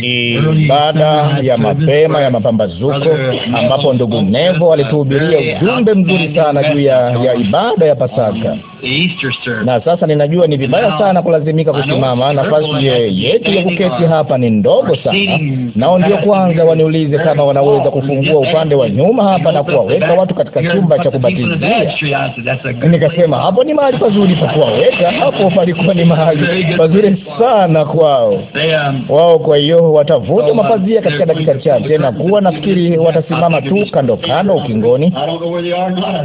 ni ibada ya mapema ya mapambazuko, ambapo ndugu Nevo alituhubiria ujumbe mzuri sana juu ya, ya ibada ya Pasaka na sasa ninajua ni vibaya sana kulazimika kusimama, nafasi yetu ya kuketi hapa ni ndogo sana. Nao ndio kwanza waniulize kama wanaweza kufungua upande wa nyuma hapa na kuwaweka watu katika chumba cha kubatizia. Nikasema hapo ni mahali pazuri pa kuwaweka. Hapo palikuwa ni mahali pazuri sana kwao um, wao. Kwa hiyo watavuta oh, um, mapazia katika dakika chache, na kuwa nafikiri watasimama tu kando kando um, ukingoni.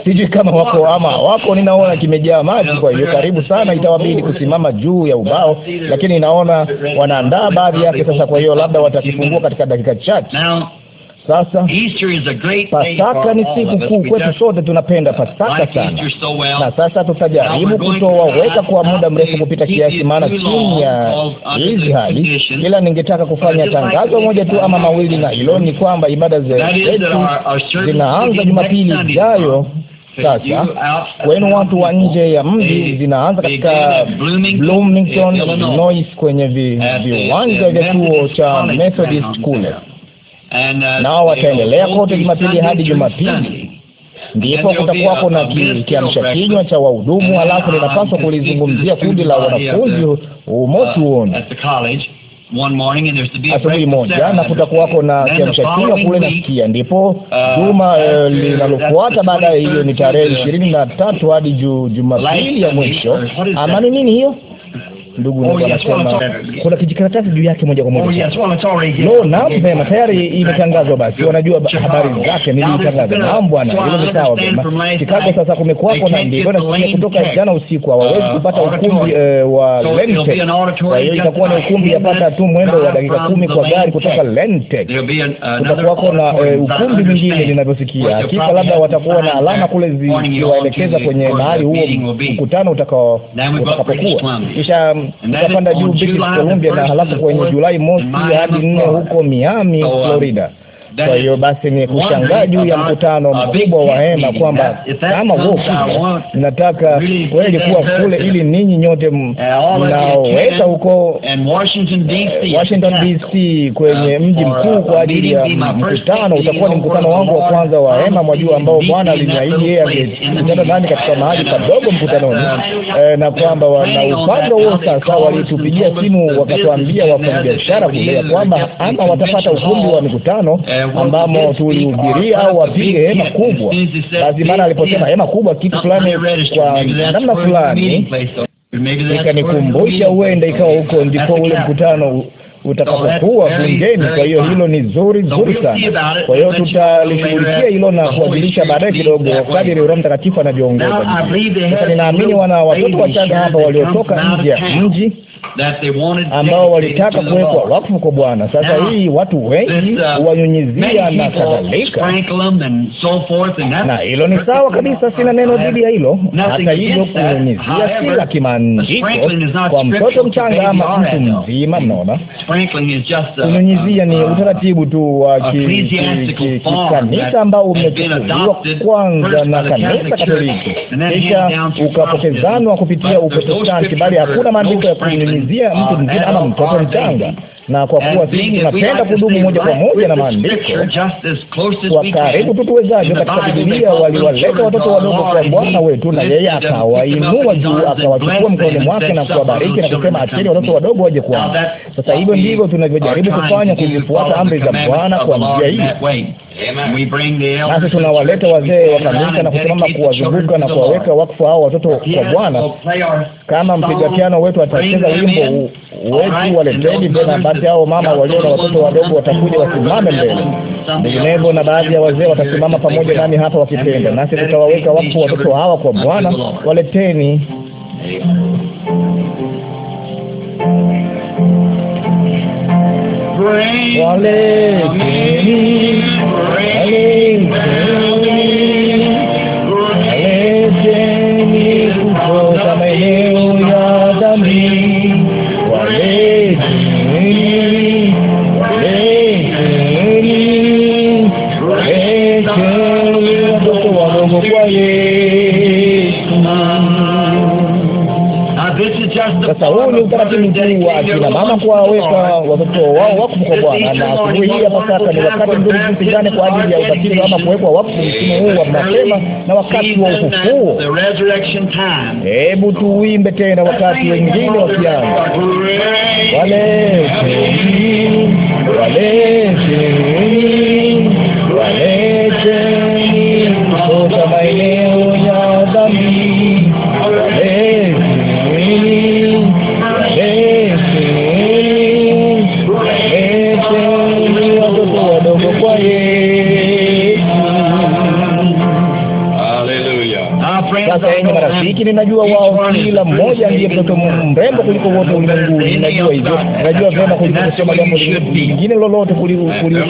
Sijui kama wako ama wako, ninaona kimejaa maji, kwa hiyo karibu sana itawabidi kusimama juu ya ubao, lakini naona wanaandaa baadhi yake sasa. Kwa hiyo labda watakifungua katika dakika chache. Sasa Pasaka ni siku kuu kwetu, sote tunapenda Pasaka sana, na sasa tutajaribu kutowaweka kwa muda mrefu kupita kiasi, maana chini ya hizi hali, ila ningetaka kufanya tangazo moja tu ama mawili, na hilo ni kwamba ibada zetu zinaanza Jumapili ijayo sasa kwenu watu wa nje ya mji zinaanza katika Bloomington, Illinois, kwenye viwanja vya chuo cha Methodist kule, nao wataendelea kote Jumapili hadi Jumapili. Ndipo kutakuwako na kiamsha kinywa cha wahudumu, halafu ninapaswa kulizungumzia kundi la wanafunzi humo chuoni uh, asubuhi moja, na kutakuwako na kiamsha kinywa kule nasikia. Ndipo uh, juma uh, linalofuata baada ya hiyo ni tarehe ishirini na tatu hadi Jumapili ya mwisho. Ama ni nini hiyo? ndugu oh, kuna kijikaratasi juu yake moja kwa moja. Oh, Lo, naam, vema, eh, tayari imetangazwa. Basi wanajua habari zake, niliitangaza. Naam bwana, hilo ni sawa. Chicago sasa kumekuwako na na sisi kutoka jana usiku, hawawezi uh, kupata ukumbi eh, wa Lente. Kwa hiyo itakuwa ni ukumbi yapata tu mwendo wa dakika kumi kwa gari kutoka Lente. Uh, Kutakuwako na eh, ukumbi mwingine, ninavyosikia hakika, labda watakuwa na alama kule ziwaelekeza kwenye mahali huo mkutano utakapokuwa kisha Tutapanda juu British Columbia na halafu kwenye Julai mosi hadi nne huko Miami, Florida. Kwa hiyo basi ni kushangaa juu ya mkutano mkubwa wa hema kwamba kama huo nataka kweli kuwa kule, ili ninyi nyote uh, mnaoweka huko Washington DC uh, kwenye uh, mji mkuu kwa ajili ya mkutano. Utakuwa ni mkutano wangu wa kwanza wa hema, mwajua, ambao Bwana aliniahidi yeye angekutana ndani katika mahali padogo mkutanoni, na kwamba na upande huo sasa. Walitupigia simu wakatuambia wafanyabiashara kule ya kwamba ama watapata ukumbi wa mikutano ambamo tulihubiria au wapige hema kubwa. Basi maana aliposema hema kubwa, kitu fulani kwa namna fulani ikanikumbusha, huenda ikawa huko ndipo ule mkutano utakapokuwa bungeni. Kwa hiyo hilo ni zuri zuri sana. Kwa hiyo tutalishughulikia hilo na kuwajulisha baadaye kidogo, kadiri Roho Mtakatifu anavyoongoza. Sasa ninaamini wana watoto wachanga hapa waliotoka nje ya mji ambao walitaka kuwekwa wakfu kwa Bwana. Sasa hii watu wengi uh, wanyunyizia na kadhalika, na hilo ni sawa kabisa, sina neno dhidi ya hilo. Hata hivyo, kunyunyizia si la kimaandiko kwa mtoto mchanga ama mtu mzima. Mnaona, kunyunyizia ni utaratibu tu wa kikanisa ambao umechukuliwa kwanza na kanisa Katoliki, kisha ukapokezanwa kupitia Uprotestanti, bali hakuna maandiko ya kumzungumzia mtu mwingine ama mtoto mchanga. na kwa kuwa sisi tunapenda kudumu moja kwa moja na maandiko kwa karibu tu tuwezavyo katika Bibilia, waliwaleta watoto wadogo kwa Bwana wetu, na yeye akawainua juu, akawachukua mkononi mwake na kuwabariki na kusema, acheni watoto wadogo waje kwangu. Sasa hivyo ndivyo tunavyojaribu kufanya, kuzifuata amri za Bwana kwa njia hii. Nasi tunawaleta wazee wa kanisa na kusimama kuwazunguka na kuwaweka wakfu hao watoto kwa Bwana. Kama mpiga piano wetu atacheza wimbo wetu, waleteni tena wote hao mama walio na watoto wadogo watakuja wasimame mbele, vinginevyo na baadhi ya wazee watasimama pamoja nami hapa wakipenda, nasi tutawaweka wakfu watoto hawa kwa Bwana. Waleteni waleteni Sasa huu ni utaratibu mzuri wa akina mama kuwaweka watoto wao wakfu kwa Bwana, na asubuhi hii ya Pasaka ni wakati mzuri jinsi gani kwa ajili ya ubatizo ama kuwekwa wakfu, msimu huu wa mapema na wakati wa ufufuo. Hebu tuimbe tena, wakati wengine wakianza, waleteni, waleteni, waleteni kutoka maeneo lakini najua wao kila mmoja ndiye mtoto mrembo kuliko wote ulimwenguni. Najua hivyo, najua vyema kuliko kusema jambo lingine lolote kuliko hilo.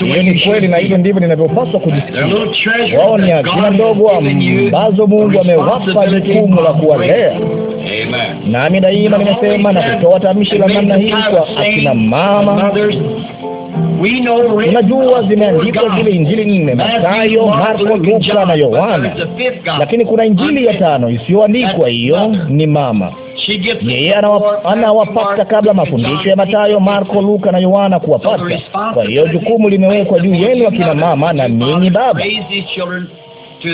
Hiyo ni kweli, na hivyo ndivyo ninavyopaswa kujisikia. Wao ni hazina ndogo ambazo Mungu amewapa jukumu la kuwalea nami daima nimesema na kutoa tamshi la namna hii kwa akina mama Unajua, zimeandikwa zile Injili nne, Mathayo, Marko, Luka na Yohana, lakini kuna Injili ya tano isiyoandikwa. Hiyo ni mama yeye anawapata kabla mafundisho ya Mathayo, Marko, Luka na Yohana kuwapata. Kwa hiyo jukumu limewekwa juu yenu, akina mama na ninyi baba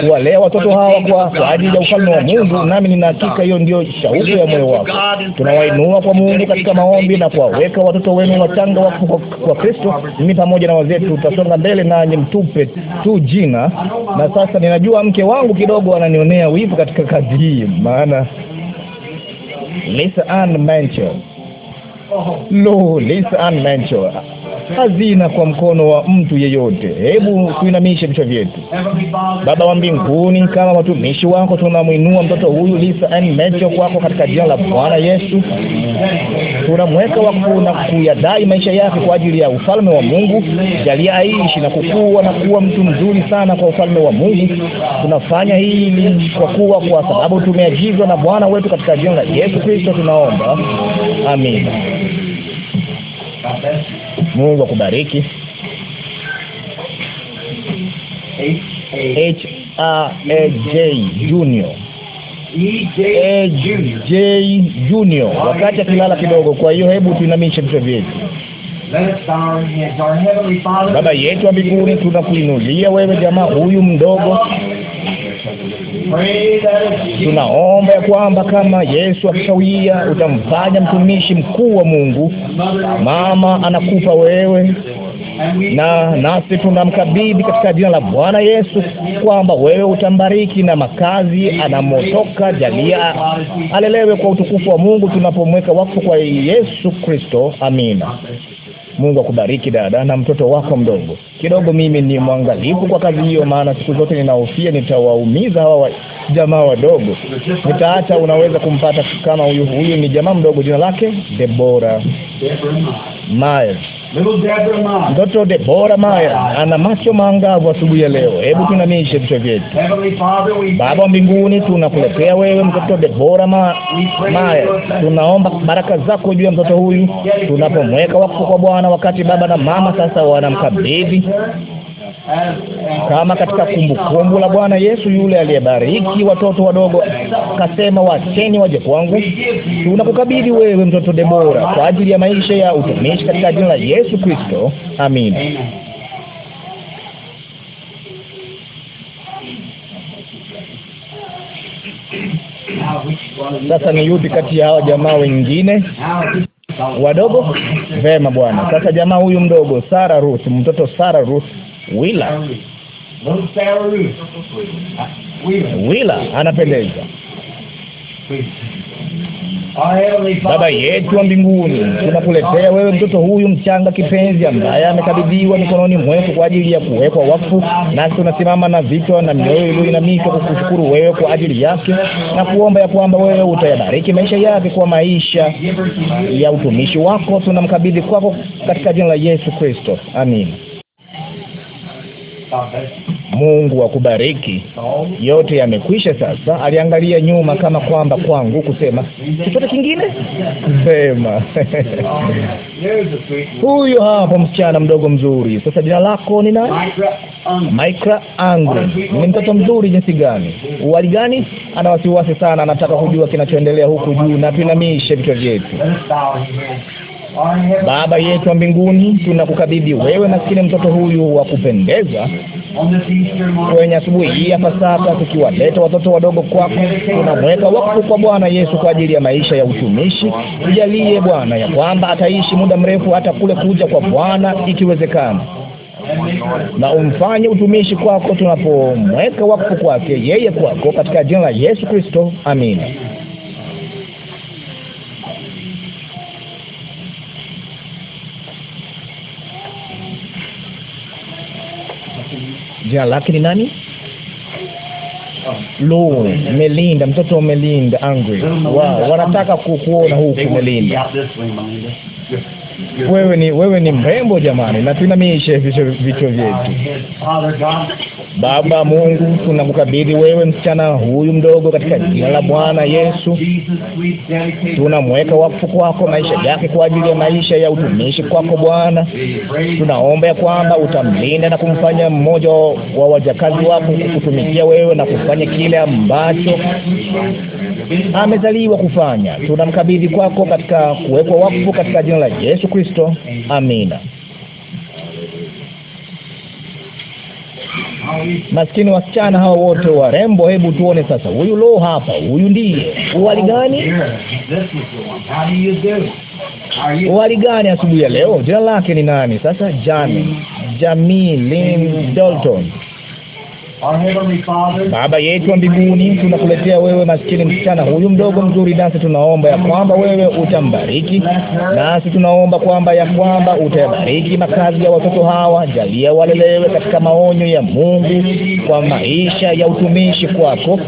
kuwalea watoto hawa kwa, kwa ajili ya ufalme wa Mungu, nami nina hakika hiyo ndiyo shauku ya moyo wako. Tunawainua kwa Mungu katika maombi na kuwaweka watoto wenu wachanga wafu kwa Kristo. Mimi pamoja na wazetu tutasonga mbele, nanyi mtupe tu jina. Na sasa ninajua mke wangu kidogo ananionea wivu katika kazi hii, maana Lisa Ann Mancho, oh. lo, Lisa Ann Mancho hazina kwa mkono wa mtu yeyote. Hebu tuinamishe vichwa vyetu. Baba wa mbinguni, kama watumishi wako tunamwinua mtoto huyu Lisa Ann Mecho kwako katika jina la Bwana Yesu, tunamweka wakfu na kuyadai maisha yake kwa ajili ya ufalme wa Mungu. Jalia aishi na kukua na kuwa mtu mzuri sana kwa ufalme wa Mungu. Tunafanya hili kwa kuwa, kwa sababu tumeagizwa na Bwana wetu, katika jina la Yesu Kristo tunaomba, amina. Mungu akubariki. H A A J Junior e J Junior, wakati akilala kidogo. Kwa hiyo hebu tuinamishe vichwa vyetu. Baba yetu wa mbinguni, tunakuinulia wewe jamaa huyu mdogo Tunaomba ya kwamba kama Yesu akishawia, utamfanya mtumishi mkuu wa Mungu. Mama anakupa wewe na nasi tunamkabidhi katika jina la Bwana Yesu kwamba wewe utambariki na makazi anamotoka, jalia alelewe kwa utukufu wa Mungu, tunapomweka wakfu kwa Yesu Kristo. Amina. Mungu akubariki dada na mtoto wako mdogo. Kidogo mimi ni mwangalifu kwa kazi hiyo, maana siku zote ninahofia nitawaumiza hawa wa jamaa wadogo. Nitaacha, unaweza kumpata kama huyu. Huyu ni jamaa mdogo, jina lake Debora Myers. Mtoto Debora Maya ana macho maangavu asubuhi ya leo. Hebu tunamishe vichwa vyetu. Baba wa mbinguni, tunakuletea wewe mtoto Debora ma Maya, tunaomba baraka zako juu ya mtoto huyu tunapomweka wakfu kwa Bwana, wakati baba na mama sasa wanamkabidhi kama katika kumbukumbu la Bwana Yesu yule aliyebariki watoto wadogo, kasema wacheni waje kwangu. Tunakukabidhi wewe mtoto Debora kwa ajili ya maisha ya utumishi katika jina la Yesu Kristo, amina. Sasa ni yupi kati ya hawa jamaa wengine wadogo? Vema bwana. Sasa jamaa huyu mdogo Sara Ruth, mtoto Sara Ruth Wila wila, anapendeza. Baba yetu wa mbinguni, tunakuletea wewe mtoto huyu mchanga kipenzi, ambaye amekabidhiwa mikononi mwetu kwa ajili ya kuwekwa wakfu, nasi tunasimama na vichwa na mioyo iliyoinamishwa kukushukuru wewe kwa ajili yake na kuomba ya kwamba wewe utayabariki maisha yake kwa maisha ya utumishi wako. Tunamkabidhi kwako katika jina la Yesu Kristo, amina. Mungu akubariki. Yote yamekwisha sasa. Aliangalia nyuma kama kwamba kwangu kusema chochote kingine sema. Huyo hapo msichana mdogo mzuri. Sasa jina lako ni nani? Micra Angle. Ni mtoto mzuri jinsi gani? Uwali gani? Ana wasiwasi sana, anataka kujua kinachoendelea huku juu. Na tuinamishe vichwa vyetu. Baba yetu wa mbinguni, tunakukabidhi wewe maskini mtoto huyu wa kupendeza kwenye asubuhi hii hapa sasa, tukiwaleta watoto wadogo kwako, tunamweka wakfu kwa Bwana Yesu kwa ajili ya maisha ya utumishi. Tujalie Bwana ya kwamba ataishi muda mrefu hata kule kuja kwa Bwana ikiwezekana, na umfanye utumishi kwako, tunapomweka wakfu kwake yeye kwako, katika jina la Yesu Kristo, amina. jina lake ni nani? Lo, Melinda, mtoto wa Melinda Angry. Wow, wanataka kukuona huku Melinda. Wewe ni wewe ni mrembo jamani, na tuinamishe vichwa vyetu. Baba Mungu, tunakukabidhi wewe msichana huyu mdogo katika jina la Bwana Yesu. Tunamweka wakfu kwako maisha yake kwa ajili ya maisha ya utumishi kwako Bwana. Tunaomba ya kwamba utamlinda na kumfanya mmoja wa wajakazi wako kukutumikia wewe na kufanya kile ambacho amezaliwa kufanya. Tunamkabidhi kwako katika kuwekwa wakfu katika jina la Yesu Yesu Kristo. Amina. Maskini wasichana hao wote warembo. Hebu tuone sasa, huyu lo, hapa huyu ndiye uwali gani, uwali gani asubuhi ya leo? Jina lake ni nani? Sasa Jamie Lynn Dalton. Baba yetu wa mbinguni, tunakuletea wewe maskini msichana huyu mdogo mzuri, nasi tunaomba ya kwamba wewe utambariki, nasi tunaomba kwamba ya kwamba utayabariki makazi ya watoto hawa, jalia walelewe katika maonyo ya Mungu kwa maisha ya utumishi kwako.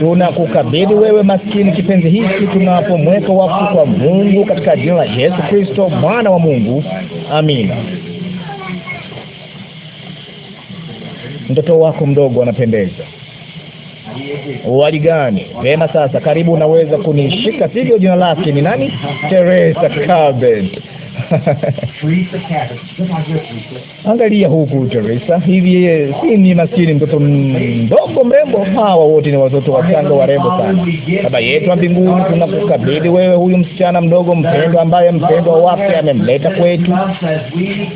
Tunakukabidhi wewe maskini kipenzi hiki, tunapomweka wakfu kwa Mungu katika jina la Yesu Kristo mwana wa Mungu, amina. Mtoto wako mdogo anapendeza. Wali gani? Vema, sasa karibu, unaweza kunishika, sivyo? Jina lake ni nani? Teresa Kabet. Angalia huku Teresa, hivi yeye eh, si ni maskini mtoto mdogo mrembo? Hawa wote ni watoto wachanga warembo sana. Baba yetu wa mbinguni, tunakukabidhi wewe huyu msichana mdogo mpendwa, ambaye mpendwa wake amemleta kwetu.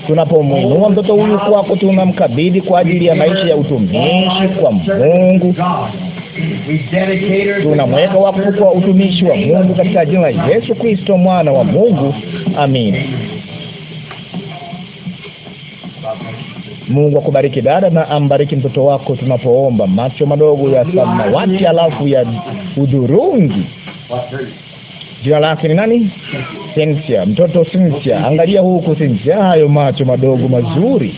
Tunapomwinua mtoto huyu kwako, tunamkabidhi kwa ajili ya maisha ya utumishi kwa Mungu tunamweka wakfu kwa utumishi wa Mungu katika jina la Yesu Kristo mwana wa Mungu. Amina. Mungu akubariki dada, na ambariki mtoto wako. Tunapoomba macho madogo ya samawati, alafu ya udhurungi. Jina lake ni nani? Cynthia, mtoto Cynthia, angalia huku Cynthia, hayo macho madogo mazuri.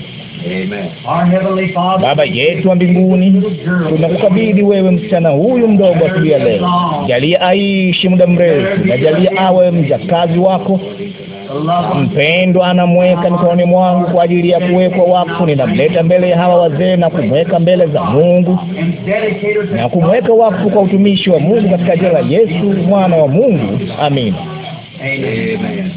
Baba yetu wa mbinguni, tunakukabidhi wewe msichana huyu mdogo asubuhi ya leo. Jalia aishi muda mrefu na jalia awe mjakazi wako mpendwa anamweka mikononi mwangu kwa ajili ya kuwekwa wakfu. Ninamleta mbele ya hawa wazee na kumweka mbele za Mungu na kumweka wakfu kwa utumishi wa Mungu katika jina la Yesu mwana wa Mungu, amina. Amen.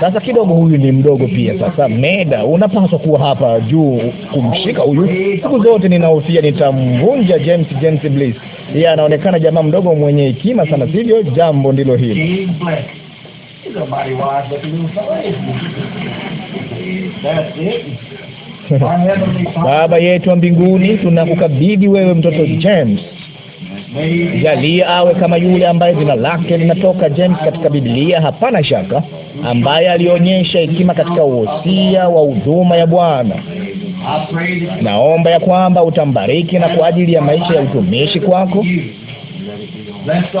Sasa kidogo, huyu ni mdogo pia. Sasa Meda, unapaswa kuwa hapa juu kumshika huyu. Siku zote ninahofia nitamvunja James James Bliss. Yeye anaonekana jamaa mdogo mwenye hekima sana, sivyo? Jambo ndilo hili. Baba yetu wa mbinguni, tunakukabidhi wewe mtoto James Jalia awe kama yule ambaye jina lake linatoka James katika Biblia, hapana shaka, ambaye alionyesha hekima katika uhosia wa huduma ya Bwana. Naomba ya kwamba utambariki na kwa ajili ya maisha ya utumishi kwako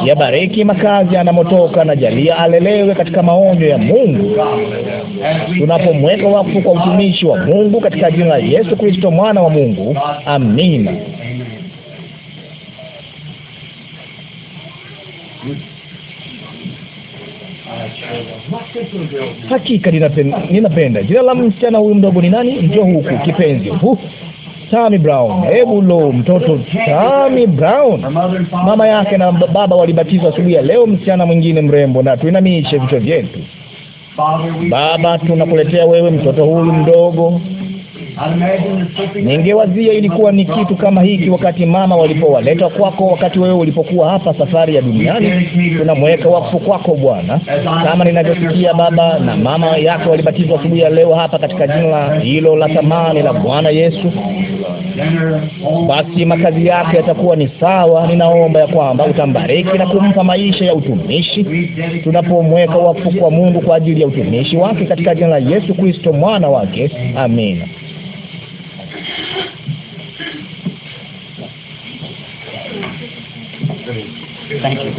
yabariki makazi anamotoka na jalia alelewe katika maonyo ya Mungu, tunapomweka wakfu kwa utumishi wa Mungu katika jina la Yesu Kristo mwana wa Mungu. Amina. Hakika ninapenda, Jina la msichana huyu mdogo ni nani? Njoo huku kipenzi, hu Tammy Brown. Hebu lo, mtoto Tammy Brown. Mama yake na baba walibatizwa asubuhi ya leo. Msichana mwingine mrembo, na tuinamishe vichwa vyetu. Baba, tunakuletea wewe mtoto huyu mdogo Ningewazia ilikuwa ni kitu kama hiki, wakati mama walipowaleta kwako, wakati wewe ulipokuwa hapa safari ya duniani. Tunamweka wakfu kwako Bwana, kama ninavyosikia baba na mama yako walibatizwa asubuhi ya leo hapa katika jina hilo la thamani la Bwana Yesu. Basi makazi yake yatakuwa ni sawa. Ninaomba ya kwamba utambariki na kumpa maisha ya utumishi, tunapomweka wakfu kwa Mungu kwa ajili ya utumishi wake katika jina la Yesu Kristo mwana wake, amina.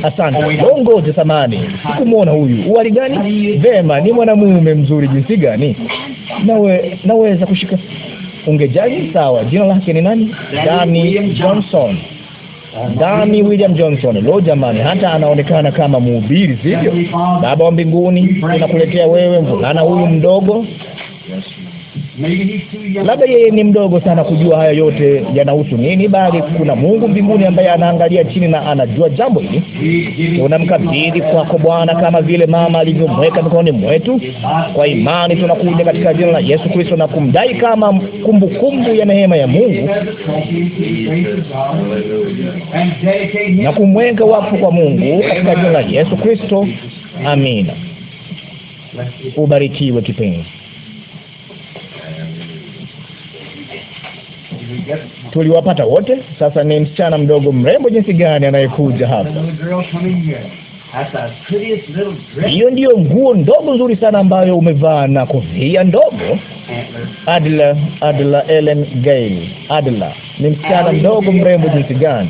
Asante. Ongoje samani, sikumwona huyu. Uhali gani? Vema, ni mwanamume mzuri jinsi gani? Nawe naweza kushika ungejaji? Sawa. Jina lake ni nani? Dani Johnson. Dani William Johnson. Lo jamani, hata anaonekana kama mhubiri, sivyo? Baba wa mbinguni, tunakuletea wewe mvulana huyu mdogo Labda yeye ni mdogo sana kujua haya yote yanahusu nini, bali kuna Mungu mbinguni ambaye anaangalia chini na anajua jambo hili. Tunamkabidhi kwako Bwana, kama vile mama alivyomweka mikononi mwetu. Kwa imani tunakuja katika jina la Yesu Kristo na kumdai kama kumbukumbu kumbu ya neema ya Mungu na kumweka wakfu kwa Mungu katika jina la Yesu Kristo. Amina. Ubarikiwe kipenzi. Tuliwapata wote. Sasa ni msichana mdogo mrembo jinsi gani anayekuja hapa. Hiyo ndiyo nguo ndogo nzuri sana ambayo umevaa na kofia ndogo. Adla, Adla Ellen Gay. Adla ni msichana mdogo mrembo jinsi gani!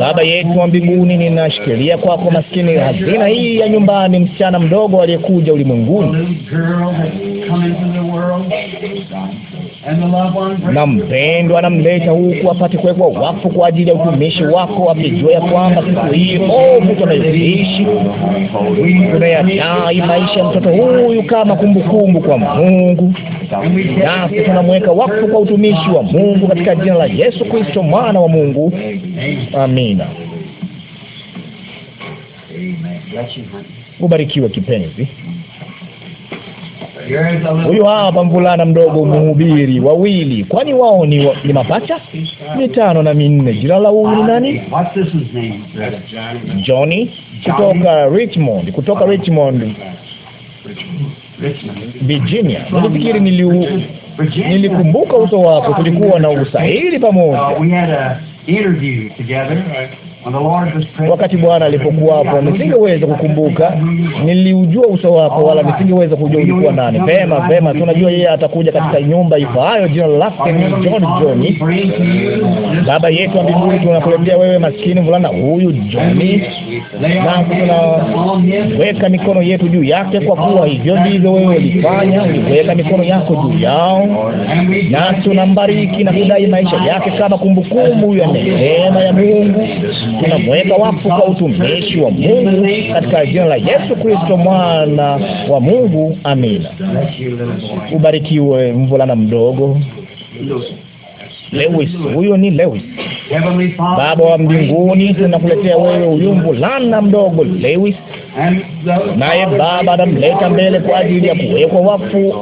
Baba yetu wa mbinguni, ninashikilia kwako kwa maskini hazina hii ya nyumbani, msichana mdogo aliyekuja ulimwenguni na mpendwa anamleta huku apate kuwekwa wafu kwa ajili ya utumishi wako, akijua ya kwamba siku hii ovu oh, tunayoishi tunayatai maisha ya mtoto huyu kama kumbukumbu kwa Mungu, nasi tunamweka wakfu kwa utumishi wa Mungu katika jina la Yesu Kristo, mwana wa Mungu, Amina. Ubarikiwe kipenzi. Huyu hapa mvulana mdogo mhubiri, wawili, kwani wao ni, wa, ni mapacha mitano na minne. Jina la huyu ni nani? Johnny kutoka Richmond, kutoka uh-huh. Richmond Virginia. Nilifikiri uh, nilikumbuka uso wako, tulikuwa na usahili pamoja. Uh, interview together. Wakati Bwana alipokuwa hapo, nisingeweza kukumbuka, niliujua uso wako, wala nisingeweza kujua ulikuwa nani. Pema pema, tunajua yeye atakuja katika nyumba ifaayo, jina lake ni John Johni. Baba yetu wa mbinguni, tunakuletea wewe maskini mvulana huyu Johni, na tunaweka mikono yetu juu yake, kwa kuwa hivyo ndivyo wewe ulifanya, uliweka mikono yako juu yao, na tunambariki na kudai maisha yake kama kumbukumbu ya neema ya Mungu tunamweka wafu kwa utumishi wa Mungu katika jina la Yesu Kristo mwana wa Mungu. Amina. Ubarikiwe mvulana mdogo Lewis. Huyo ni Lewis. Baba wa mbinguni, tunakuletea wewe huyu mvulana mdogo Lewis, naye Baba anamleta mbele kwa ajili ya kuwekwa wafu,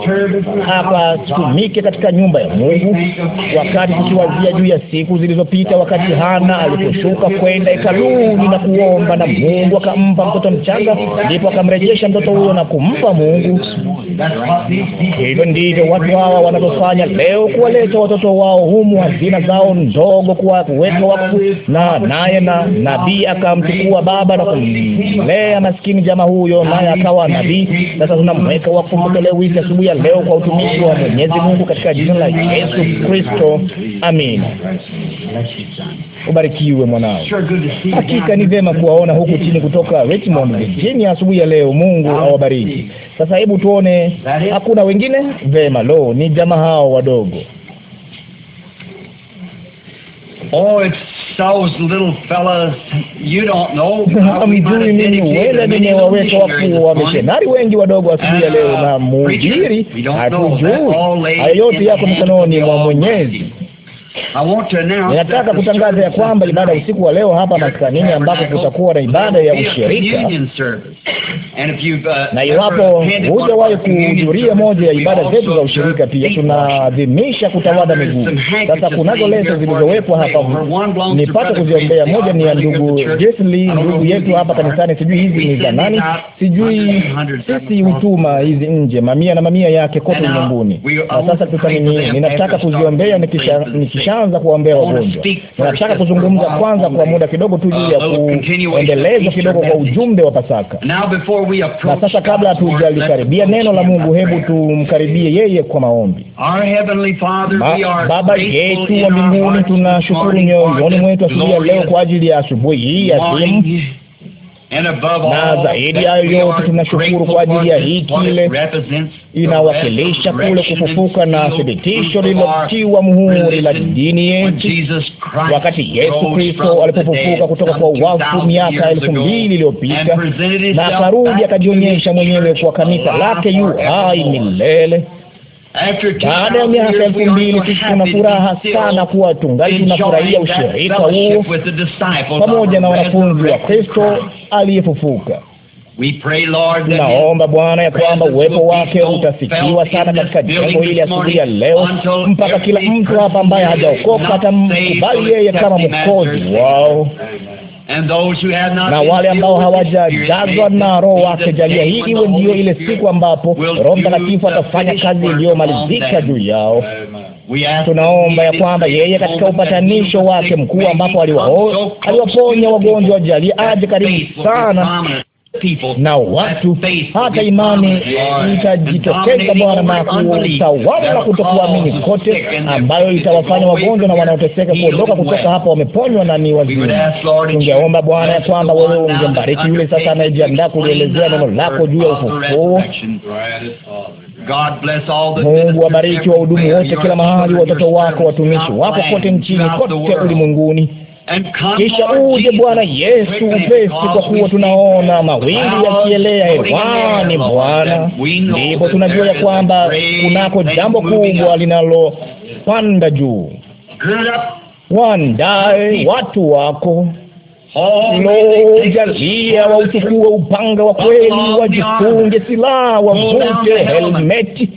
tumike katika nyumba ya Mungu. Wakati tukiwazia juu ya siku zilizopita, wakati Hana aliposhuka kwenda hekaluni na kuomba, na Mungu akampa mtoto mchanga, ndipo akamrejesha mtoto huyo na kumpa Mungu. Hivyo ndivyo watu hawa wanavyofanya leo, kuwaleta watoto wao humu, hazina zao ndogo, kuwa uwepo wako na naye na nabii akamchukua baba na kumlea maskini jamaa huyo, naye akawa nabii. Sasa tunamweka wakfu mpokelewiki asubuhi ya leo kwa utumishi wa Mwenyezi Mungu katika jina la Yesu Kristo, amin Ubarikiwe mwanao. Hakika ni vema kuwaona huku chini kutoka Richmond, Virginia asubuhi ya leo. Mungu awabariki. Sasa hebu tuone, hakuna wengine? Vema. Lo, ni jamaa hao wadogo Oh, Hamjui mimi wenda nimewaweka wakuu wa mishonari wengi wadogo asubuhi ya leo, ah, na mhubiri hatujui. Hayo yote yako mkononi mwa Mwenyezi. Ninataka kutangaza ya kwamba ibada usiku wa leo hapa maskanini, ambako kutakuwa na ibada ya ushirika Uh, na iwapo hujawahi kuhudhuria moja ya ibada zetu za ushirika, pia tunaadhimisha kutawada miguu. Sasa kunazo leso zilizowekwa hapa, nipate kuziombea. Moja ni ya ndugu Jesli, ndugu yetu hapa kanisani. Sijui hizi ni za nani, sijui. Sisi hutuma hizi nje mamia na mamia yake kote uh, ulimwenguni. Na sasa sasa ninataka kuziombea, nikishaanza kuwaombea wagonjwa, ninataka kuzungumza kwanza kwa muda kidogo tu juu ya uh, kuendeleza kidogo kwa ujumbe wa Pasaka. Na sasa kabla hatujalikaribia neno la Mungu, hebu tumkaribie yeye kwa maombi. Ba Baba yetu wa mbinguni, tunashukuru mioyoni mwetu asubuhi ya leo kwa ajili ya asubuhi hii ya simu na zaidi ya yote tunashukuru kwa ajili ya hii kile inawakilisha kule kufufuka na thibitisho lililotiwa muhuri la dini yetu, wakati Yesu Kristo alipofufuka kutoka kwa wafu miaka elfu mbili iliyopita, na akarudi akajionyesha mwenyewe kwa kanisa lake yu hai milele. Baada ya miaka elfu mbili sisi tuna furaha sana kuwa tungali tunafurahia ushirika huo pamoja na wanafunzi wa Kristo aliyefufuka. Tunaomba Bwana ya kwamba uwepo wake utasikiwa sana katika jengo hili asubuhi ya leo, mpaka kila mtu hapa ambaye hajaokoka mkubali yeye kama mwokozi wao. Amen na wale ambao hawajajazwa na Roho wake, jalia hii iwe ndiyo ile siku ambapo Roho Mtakatifu atafanya kazi iliyomalizika juu yao. Tunaomba ya kwamba yeye katika upatanisho wake mkuu ambapo aliwaponya wagonjwa, jalia aje karibu sana na watu hata imani itajitokeza Bwana, na kutawala na kutokuamini kote, ambayo itawafanya wagonjwa na wanaoteseka kuondoka kutoka hapa wameponywa na ni wazima. Tungeomba Bwana ya kwamba wewe ungembariki yule sasa anayejiandaa kulielezea neno lako juu ya ufufuo. Mungu wabariki wahudumu wote kila mahali, watoto wako, watumishi wako kote nchini, kote ulimwenguni kisha uje Bwana Yesu upesi, kwa kuwa tunaona mawingu yakielea hewani, Bwana. Ndipo tunajua ya kwamba kunako jambo kubwa linalopanda juu. Wandae watu wako wa wauchukue upanga wa kweli, wajifunge silaha, wavute helmeti,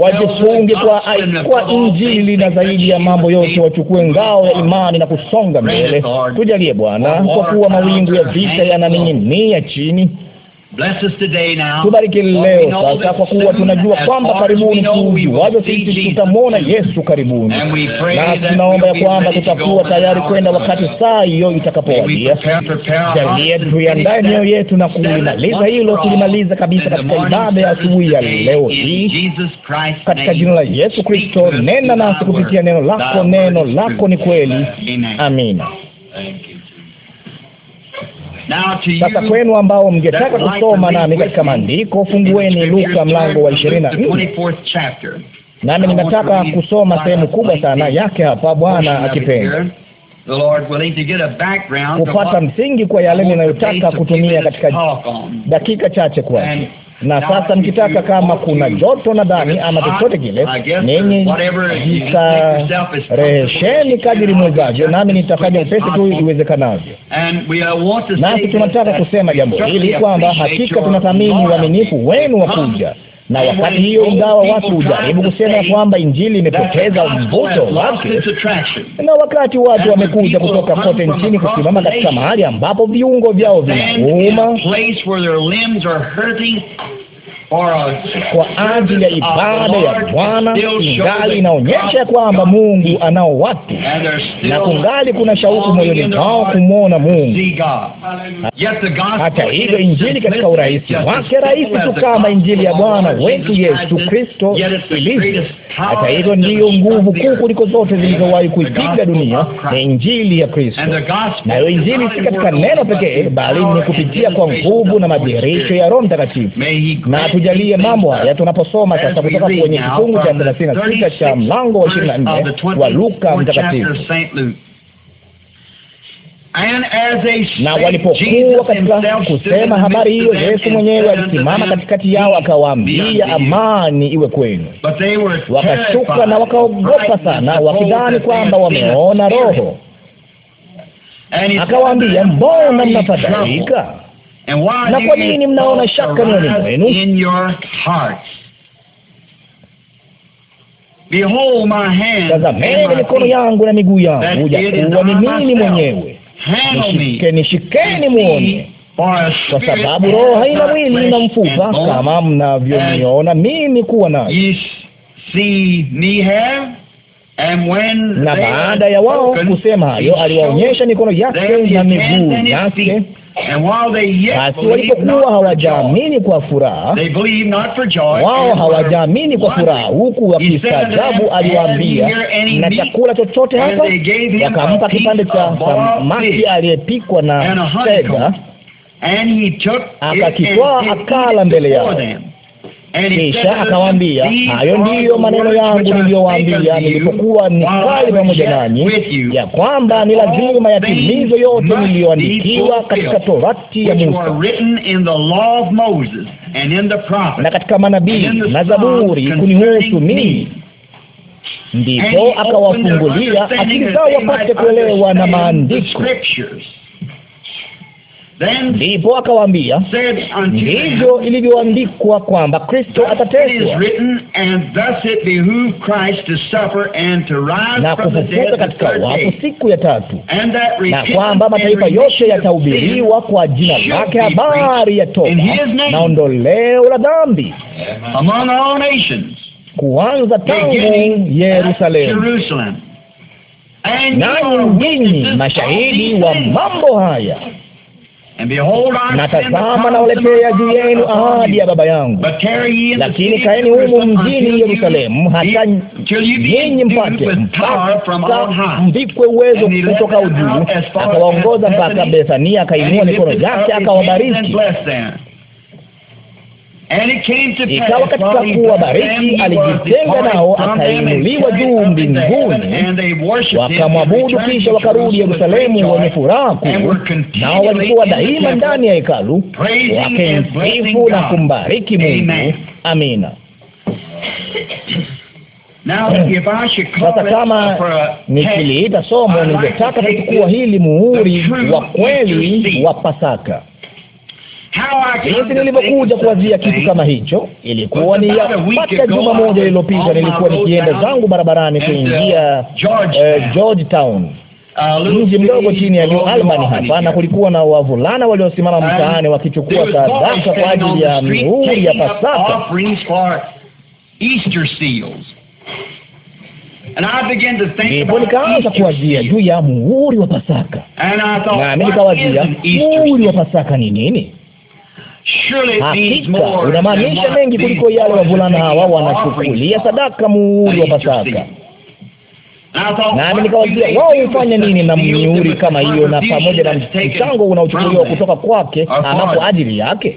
wajifunge kwa Injili, na zaidi ya mambo yote wachukue ngao ya imani na kusonga mbele. Tujalie Bwana, kwa kuwa mawingu ya vita yananing'inia chini Tubariki leo sasa, kwa kuwa tunajua kwamba karibuni tujuavyo sisi tutamwona Yesu karibuni, na tunaomba ya kwamba tutakuwa tayari kwenda wakati saa hiyo itakapowadia. Jalia tuiandaye mioyo yetu na kulimaliza hilo, kulimaliza kabisa katika ibada ya asubuhi ya leo hii, katika jina la Yesu Kristo. Nena nasi kupitia neno lako, neno lako ni kweli. Amina. Sasa kwenu ambao mngetaka kusoma nami katika maandiko, fungueni Luka mlango wa ishirini na nne nami ninataka kusoma sehemu kubwa sana yake hapa, Bwana akipenda kupata msingi kwa yale ninayotaka kutumia katika dakika chache kwake. Na sasa mkitaka, kama kuna joto nadhani ama chochote kile, ninyi mstarehesheni kadiri mwezavyo, nami nitafanya upesi tu iwezekanavyo. Nasi tunataka kusema jambo hili kwamba hakika tunathamini uaminifu wenu wa kuja na wakati hiyo, ingawa watu hujaribu kusema kwamba injili imepoteza mvuto wake, na wakati watu wamekuja kutoka kote nchini kusimama katika mahali ambapo viungo vyao vinauma kwa ajili ya ibada ya Bwana ingali inaonyesha ya kwamba Mungu anao watu na kungali kuna shauku moyoni mwao kumwona Mungu. Hata hivyo, injili katika urahisi wake, rahisi tu kama injili ya Bwana wetu Yesu Kristo ilivyo. Hata hivyo, ndiyo nguvu kuu kuliko zote zilizowahi kuipiga dunia, ni injili ya Kristo. Nayo injili si katika neno pekee, bali ni kupitia kwa nguvu na madirisho ya Roho Mtakatifu na kujalia mambo haya tunaposoma sasa kutoka kwenye kifungu cha thelathini na sita cha mlango wa ishirini na nne wa Luka Mtakatifu na walipokuwa katika kusema habari hiyo, Yesu mwenyewe alisimama katikati yao akawaambia, amani iwe kwenu. Wakashuka na wakaogopa sana, wakidhani kwamba wameona roho. Akawaambia, mbona mnafadhaika? Na kwa nini mnaona shaka mioyoni mwenu? Tazameni mikono yangu na miguu yangu, yakuwa ni mimi mwenyewe. Nishikeni, shikeni mwone, kwa sababu roho haina mwili na mfupa kama mnavyoniona mimi kuwa nayo. Na baada ya wao kusema hayo, aliwaonyesha mikono yake na miguu yake. Basi walipokuwa hawajaamini kwa furaha, wao hawajaamini kwa furaha, huku wakistaajabu, aliwaambia na chakula chochote hapa? Wakampa kipande cha samaki aliyepikwa na sega, akakitwaa akala mbele yao. Kisha akawaambia, hayo ndiyo maneno yangu niliyowaambia nilipokuwa nikali pamoja nanyi, ya kwamba ni lazima yatimizwe yote niliyoandikiwa katika Torati ya Musa na katika manabii na Zaburi kunihusu mimi. Ndipo akawafungulia akili zao wapate kuelewa na maandiko Ndipo akawaambia, ndivyo ilivyoandikwa kwamba Kristo atateswa na kufufuka katika wafu siku ya tatu, na kwamba mataifa yote yatahubiriwa kwa jina lake habari ya toba na ondoleo la dhambi, kuanza tangu Yerusalemu nanyi ninyi mashahidi wa mambo haya na tazama, nawaletea juu yenu ahadi ya Baba yangu, lakini kaeni humu mjini Yerusalemu hata nyinyi mpate mpaka mvikwe uwezo kutoka juu. Akawaongoza mpaka Bethania, akainua mikono yake akawabariki. Ikawa katika kuwa bariki alijitenga nao, akainuliwa juu mbinguni, wakamwabudu, kisha wakarudi Yerusalemu wenye furaha kuu, nao walikuwa daima ndani ya hekalu wakimsifu na kumbariki Mungu. Amina. Sasa kama nikiliita somo, ningetaka kuchukua hili muhuri wa kweli wa Pasaka. Jinsi nilivyokuja kuwazia kitu eh? kama hicho ilikuwa ni yapata juma moja lililopita. Nilikuwa nikienda zangu barabarani kuingia uh, eh, George Town, uh, mji mdogo chini ya New Albany hapa, na kulikuwa na wavulana waliosimama mtaani wakichukua sadaka kwa ajili ya mihuri ya Pasaka. Ndipo nikaanza kuwazia juu ya muhuri wa Pasaka, nami nikawazia muhuri wa Pasaka ni nini? Hakika unamaanisha mengi kuliko yale wavulana hawa wanachukulia sadaka muhuri wa Pasaka. Nami nikawazia wao hufanya nini na mnyuri kama hiyo, na pamoja na mchango unaochukuliwa kutoka kwake anapo ajili yake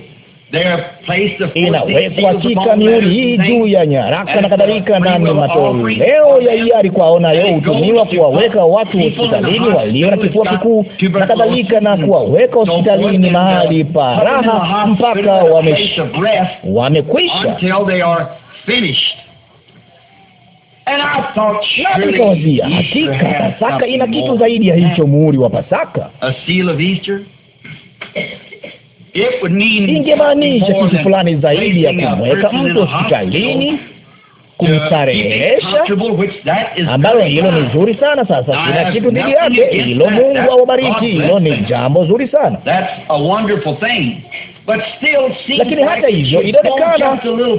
inawekwa hakika mihuri hii juu ya nyaraka na kadhalika, na ni matoleo ya hiari yo hutumiwa kuwaweka watu hospitalini walio na kifua kikuu na kadhalika, na kuwaweka hospitalini mahali pa raha mpaka wamekwisha Nikawazia hakika Pasaka ina kitu zaidi ya hicho, muhuri wa Pasaka, ingemaanisha kitu fulani zaidi ya kumweka mtu hospitalini uh, kumstarehesha, ambalo hilo ni zuri sana. Sasa kina kitu dhidi yake, hilo Mungu awabariki, hilo ni jambo zuri sana lakini hata hivyo inaonekana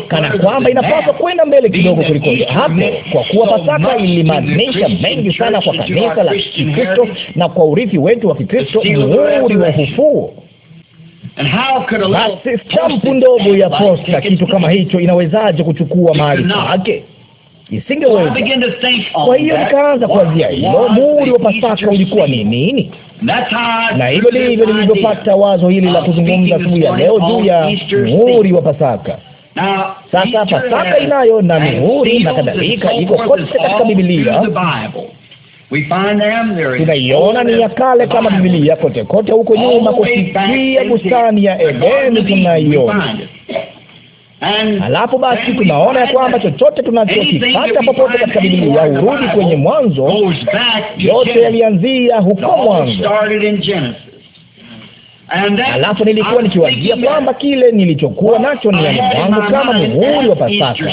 kana kwamba inapaswa kwenda mbele kidogo kuliko hapo, kwa kuwa Pasaka ilimaanisha mengi sana kwa kanisa la Kikristo na kwa urithi wetu wa Kikristo, muhuri wa ufufuo basi stampu ndogo ya posta, kitu kama hicho, inawezaje kuchukua mali yake? Isingeweza. Kwa hiyo nikaanza kuanzia hilo. Muhuri wa Pasaka ulikuwa ni nini? Na hilo ndivyo lilivyopata wazo hili la kuzungumza asubuhi ya leo juu ya muhuri wa Pasaka. Sasa Pasaka inayo na mihuri na kadhalika, iko kote katika Biblia tunaiona ni ya kale kama Bibilia kote kote huko nyuma, kusikia bustani ya Edeni tunaiona. Halafu basi tunaona ya kwamba chochote tunachokipata popote katika Bibilia hurudi kwenye mwanzo. Yote yalianzia huko mwanzo. Alafu nilikuwa nikiwazia kwamba kile nilichokuwa nacho ni yangu kama muhuri wa Pasaka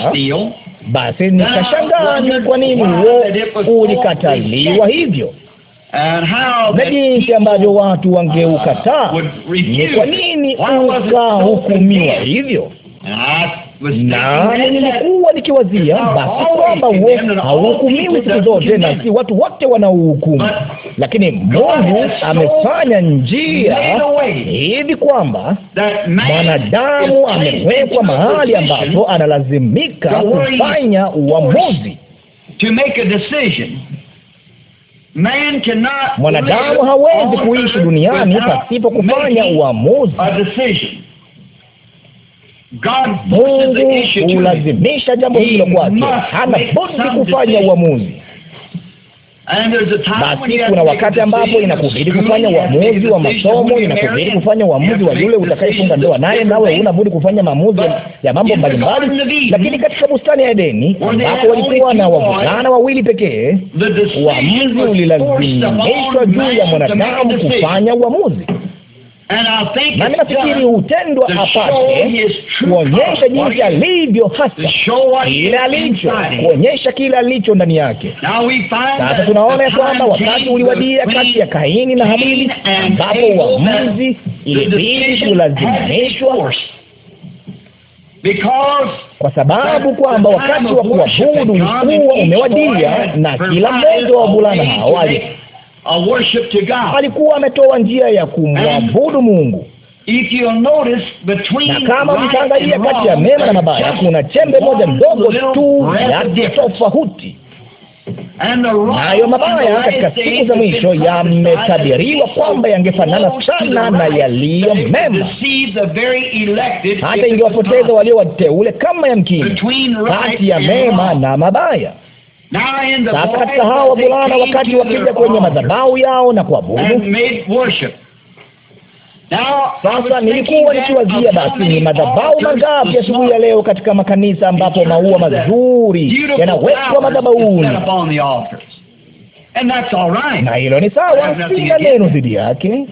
basi nikashangaa ni kwa nini huo ulikataliwa hivyo na jinsi ambavyo watu wangeukataa. Ni kwa nini ukahukumiwa hivyo? na nilikuwa nikiwazia basi kwamba uovu hauhukumiwi siku zote, na si watu wote wanauhukumu, lakini Mungu amefanya njia hivi kwamba mwanadamu amewekwa mahali ambapo analazimika kufanya uamuzi. Mwanadamu hawezi kuishi duniani pasipo kufanya uamuzi Mungu hulazimisha jambo hilo kwake, hana budi kufanya uamuzi. Basi kuna wakati ambapo inakubidi kufanya uamuzi wa masomo, inakubidi kufanya uamuzi wa yule utakayefunga ndoa naye, nawe unabudi kufanya maamuzi ya mambo mbalimbali. Lakini katika bustani ya Edeni ambapo walikuwa na wavulana wawili pekee, uamuzi ulilazimishwa juu ya mwanadamu kufanya uamuzi na nafikiri hutendwa apate kuonyesha jinsi alivyo hasa, kile alicho kuonyesha kile alicho ndani yake. Sasa tunaona ya kwamba wakati uliwadia kati ya Kaini na Habili, ambapo uamuzi ilibidi kulazimanishwa kwa sababu kwamba wakati wa kuabudu ulikuwa umewadia, na kila mmoja wa wavulana hao alikuwa ametoa njia ya kumwabudu Mungu. If you notice, between na kama mtaangalia kati ya mema na mabaya kuna chembe moja ndogo tu ya tofauti, nayo mabaya katika siku za mwisho yametabiriwa kwamba yangefanana sana na yaliyo mema, hata ingewapoteza walio wateule kama yamkini, kati ya mema na mabaya sasa katika hao wavulana, wakati wakija kwenye madhabahu yao na kuabudu sasa nilikuwa nikiwazia basi, ni madhabahu mangapi asubuhi ya leo katika makanisa ambapo maua mazuri yanawekwa madhabahuni? Na hilo ni sawa, sina neno dhidi yake,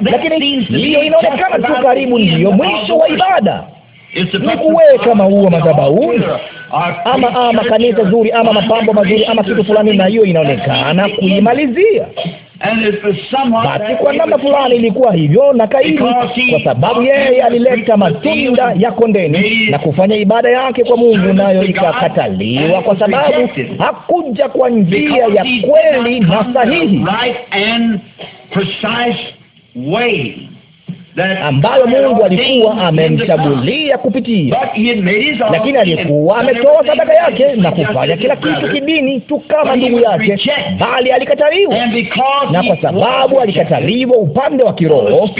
lakini hiyo inaonekana tu karibu ndiyo mwisho wa ibada, ni kuweka maua madhabahuni ama ama kanisa zuri ama mapambo mazuri ama kitu fulani, na hiyo inaonekana kuimalizia. Basi kwa namna fulani ilikuwa hivyo na Kaini, kwa sababu yeye alileta matunda ya kondeni na kufanya ibada yake kwa Mungu, nayo ikakataliwa kwa sababu hakuja kwa njia ya kweli na sahihi ambayo Mungu alikuwa amemchagulia kupitia, lakini alikuwa ametoa sadaka yake na kufanya kila kitu kidini tu kama ndugu yake, bali alikataliwa. Na kwa sababu alikataliwa upande wa kiroho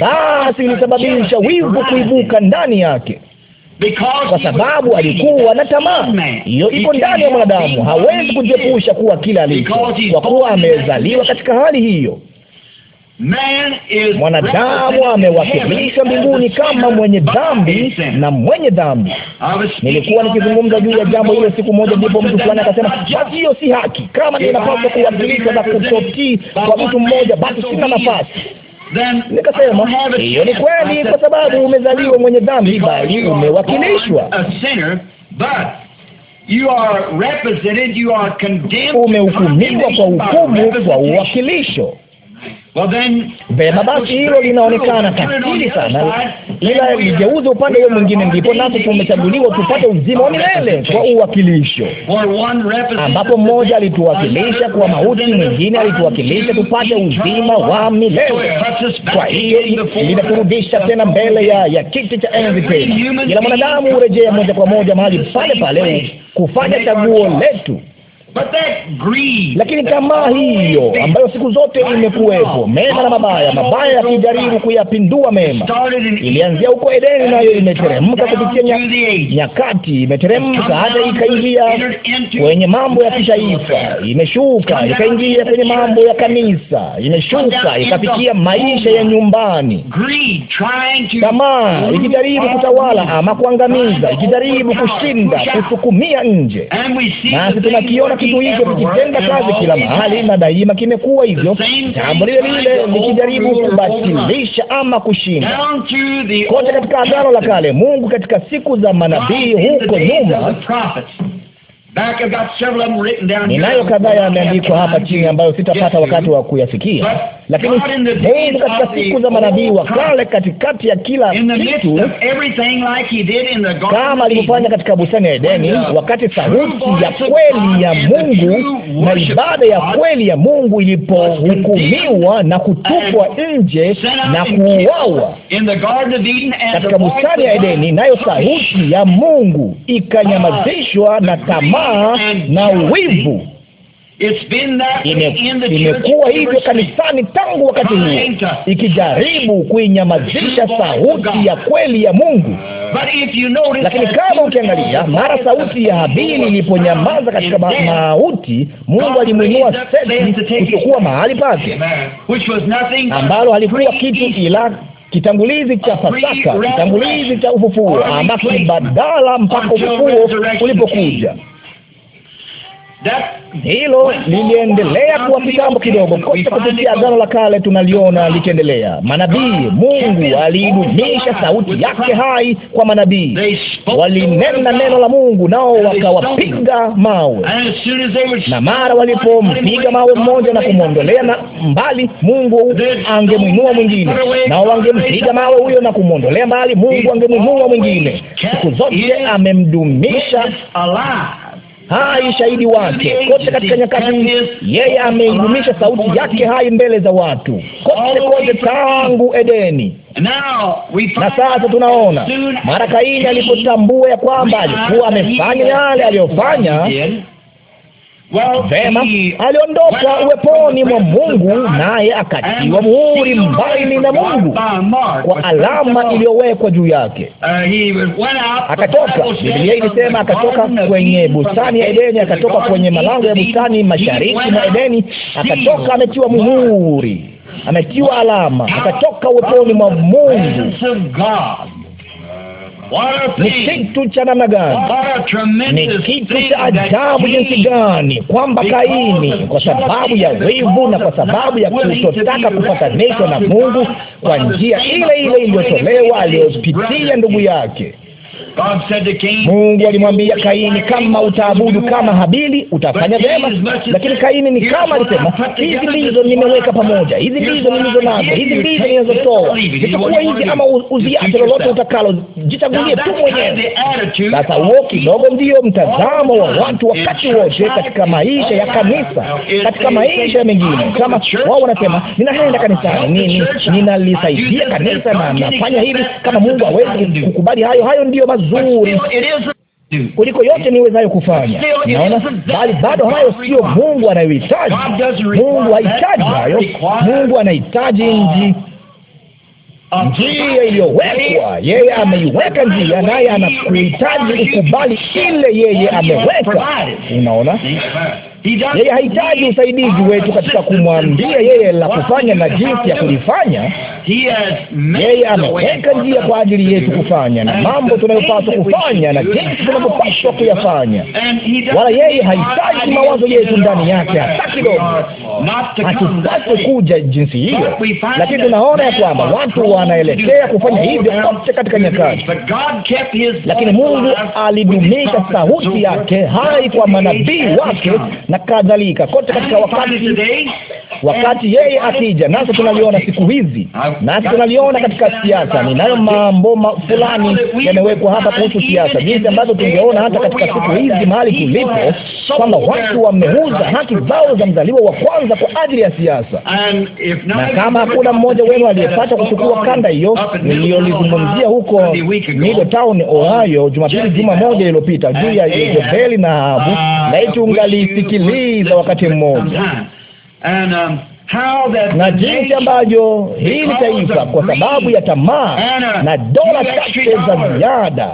basi ilisababisha wivu kuibuka ndani yake, kwa sababu alikuwa na tamaa hiyo. Iko ndani ya mwanadamu, hawezi kujiepusha kuwa kila alicho, kwa kuwa amezaliwa katika hali hiyo. Mwanadamu amewakilishwa mbinguni kama mwenye dhambi na mwenye dhambi. Nilikuwa nikizungumza juu ya jambo hilo siku moja, ndipo mtu fulani akasema, basi hiyo si haki. Kama ninapaswa kuwakilishwa na kutotii kwa mtu mmoja, basi sina nafasi. Nikasema hiyo ni kweli, kwa sababu umezaliwa mwenye dhambi, bali umewakilishwa umehukumiwa kwa hukumu, kwa uwakilisho Vema basi, hilo linaonekana kamili sana, ila ligeuze upande huo mwingine, ndipo nasi tumechaguliwa tupate uzima wa milele kwa uwakilisho, ambapo mmoja alituwakilisha kwa mauti, mwingine alituwakilisha tupate uzima wa milele. Kwa hiyo linakurudisha tena mbele ya ya kiti cha enzi tena, ila mwanadamu urejea moja kwa moja mahali pale pale kufanya chaguo letu. Lakini tamaa hiyo ambayo siku zote imekuwepo, mema na mabaya, mabaya yakijaribu kuyapindua mema, ilianzia huko Edeni, nayo imeteremka kupitia nyakati, imeteremka hata ikaingia kwenye mambo ya kitaifa, imeshuka ikaingia kwenye mambo ya kanisa, imeshuka ikafikia maisha ya nyumbani. Tamaa ikijaribu kutawala ama kuangamiza, ikijaribu kushinda, kusukumia nje, nasi tunakiona kitu hicho kikitenda kazi kila mahali, na daima kimekuwa hivyo, jambo lile lile likijaribu kubatilisha ama kushinda kote katika Agano la Kale. Mungu katika siku za manabii huko nyuma ninayo kadhaa yameandikwa hapa chini ambayo sitapata wakati wa kuyafikia lakini Mungu katika siku za manabii wa kale, katikati ya kila kitu, kama alivyofanya katika bustani ya Edeni, wakati sauti ya kweli ya Mungu na ibada ya kweli ya Mungu ilipohukumiwa na kutupwa nje na kuuawa katika bustani ya Edeni, nayo sauti ya Mungu ikanyamazishwa na tamaa na wivu Imekuwa hivyo kanisani tangu wakati huo, ikijaribu kuinyamazisha sauti ya kweli ya Mungu. Lakini kama ukiangalia, mara sauti ya Habili iliponyamaza katika mauti, Mungu alimwinua Seti kuchukua mahali pake, ambalo halikuwa kitu ila kitangulizi cha Pasaka, kitangulizi cha ufufuo, ambako badala mpaka ufufuo ulipokuja hilo liliendelea kuwa kitambo kidogo, kote kupitia Agano la Kale tunaliona likiendelea. Manabii, Mungu aliidumisha sauti yake hai kwa manabii, walinena neno la Mungu nao wakawapiga mawe, na mara walipompiga mawe mmoja na kumwondolea na mbali, Mungu angemwinua mwingine, nao wangempiga mawe huyo na kumwondolea mbali, Mungu angemwinua mwingine. Siku zote amemdumisha hai shahidi wake kote katika nyakati. Yeye ameidumisha sauti yake hai mbele za watu kote kote tangu Edeni. Na sasa tunaona mara Kaini alipotambua ya kwamba alikuwa amefanya yale aliyofanya, Vema, aliondoka uweponi mwa Mungu, naye akatiwa muhuri mbali na Mungu kwa alama iliyowekwa juu yake. Uh, akatoka, Biblia ilisema akatoka kwenye bustani ya Edeni, akatoka kwenye malango ya bustani mashariki mwa Edeni, akatoka ametiwa muhuri, ametiwa alama, akatoka uweponi mwa Mungu ni kitu cha namna gani? Ni kitu cha ajabu jinsi gani kwamba Kaini, kwa sababu ya wivu na kwa sababu ya kutotaka kupatanishwa na Mungu kwa njia ile ile iliyotolewa aliyopitia ndugu yake Mungu alimwambia Kaini, kama utaabudu kama Habili utafanya vyema, lakini Kaini ni kama alisema, hizi ndizo nimeweka pamoja, hizi ndizo nilizo nazo, hizi ndizo ninazotoa, zitakuwa hizi ama uziache, lolote utakalo, jichagulie tu mwenyewe. Sasa huo kidogo ndiyo mtazamo wa watu wakati wote katika maisha ya kanisa, katika maisha mengine. Kama wao wanasema ah, ninaenda ah, kanisani, ninalisaidia kanisa na nafanya hivi, kama Mungu hawezi kukubali hayo, hayo ndiyo mazuri nzuri kuliko yote niwezayo kufanya. Naona bali bado hayo sio Mungu anayohitaji. Mungu hahitaji hayo. Mungu anahitaji nji njia iliyowekwa. Yeye ameiweka njia, naye anakuhitaji ukubali ile yeye ameweka. Unaona, yeye hahitaji usaidizi wetu katika kumwambia yeye la kufanya na jinsi ya kulifanya. Yeye ameweka njia kwa ajili yetu kufanya na mambo tunayopaswa kufanya na jinsi tunavyopaswa kuyafanya, wala yeye hahitaji mawazo yetu ndani yake hata kidogo. Hatupaswi kuja jinsi hiyo, lakini tunaona ya kwamba watu wanaelekea kufanya hivyo kote katika nyakati. Lakini Mungu alidumisha sauti yake hai kwa manabii wake na kadhalika, kote katika wakati, wakati yeye akija, nasi tunaliona siku hizi nasi tunaliona katika siasa. Ninayo mambo fulani yamewekwa hapa kuhusu siasa, jinsi ambavyo tungeona hata katika siku hizi mahali tulipo, kwamba watu wameuza haki zao za mzaliwa wa kwanza kwa ajili ya siasa. Na kama hakuna mmoja wenu aliyepata kuchukua kanda hiyo niliyolizungumzia huko Middletown, Ohio, Jumapili juma moja iliyopita, juu ya Jezebeli na Ahabu, laiti uh, ungalisikiliza wakati mmoja na jinsi ambavyo hili taifa kwa sababu ya tamaa uh, na dola chache za ziada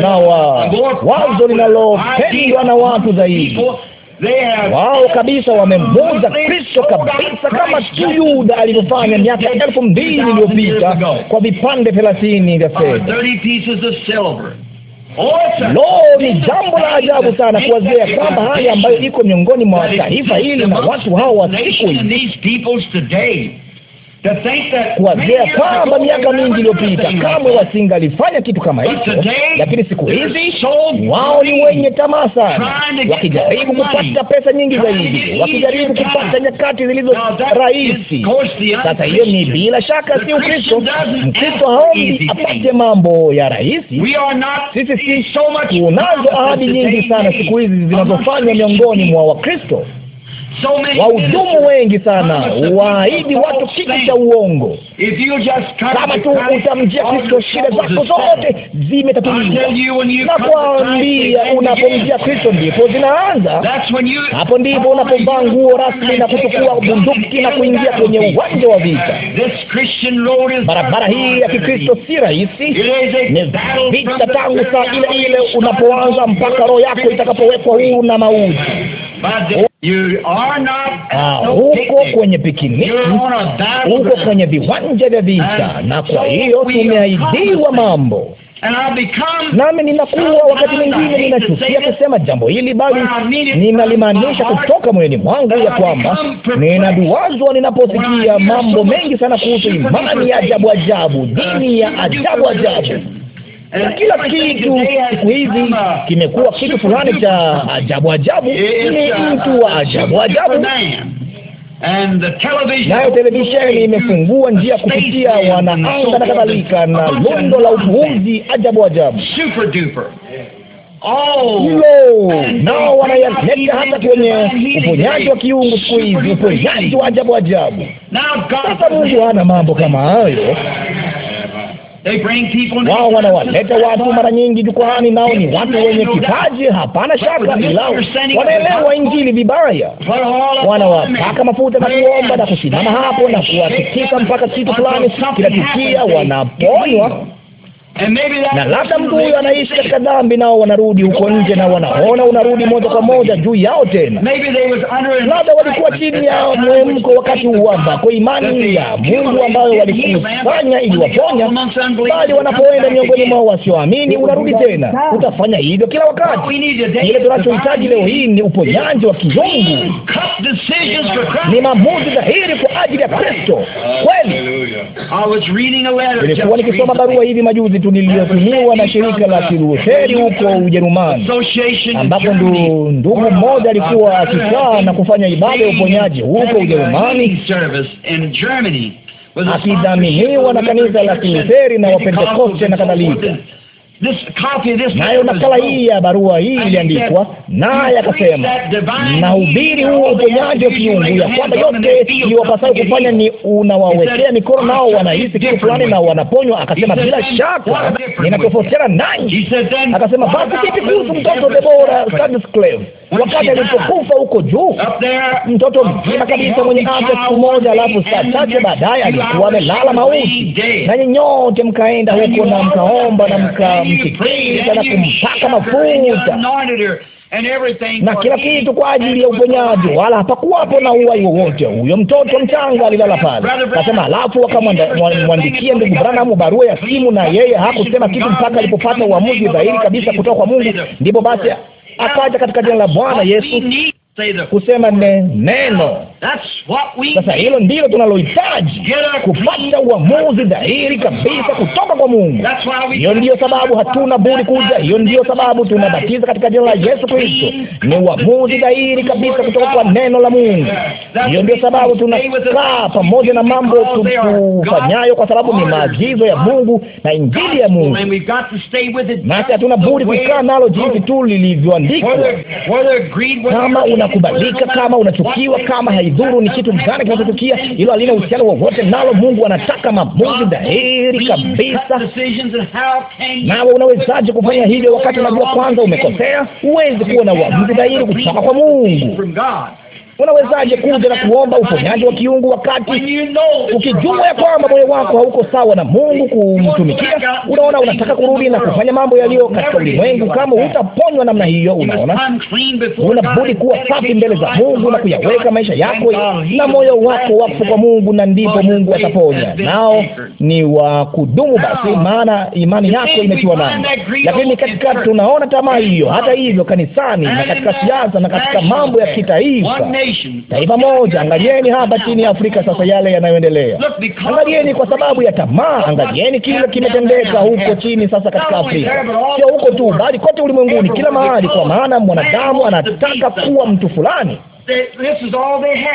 na wa, uh, wazo linalopendwa na watu zaidi wao kabisa wamemuuza Kristo kabisa, kama tu Yuda alivyofanya miaka elfu mbili iliyopita kwa vipande thelathini vya fedha. Lo, ni jambo la ajabu sana kuwazia kwamba hali ambayo iko miongoni mwa taifa hili na watu hao wa siku hii kuwazia kwamba miaka mingi iliyopita kamwe wasingalifanya kitu kama hicho, lakini siku hizi wao ni wenye tamaa sana, wakijaribu kupata pesa nyingi zaidi, wakijaribu kupata nyakati zilizo rahisi. Sasa hiyo ni bila shaka si Ukristo. Mkristo haombi apate mambo ya rahisi. Sisi si tunazo ahadi nyingi sana siku hizi zinazofanywa miongoni mwa Wakristo wahudumu wengi sana waahidi watu kitu cha uongo. Kama tu utamjia Kristo, shida zako zote zimetatuliwa. Na unapomjia Kristo ndipo zinaanza. Hapo ndipo unapovaa nguo rasmi na kuchukua bunduki na kuingia kwenye uwanja wa vita. Barabara hii ya Kikristo si rahisi, ni vita tangu saa ile ile unapoanza mpaka roho yako itakapowekwa huru na mauti. Ah, huko kwenye pikiniki, huko kwenye viwanja vya vita, na kwa hiyo tumeahidiwa mambo nami ninakuwa wakati mwingine ninachukia kusema jambo hili, bali ninalimaanisha kutoka moyoni mwangu ya kwamba ninaduwazwa ninaposikia mambo mengi sana kuhusu imani ya ajabu ajabu, dini ya ajabu ajabu kila kitu siku hizi kimekuwa kitu fulani cha ajabu ajabu. Ni mtu wa ajabu ajabu. Nayo televisheni imefungua njia kupitia wanaanga na kadhalika, na lundo la upuuzi ajabu ajabu Lo, oh. nao wanayaleta hata kwenye uponyaji wa kiungu siku hizi, uponyaji wa ajabu ajabu. Sasa Mungu hana mambo kama hayo wao wanawaleta watu mara nyingi jukwaani, nao ni watu wenye kipaji, hapana shaka, ila wanaelewa injili vibaya. Wanawapaka mafuta na kuomba na kusimama hapo na kuwatikisa mpaka kitu fulani kinatukia, wanaponywa na labda mtu huyo anaishi katika dhambi, nao wanarudi huko nje na wanaona unarudi moja kwa moja juu yao tena. Labda walikuwa chini ya mwemko wakati uwamba kwa imani ya Mungu ambayo ili waponya bali wanapoenda miongoni mwao wasioamini, unarudi tena. Utafanya hivyo kila wakati. Kile tunachohitaji leo hii ni uponyaji wa kizungu ni maamuzi dhahiri kwa ajili ya Kristo. Kweli nilikuwa nikisoma barua hivi majuzi tu niliyotumiwa na shirika la Kilutheri huko Ujerumani, ambapo ndugu mmoja alikuwa akikaa na kufanya ibada ya uponyaji huko Ujerumani akidhaminiwa na kanisa la Kilutheri na Wapentekoste na kadhalika nayo nakala hii ya barua hii iliandikwa naye akasema, nahubiri huo uponyaji wa kiungu, ya kwamba yote iwapasao kufanya ni unawawekea mikono, nao wanahisi kitu fulani na wanaponywa. Akasema, bila shaka ninatofautiana nanyi. Akasema, basi kipi kuhusu mtoto Debora Radcliffe wakati alipokufa huko juu, mtoto mzima kabisa mwenye afya siku moja, alafu saa chache baadaye alikuwa amelala mauti, nanyi nyote mkaenda huko na mkaomba na mkamtikisa na kumpaka mafuta na kila kitu kwa ajili ya uponyaji, wala hapakuwapo na uwai wowote. Huyo mtoto mchanga alilala pale, kasema. Alafu wakamwandikia ndugu Branham barua ya simu, na yeye hakusema kitu mpaka alipopata uamuzi dhahiri kabisa kutoka kwa Mungu. Ndipo basi akaja katika jina la Bwana Yesu kusema ne, neno. Sasa hilo ndilo tunalohitaji, kupata uamuzi dhahiri kabisa kutoka kwa Mungu. Hiyo ndiyo sababu hatuna budi kuja, hiyo ndiyo sababu tunabatiza katika jina la Yesu Kristo, ni uamuzi dhahiri kabisa kutoka kwa neno la Mungu. Hiyo ndiyo sababu tunakaa pamoja na mambo tufanyayo, kwa sababu ni maagizo ya Mungu na injili ya Mungu, nasi hatuna budi kukaa nalo jinsi tu lilivyoandikwa. Kama unakubalika, kama unachukiwa, kama haidhuru ni kitu gani kinachotukia, hilo halina uhusiano wowote nalo. Mungu anataka maamuzi dhahiri kabisa. Nawe unawezaje kufanya hivyo wakati unajua kwanza umekosea? Huwezi kuwa na uamuzi dhahiri kutoka kwa Mungu. Unawezaje kuja na kuomba uponyaji wa kiungu wakati ukijua ya kwamba moyo wako hauko sawa na Mungu kumtumikia? Unaona, unataka kurudi na kufanya mambo yaliyo katika ulimwengu. Kama utaponywa namna hiyo, unaona, unabudi kuwa safi mbele za Mungu na kuyaweka maisha yako na moyo wako wakfu kwa Mungu, na ndipo Mungu ataponya, nao ni wa kudumu. Basi maana imani yako imetiwa nani. Lakini katika tunaona tamaa hiyo, hata hivyo kanisani na katika uh, siasa na katika mambo ya kitaifa taifa moja. Angalieni hapa chini ya Afrika sasa yale yanayoendelea, angalieni kwa sababu ya tamaa, angalieni kile kimetendeka huko chini sasa katika Afrika, sio huko tu, bali kote ulimwenguni, kila mahali, kwa maana mwanadamu anataka kuwa mtu fulani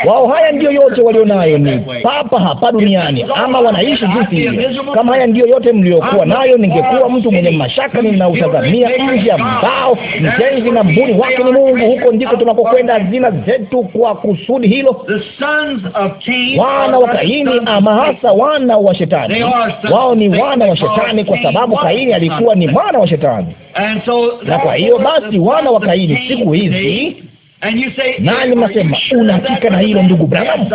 wao. Haya ndiyo yote walionayo ni papa hapa duniani, ama wanaishi jinsi hiyo. Kama haya ndiyo yote mliokuwa nayo, ningekuwa mtu mwenye mashaka. Ninautazamia nje ambao mjenzi na mbuni wake ni Mungu. Huko ndiko tunakokwenda hazina zetu kwa kusudi hilo. Wana wa Kaini, ama hasa wana wa Shetani, wao ni wana wa Shetani kwa sababu Kaini alikuwa ni mwana wa Shetani, na kwa hiyo basi wana wa Kaini siku hizi nani mnasema una hakika na hilo ndugu Branham?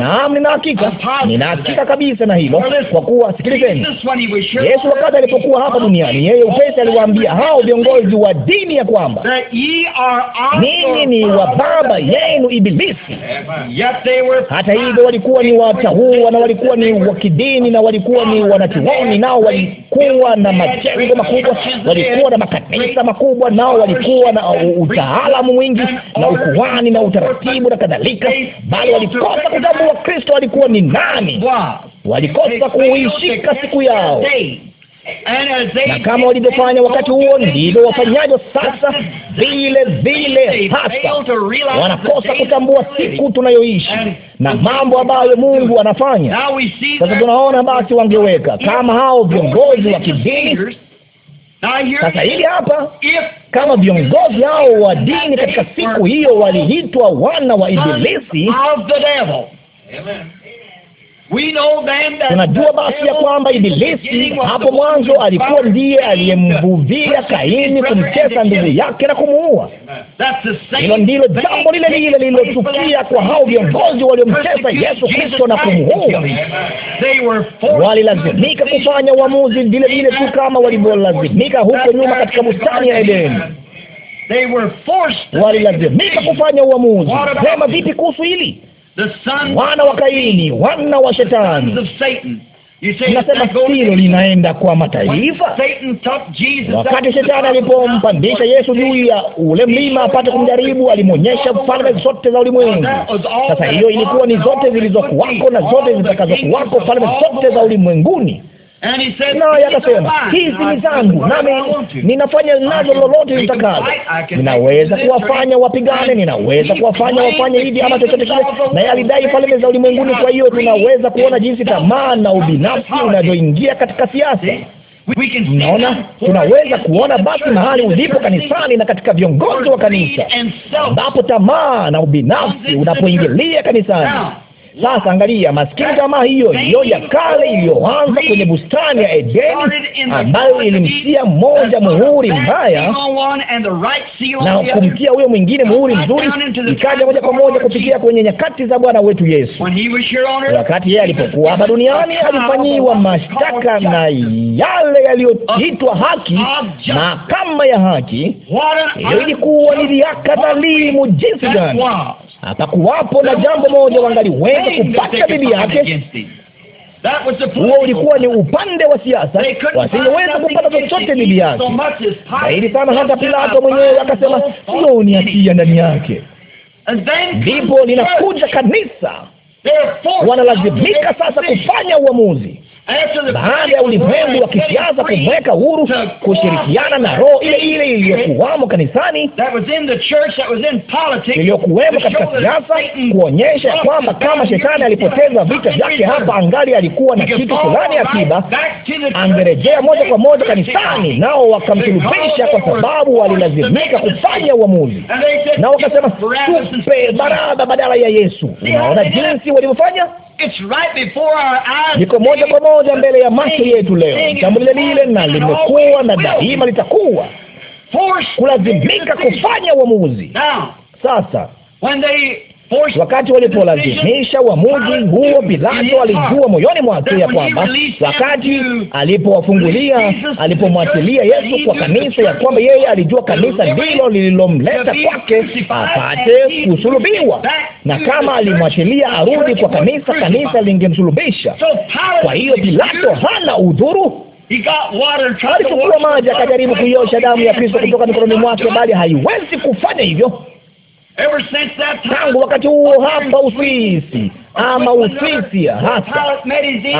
Naam, nina hakika, nina hakika kabisa na hilo, kwa kuwa sikilizeni, Yesu wakati alipokuwa hapa duniani, yeye upesi aliwaambia hao viongozi wa dini ya kwamba ninyi ni wa baba yenu Ibilisi. Hata hivyo walikuwa ni watahua na walikuwa ni wa kidini na walikuwa ni wanachuoni, nao walikuwa na majengo makubwa, walikuwa na makanisa makubwa, nao walikuwa na utaalamu mwingi na ukuhani na utaratibu na kadhalika, bali walikosa kutambua Kristo alikuwa ni nani. Walikosa kuishika siku yao na kama walivyofanya wakati huo ndivyo wafanyajo sasa vile vile. Hasa wanakosa kutambua siku tunayoishi na mambo ambayo Mungu anafanya sasa. Tunaona basi, wangeweka kama hao viongozi wa kidini sasa hivi hapa, kama viongozi hao wa dini katika siku hiyo waliitwa wana wa Ibilisi. Tunajua basi ya kwamba Ibilisi hapo mwanzo alikuwa ndiye aliyemvuvia Kaini kumtesa ndugu yake na kumuua. Hilo ndilo jambo lile lile lililotukia kwa hao viongozi waliomtesa Yesu Kristo na kumuua. Walilazimika kufanya uamuzi vile vile tu kama walivyolazimika huko nyuma katika bustani ya Edeni. Walilazimika kufanya uamuzi. Sema vipi kuhusu hili? wana wa Kaini, wana wa Shetani. Nasema hilo linaenda kwa mataifa. Wakati shetani alipompandisha Yesu juu ya ule mlima apate kumjaribu, alimwonyesha falme zote za ulimwengu. Sasa hiyo ilikuwa ni zote zilizokuwako na zote zitakazokuwako, falme zote za ulimwenguni naye akasema, hizi ni zangu, nami ninafanya nazo lolote nitakalo. Ninaweza kuwafanya wapigane, ninaweza kuwafanya wafanye hivi ama chochote kile. Naye alidai falme za ulimwenguni. Kwa hiyo tunaweza kuona jinsi tamaa na ubinafsi unavyoingia katika siasa. Naona tunaweza kuona basi mahali ulipo kanisani na katika viongozi wa kanisa, ambapo tamaa na ubinafsi unapoingilia kanisani sasa angalia, maskini jamaa hiyo hiyo ya kale iliyoanza kwenye bustani ya Edeni, ambayo ilimtia mmoja muhuri mbaya na kumtia huyo mwingine muhuri mzuri, ikaja moja kwa moja kupitia kwenye nyakati za Bwana wetu Yesu. Wakati yeye alipokuwa hapa duniani, alifanyiwa mashtaka na yale yaliyoitwa haki, mahakama ya haki. ilikuwa ni dhihaka dhalimu jinsi gani! atakuwapo na jambo moja wangaliweza kupata dhidi yake. Huo ulikuwa ni upande wa siasa, wasingeweza kupata chochote dhidi yake zaidi sana. Hata Pilato mwenyewe akasema sioni hatia ndani yake. Ndipo linakuja kanisa, wanalazimika sasa kufanya uamuzi baada ya ulimwengu wa kisiasa kumweka huru kushirikiana na roho ile ile iliyokuwamo kanisani, iliyokuwemo katika siasa, kuonyesha kwamba kama shetani alipoteza vita vyake hapa, angali alikuwa na kitu fulani akiba, angerejea moja kwa moja kanisani, nao wakamsulubisha, kwa sababu walilazimika kufanya uamuzi, na wakasema tupe Baraba badala ya Yesu. Unaona jinsi walivyofanya liko moja kwa moja mbele ya macho yetu leo, jambo lile lile, na limekuwa na daima litakuwa kulazimika kufanya uamuzi sasa Wakati walipolazimisha uamuzi huo, Pilato alijua moyoni mwake ya kwamba wakati alipowafungulia, alipomwachilia Yesu kwa kanisa, ya kwamba yeye alijua kanisa ndilo lililomleta kwake apate kusulubiwa, na kama alimwachilia arudi kwa kanisa, kanisa lingemsulubisha. Kwa hiyo Pilato hana udhuru alichukua maji akajaribu kuiosha damu ya Kristo kutoka mikononi mwake, bali haiwezi kufanya hivyo tangu wakati huo hapa Uswisi ama Uswisia hasa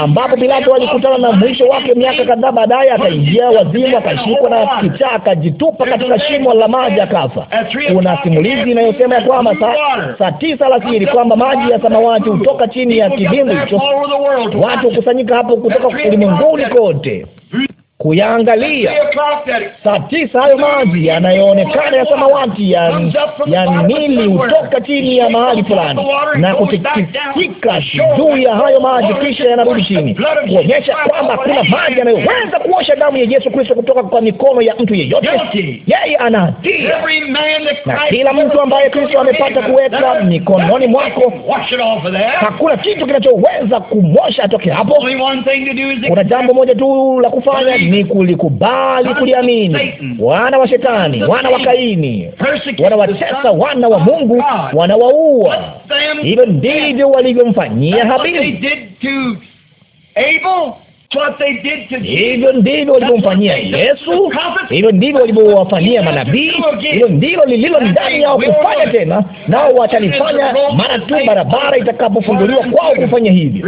ambapo Pilato alikutana na mwisho wake. Miaka kadhaa baadaye akaingia wazimu, akashikwa na kichaa, akajitupa katika shimo la maji, akafa. Kuna simulizi inayosema kwamba saa sa tisa alasiri kwamba maji ya samawati hutoka chini ya kidimbwi hicho, watu hukusanyika hapo kutoka ulimwenguni kote kuyaangalia. Saa tisa hayo maji yanayoonekana ya samawati ya, ya Nili hutoka chini ya mahali fulani na kutikisika juu ya hayo maji, kisha yanarudi chini, kuonyesha kwamba kuna maji yanayoweza kuosha damu ya Yesu Kristo kutoka kwa mikono ya mtu yeyote. Yeye ana hatia, na kila mtu ambaye Kristo amepata kuweka mikononi mwako, hakuna kitu kinachoweza kumwosha atoke hapo. Kuna jambo moja tu la kufanya ni kulikubali kuliamini. Wana wa Shetani, wana wa Kaini wanawatesa wana wa Mungu, wanawaua. Hivyo ndivyo walivyomfanyia Habili. Hivyo ndivyo walivyomfanyia Yesu, hivyo ndivyo walivyowafanyia manabii, hivyo ndilo lililo ndani yao kufanya tena, nao watalifanya mara tu barabara itakapofunguliwa kwao kufanya hivyo.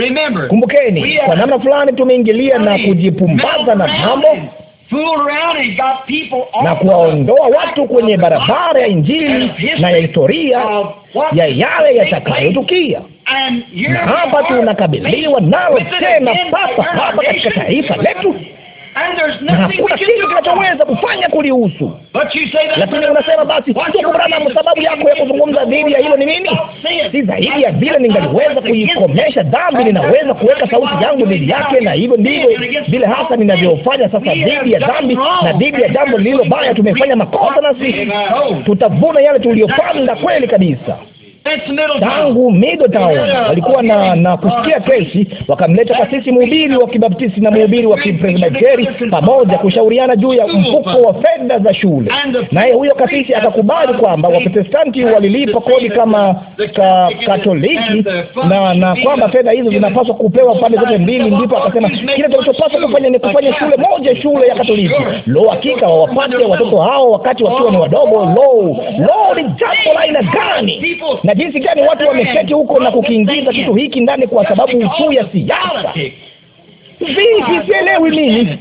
Kumbukeni, kwa namna fulani tumeingilia na kujipumbaza na mambo na kuwaondoa watu kwenye barabara ya Injili na ya historia ya yale yatakayotukia na hapa tunakabiliwa nalo tena papa hapa katika taifa letu na hakuna kitu kinachoweza kufanya kulihusu. Lakini unasema basi, ndugu Branham, sababu yako ya kuzungumza dhidi ya hilo ni nini? Si zaidi ya vile ningaliweza kuikomesha dhambi, ninaweza kuweka sauti yangu dhidi yake, na hivyo ndivyo vile hasa ninavyofanya sasa dhidi ya dhambi na dhidi ya jambo lililo baya. Tumefanya makosa, nasi tutavuna yale tuliyopanda. Kweli kabisa tangu Middletown walikuwa na na kusikia kesi, wakamleta kasisi mhubiri wa Kibaptisti na mhubiri wa Kipresbiteri pamoja kushauriana juu ya mfuko wa fedha za shule, naye huyo kasisi akakubali kwamba Waprotestanti walilipa kodi kama ka Katoliki na na kwamba fedha hizo zinapaswa kupewa pande zote mbili. Ndipo akasema kile tunachopaswa kufanya ni kufanya shule moja, shule ya Katoliki. Lo, hakika wawapate watoto hao wakati wakiwa ni wadogo. Lo, lo, ni jambo la aina gani na jinsi gani watu wameketi huko na kukiingiza kitu hiki ndani kwa sababu tu ya siasa. Vipi? Sielewi mimi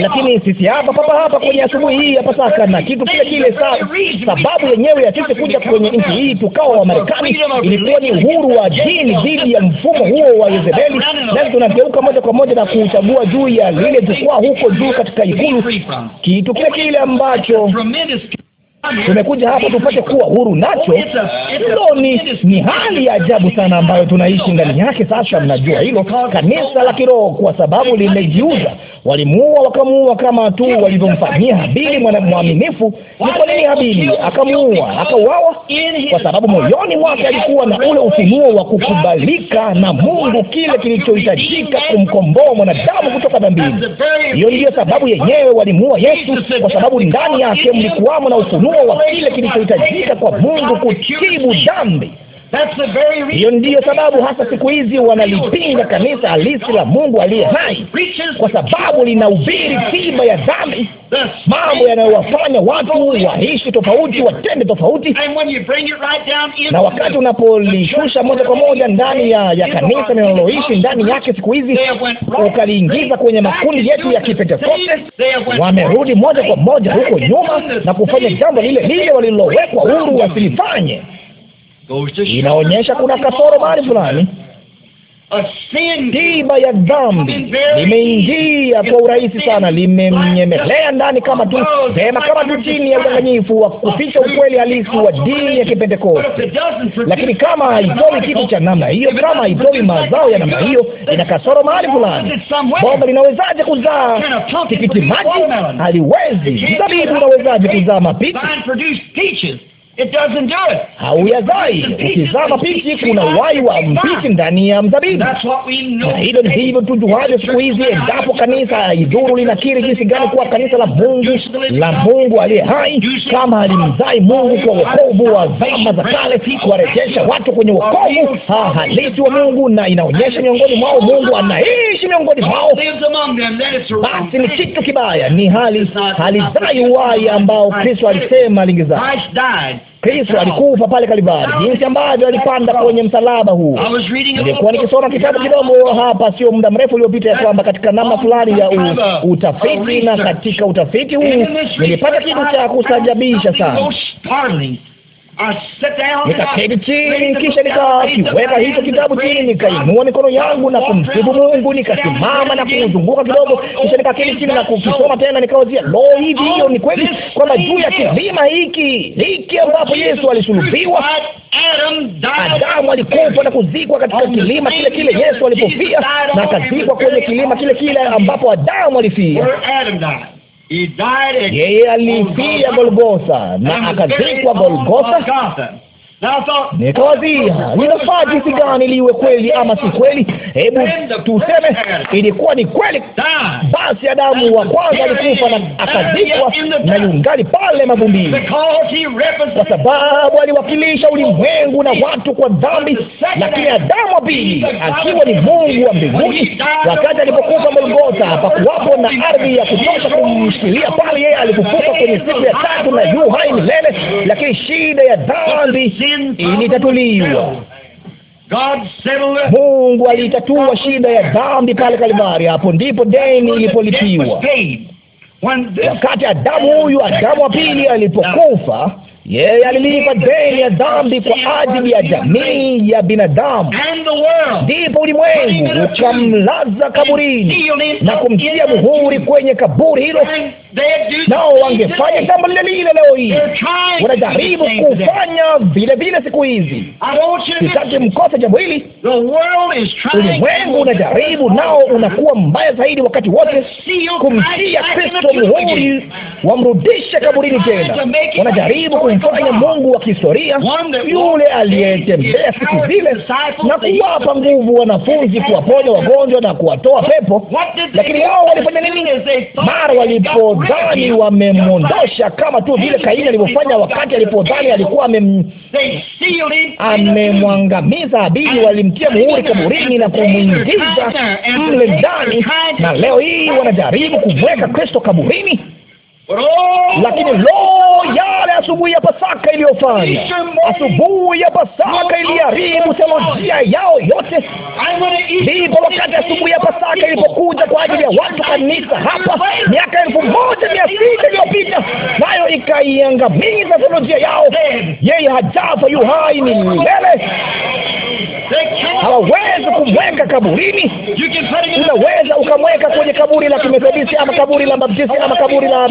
lakini sisi hapa papa hapa kwenye asubuhi hii ya Pasaka na kitu kile kile sa, sababu yenyewe ya sisi kuja kwenye nchi hii tukawa wa Marekani ilikuwa ni uhuru wa dini dhidi ya mfumo huo wa Yezebeli, nasi tunageuka moja kwa moja na kuchagua juu ya lile jukwaa huko juu katika Ikulu, kitu kile kile ambacho Tumekuja hapa tupate kuwa huru nacho. Hilo oh, ni, ni hali ya ajabu sana ambayo tunaishi ndani yake. Sasa mnajua hilo kanisa la kiroho, kwa sababu limejiuza Walimuua, wakamuua kama tu walivyomfanyia Habili mwana mwaminifu. Ni kwa nini Habili akamuua, akauawa? Kwa sababu moyoni mwake alikuwa na ule ufunuo wa kukubalika na Mungu, kile kilichohitajika kumkomboa mwanadamu kutoka dhambini. Hiyo ndiyo sababu yenyewe walimuua Yesu, kwa sababu ndani yake mlikuwamo na ufunuo wa kile kilichohitajika kwa Mungu kutibu dhambi. Hiyo ndiyo sababu hasa siku hizi wanalipinga kanisa halisi la Mungu aliye hai, kwa sababu linahubiri tiba ya dhambi, mambo yanayowafanya watu waishi tofauti, watende tofauti. Na wakati unapolishusha moja kwa moja ndani ya, ya kanisa linaloishi ndani yake siku hizi, ukaliingiza kwenye makundi yetu ya Kipentekoste, wamerudi moja kwa moja huko nyuma na kufanya jambo lile lile walilowekwa huru wasilifanye inaonyesha kuna kasoro mahali fulani. Tiba ya dhambi limeingia kwa urahisi sana, limemnyemelea ndani kama tu sema, kama tu chini ya udanganyifu wa kuficha ukweli halisi wa dini ya Kipentekoste. Lakini kama haitoi kitu cha namna hiyo, kama haitoi mazao ya namna hiyo, ina kasoro mahali fulani. Bomba linawezaje kuzaa tikiti maji? Haliwezi. Zabibu unawezaje kuzaa mapiti hauyazai. ukizama mapichi, kuna wai wa mbichi ndani ya mzabibu, na hilo ni tujuavyo siku hizi. Endapo kanisa idhuru linakiri jinsi gani kuwa kanisa la Mungu la Mungu aliye hai, kama alimzai Mungu kwa wokovu wa zama za kale, kuwarejesha watu kwenye wokovu halisi wa Mungu, na inaonyesha miongoni mwao Mungu anaishi miongoni mwao, basi ni kitu kibaya, ni hali halizai wai ambao Kristo alisema lingezaa Kristo alikufa pale kalivari jinsi ambavyo alipanda kwenye msalaba huu. Nilikuwa nikisoma kitabu kidogo hapa sio muda mrefu uliopita, ya kwamba katika namna fulani ya u, utafiti, na katika utafiti huu nilipata kitu cha kusajabisha sana nikaketi chini, kisha nikakiweka hicho kitabu chini, nikainua mikono yangu na kumsifu Mungu, nikasimama na kuzunguka kidogo, oh, kisha oh, nikaketi chini na kukisoma oh. tena. Nikawazia, lo, hivi hiyo ni kweli kwamba juu ya kilima hiki hiki ambapo Yesu alisulubiwa, Adamu alikufa na kuzikwa katika kilima kile kile Yesu alipofia, na akazikwa kwenye kilima kile kile ambapo Adamu alifia yeye alifia Golgotha na akazikwa Golgotha, nikawazia ninafaa jinsi gani liwe kweli ama si kweli. Hebu tuseme ilikuwa ni kweli. Basi Adamu wa kwanza alikufa na akazikwa, na yungali pale mavumbini, kwa sababu aliwakilisha ulimwengu na watu kwa dhambi. Lakini Adamu wa pili akiwa ni Mungu wa mbinguni, wakati alipokufa Golgotha, hapakuwapo na ardhi ya kutosha kumshikilia pale. Yeye alikufuka kwenye siku ya tatu na yu hai milele, lakini shida ya dhambi ilitatuliwa. Mungu aliitatua shida ya dhambi pale Kalvari. Hapo ndipo deni ilipolipiwa. Wakati Adamu huyu, Adamu wa pili, alipokufa yeye alilipa deni ya dhambi kwa ajili ya jamii ya binadamu, ndipo ulimwengu ukamlaza kaburini na kumtia muhuri kwenye kaburi hilo. Nao wangefanya jambo lile lile leo hii, wanajaribu kufanya vile vile siku hizi. Sitaki mkose jambo hili. Ulimwengu unajaribu nao unakuwa mbaya zaidi wakati wote kumtia Kristo muhuri wamrudishe kaburini tena, wanajaribu kumfanya Mungu wa kihistoria, yule aliyetembea siku zile na kuwapa nguvu wanafunzi, kuwaponya wagonjwa na kuwatoa pepo. Lakini wao walifanya nini? Mara walipodhani wamemwondosha, kama tu vile Kaini alivyofanya wakati alipodhani alikuwa amemwangamiza Abili, walimtia muhuri kaburini na kumwingiza mle ndani, na leo hii wanajaribu kumweka Kristo kaburini. Lakini lo, yale asubuhi ya Pasaka iliyofanya, asubuhi ya Pasaka iliharibu theolojia yao yote. Ndipo wakati asubuhi ya Pasaka ilipokuja kwa ajili ya watu kanisa hapa miaka elfu moja mia sita iliyopita, nayo ikaiangamiza theolojia yao. Yeye hajafa, yu hai ni milele hawawezi kumweka kaburini. Unaweza ukamweka kwenye kaburi la Kimethodisti ama kaburi la Baptisti ama kaburi la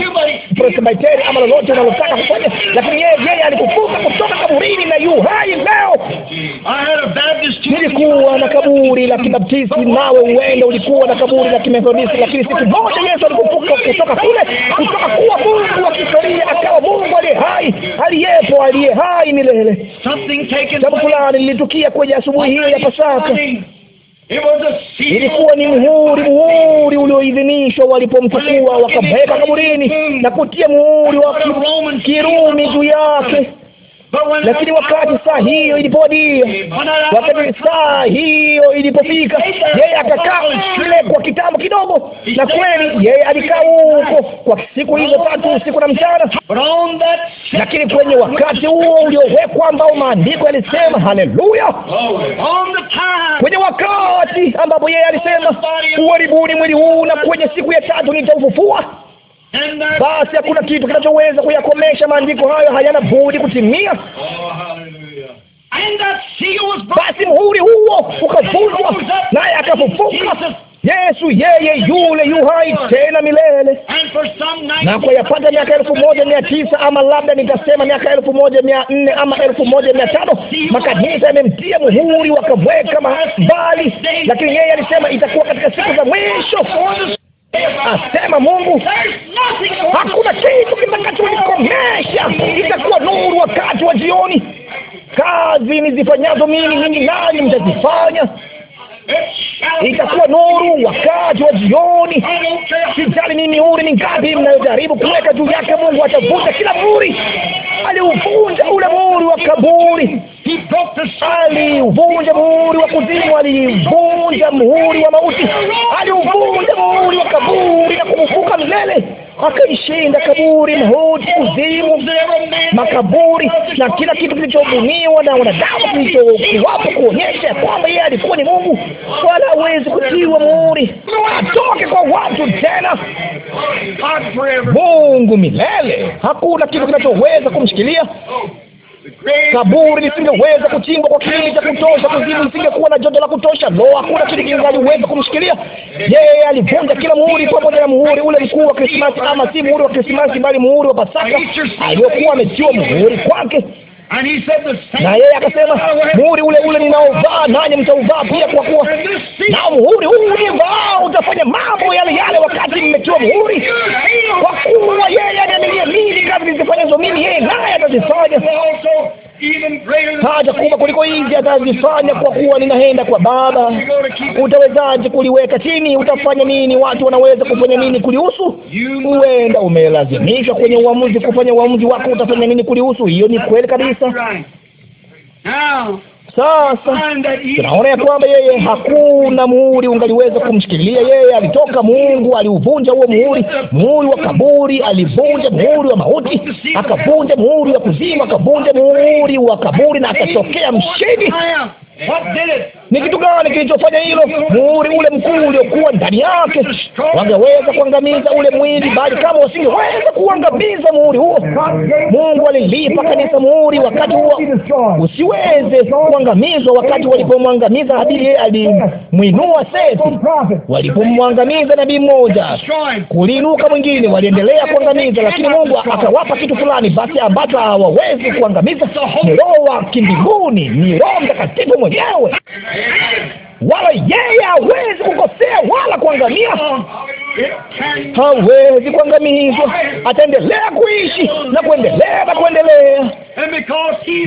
Presbiteri ama lolote unalotaka kufanya, lakini yeye yeye alikufuka kutoka kaburini na yu hai leo. Nilikuwa na kaburi la Kibaptisti, nawe uende ulikuwa na kaburi la Kimethodisti, lakini siku moja Yesu alikufuka kutoka kule, kutoka kuwa Mungu wa kihistoria akawa Mungu aliye hai, aliyepo, aliye hai milele. Jambo fulani lilitukia kwenye asubuhi hiyo ya Pasaka. Ilikuwa ni muhuri, muhuri ulioidhinishwa walipomchukua wakabeba kaburini na kutia muhuri wa Kirumi juu yake. Lakini wakati saa hiyo ilipodi, wakati saa hiyo ilipofika, yeye akakaa kile kwa kitambo kidogo, na kweli yeye alikaa huko kwa siku hizo tatu, usiku na mchana. Lakini kwenye wakati huo uliowekwa ambao maandiko yalisema, haleluya, kwenye wakati ambapo yeye alisema, uharibuni mwili huu na kwenye siku ya tatu nitaufufua. Basi hakuna kitu kinachoweza kuyakomesha maandiko hayo, hayana budi kutimia. Oh, Basi muhuri huo ukafungwa, naye akafufuka Yesu yeye yule yu hai tena milele. Na kwa yapata miaka elfu moja mia tisa ama labda nitasema miaka elfu moja mia nne ama elfu moja mia tano makanisa yamemtia muhuri, wakaweka mbali, lakini yeye alisema itakuwa katika siku za mwisho asema Mungu, hakuna kitu kitakachonikomesha. Itakuwa nuru wakati wa jioni. Kazi nizifanyazo mimi ninyi, nani mtazifanya. Itakuwa nuru wakati wa jioni. Sijali ni mihuri mingapi mnayojaribu kuweka juu yake, Mungu atavunja kila muri. Aliuvunja ule muri wa kaburi, aliuvunja muhuri wa kuzimu, aliuvunja muhuri wa mauti, aliuvunja mpaka milele, akaishinda kaburi, mauti, kuzimu, makaburi na kila kitu kilichobuniwa na wanadamu kilichokuwapo kuonyesha kwamba yeye alikuwa ni Mungu, wala hawezi kutiwa muhuri, atoke kwa watu tena. Mungu milele, hakuna kitu kinachoweza kumshikilia kaburi lisingeweza kuchimbwa kwa kilimi cha kutosha, kuzimu lisingekuwa na joto la kutosha. Lo, hakuna kitu kingaliweza kumshikilia. Yeye alivunja kila muhuri pamoja na muhuri ule mkuu wa Krismasi, ama si muhuri wa Krismasi, bali muhuri wa Pasaka aliyokuwa ametiwa muhuri kwake na yeye akasema, muhuri ule ule ninaovaa nanyi mtauvaa pia, kwa kuwa nitakavifanya kwa kuwa ninaenda kwa Baba. Utawezaje kuliweka chini? Utafanya nini? Watu wanaweza kufanya nini kulihusu? Huenda umelazimishwa kwenye uamuzi kufanya uamuzi wako, utafanya nini kulihusu? Hiyo ni kweli kabisa. Sasa tunaona ya kwamba yeye haku hakuna muhuri ungaliweza kumshikilia yeye. Alitoka Mungu, aliuvunja huo muhuri, muhuri wa kaburi, alivunja muhuri wa mauti, akavunja muhuri wa kuzima, akavunja muhuri wa kaburi na akatokea mshindi. Ni kitu gani kilichofanya hilo? Muhuri ule mkuu uliokuwa ndani yake. Wangeweza kuangamiza ule mwili, bali kama wasingeweza kuangamiza muhuri huo, Mungu alilipa kanisa muhuri wakati huo usiweze kuangamizwa. Wakati walipomwangamiza Habili, yeye alimwinua Sethi. Walipomwangamiza nabii mmoja, kuliinuka mwingine, waliendelea kuangamiza, lakini Mungu akawapa kitu fulani basi ambacho hawawezi kuangamiza. Ni Roho wa kimbinguni, ni Roho Mtakatifu mwenyewe wala yeye hawezi kukosea wala kuangamia, hawezi kuangamizwa. Ataendelea kuishi na kuendelea na kuendelea,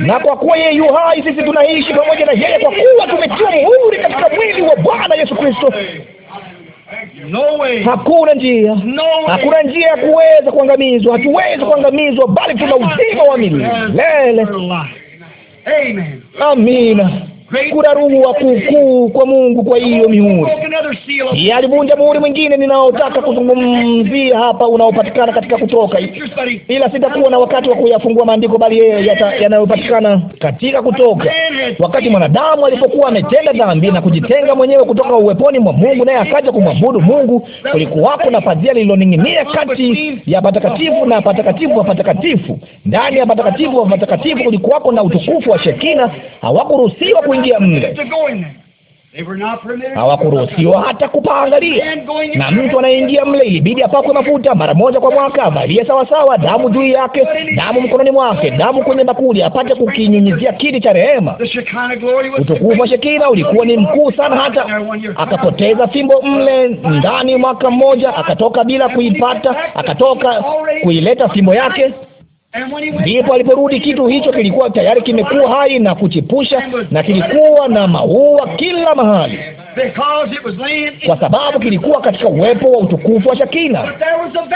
na kwa kuwa yeye yu hai, sisi tunaishi pamoja na yeye, kwa kuwa tumetiwa muhuri katika mwili wa Bwana Yesu Kristo. Hakuna njia, hakuna njia ya kuweza kuangamizwa. Hatuwezi kuangamizwa, bali tuna uzima wa milele. Amina kurarumu wa kuukuu kwa Mungu. Kwa hiyo mihuri yeye alivunja muhuri mwingine ninaotaka kuzungumzia hapa, unaopatikana katika Kutoka, ila sitakuwa na wakati wa kuyafungua maandiko, bali yeye yanayopatikana katika Kutoka. Wakati mwanadamu alipokuwa ametenda dhambi na kujitenga mwenyewe kutoka uweponi mwa Mungu, naye akaja kumwabudu Mungu, kulikuwapo na pazia lililoning'inia kati ya patakatifu na patakatifu wa patakatifu. Ndani ya patakatifu wa patakatifu kulikuwapo na utukufu wa Shekina. Hawakuruhusiwa ku kuingia mle, hawakuruhusiwa hata kupaangalia. Na mtu anayeingia mle ilibidi apakwe mafuta mara moja kwa mwaka, avalie sawasawa, damu juu yake, damu mkononi mwake, damu kwenye bakuli, apate kukinyunyizia kiti cha rehema. Utukufu wa Shekina ulikuwa ni mkuu sana, hata akapoteza fimbo mle ndani. Mwaka mmoja akatoka bila kuipata, akatoka kuileta fimbo yake. Ndipo aliporudi kitu hicho kilikuwa tayari kimekuwa hai na kuchipusha, na kilikuwa na maua kila mahali kwa sababu kilikuwa katika uwepo wa utukufu wa Shakina,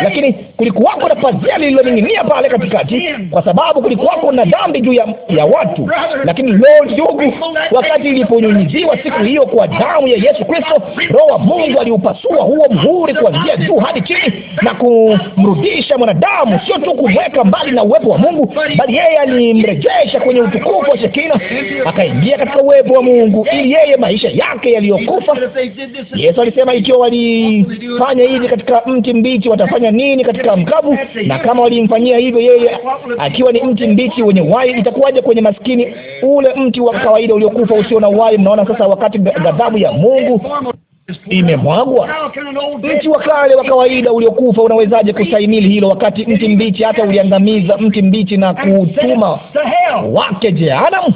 lakini kulikuwako na pazia lililoning'inia pale katikati, kwa sababu kulikuwako na dhambi juu ya, ya watu. Lakini leo ndugu, wakati iliponyunyiziwa siku hiyo kwa damu ya Yesu Kristo, Roho wa Mungu aliupasua huo mhuri kuanzia juu hadi chini na kumrudisha mwanadamu, sio tu kumweka mbali na uwepo wa Mungu, bali yeye alimrejesha kwenye utukufu wa Shekina, akaingia katika uwepo wa Mungu ili yeye maisha yake yaliyo amekufa. Yesu alisema ikiwa walifanya hivi katika mti mbichi, watafanya nini katika mkavu? Na kama walimfanyia hivyo yeye akiwa ni mti mbichi wenye wai, itakuwaje kwenye maskini ule mti wa kawaida uliokufa usio na wai? Mnaona sasa, wakati ghadhabu ya Mungu imemwagwa. Mti wa kale wa kawaida uliokufa unawezaje kustahimili hilo, wakati mti mbichi, hata uliangamiza mti mbichi na kutuma wake jehanamu.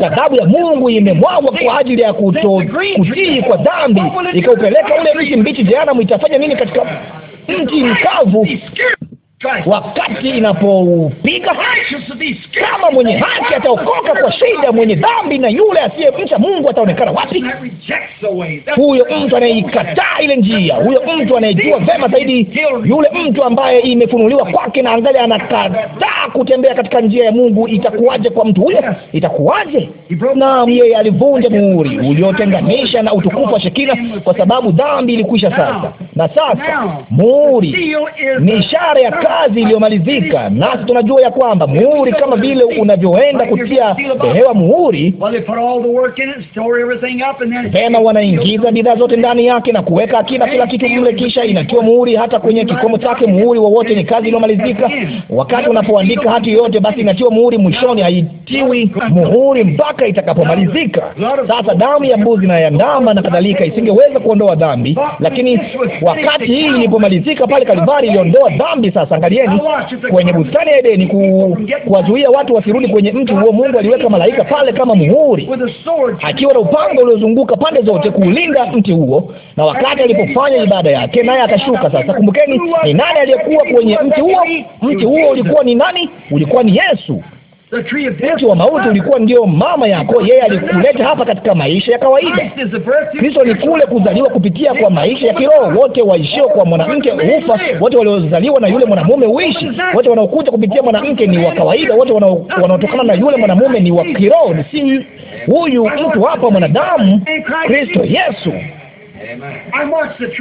Ghadhabu ya Mungu imemwagwa kwa ajili ya kutii kwa dhambi, ikaupeleka ule mti mbichi jehanamu. Itafanya nini katika mti mkavu? wakati inapoupiga. Kama mwenye haki ataokoka kwa shida, mwenye dhambi na yule asiyemcha Mungu ataonekana wapi? Huyo mtu anayeikataa ile njia, huyo mtu anayejua vema zaidi, yule mtu ambaye imefunuliwa kwake na angali anakataa kutembea katika njia ya Mungu, itakuwaje kwa mtu huyo? Itakuwaje? Naam, yeye alivunja muhuri uliotenganisha na utukufu wa Shekina, kwa sababu dhambi ilikwisha sasa, na sasa muhuri ni ishara ya kazi iliyomalizika. Nasi tunajua ya kwamba muhuri, kama vile unavyoenda kutia hewa muhuri, tena wanaingiza bidhaa zote ndani yake na kuweka akiba kila kitu mle, kisha inatiwa muhuri hata kwenye kikomo chake. Muhuri wowote ni kazi iliyomalizika. Wakati unapoandika hati yoyote, basi inatiwa muhuri mwishoni, haitiwi muhuri mpaka itakapomalizika. Sasa damu ya mbuzi na ya ndama na kadhalika isingeweza kuondoa dhambi, lakini wakati hii ilipomalizika pale Kalvari iliondoa dhambi. Sasa angalieni kwenye bustani ya Edeni, kuwazuia watu wasirudi kwenye mti huo. Mungu aliweka malaika pale kama muhuri, akiwa na upanga uliozunguka pande zote kuulinda mti huo, na wakati alipofanya ibada yake, naye akashuka. Sasa kumbukeni, ni nani aliyekuwa kwenye mti huo? Mti huo ulikuwa ni nani? Ulikuwa ni Yesu. Mti wa mauti ulikuwa ndio mama yako, yeye alikuleta hapa katika maisha ya kawaida. Kristo ni kule kuzaliwa kupitia kwa maisha ya kiroho. Wote waishio kwa mwanamke ufa, wote waliozaliwa na yule mwanamume uishi, wote wanaokuja kupitia mwanamke ni wa kawaida, wote wanaotokana na yule mwanamume ni wa kiroho. Si huyu mtu hapa mwanadamu, Kristo Yesu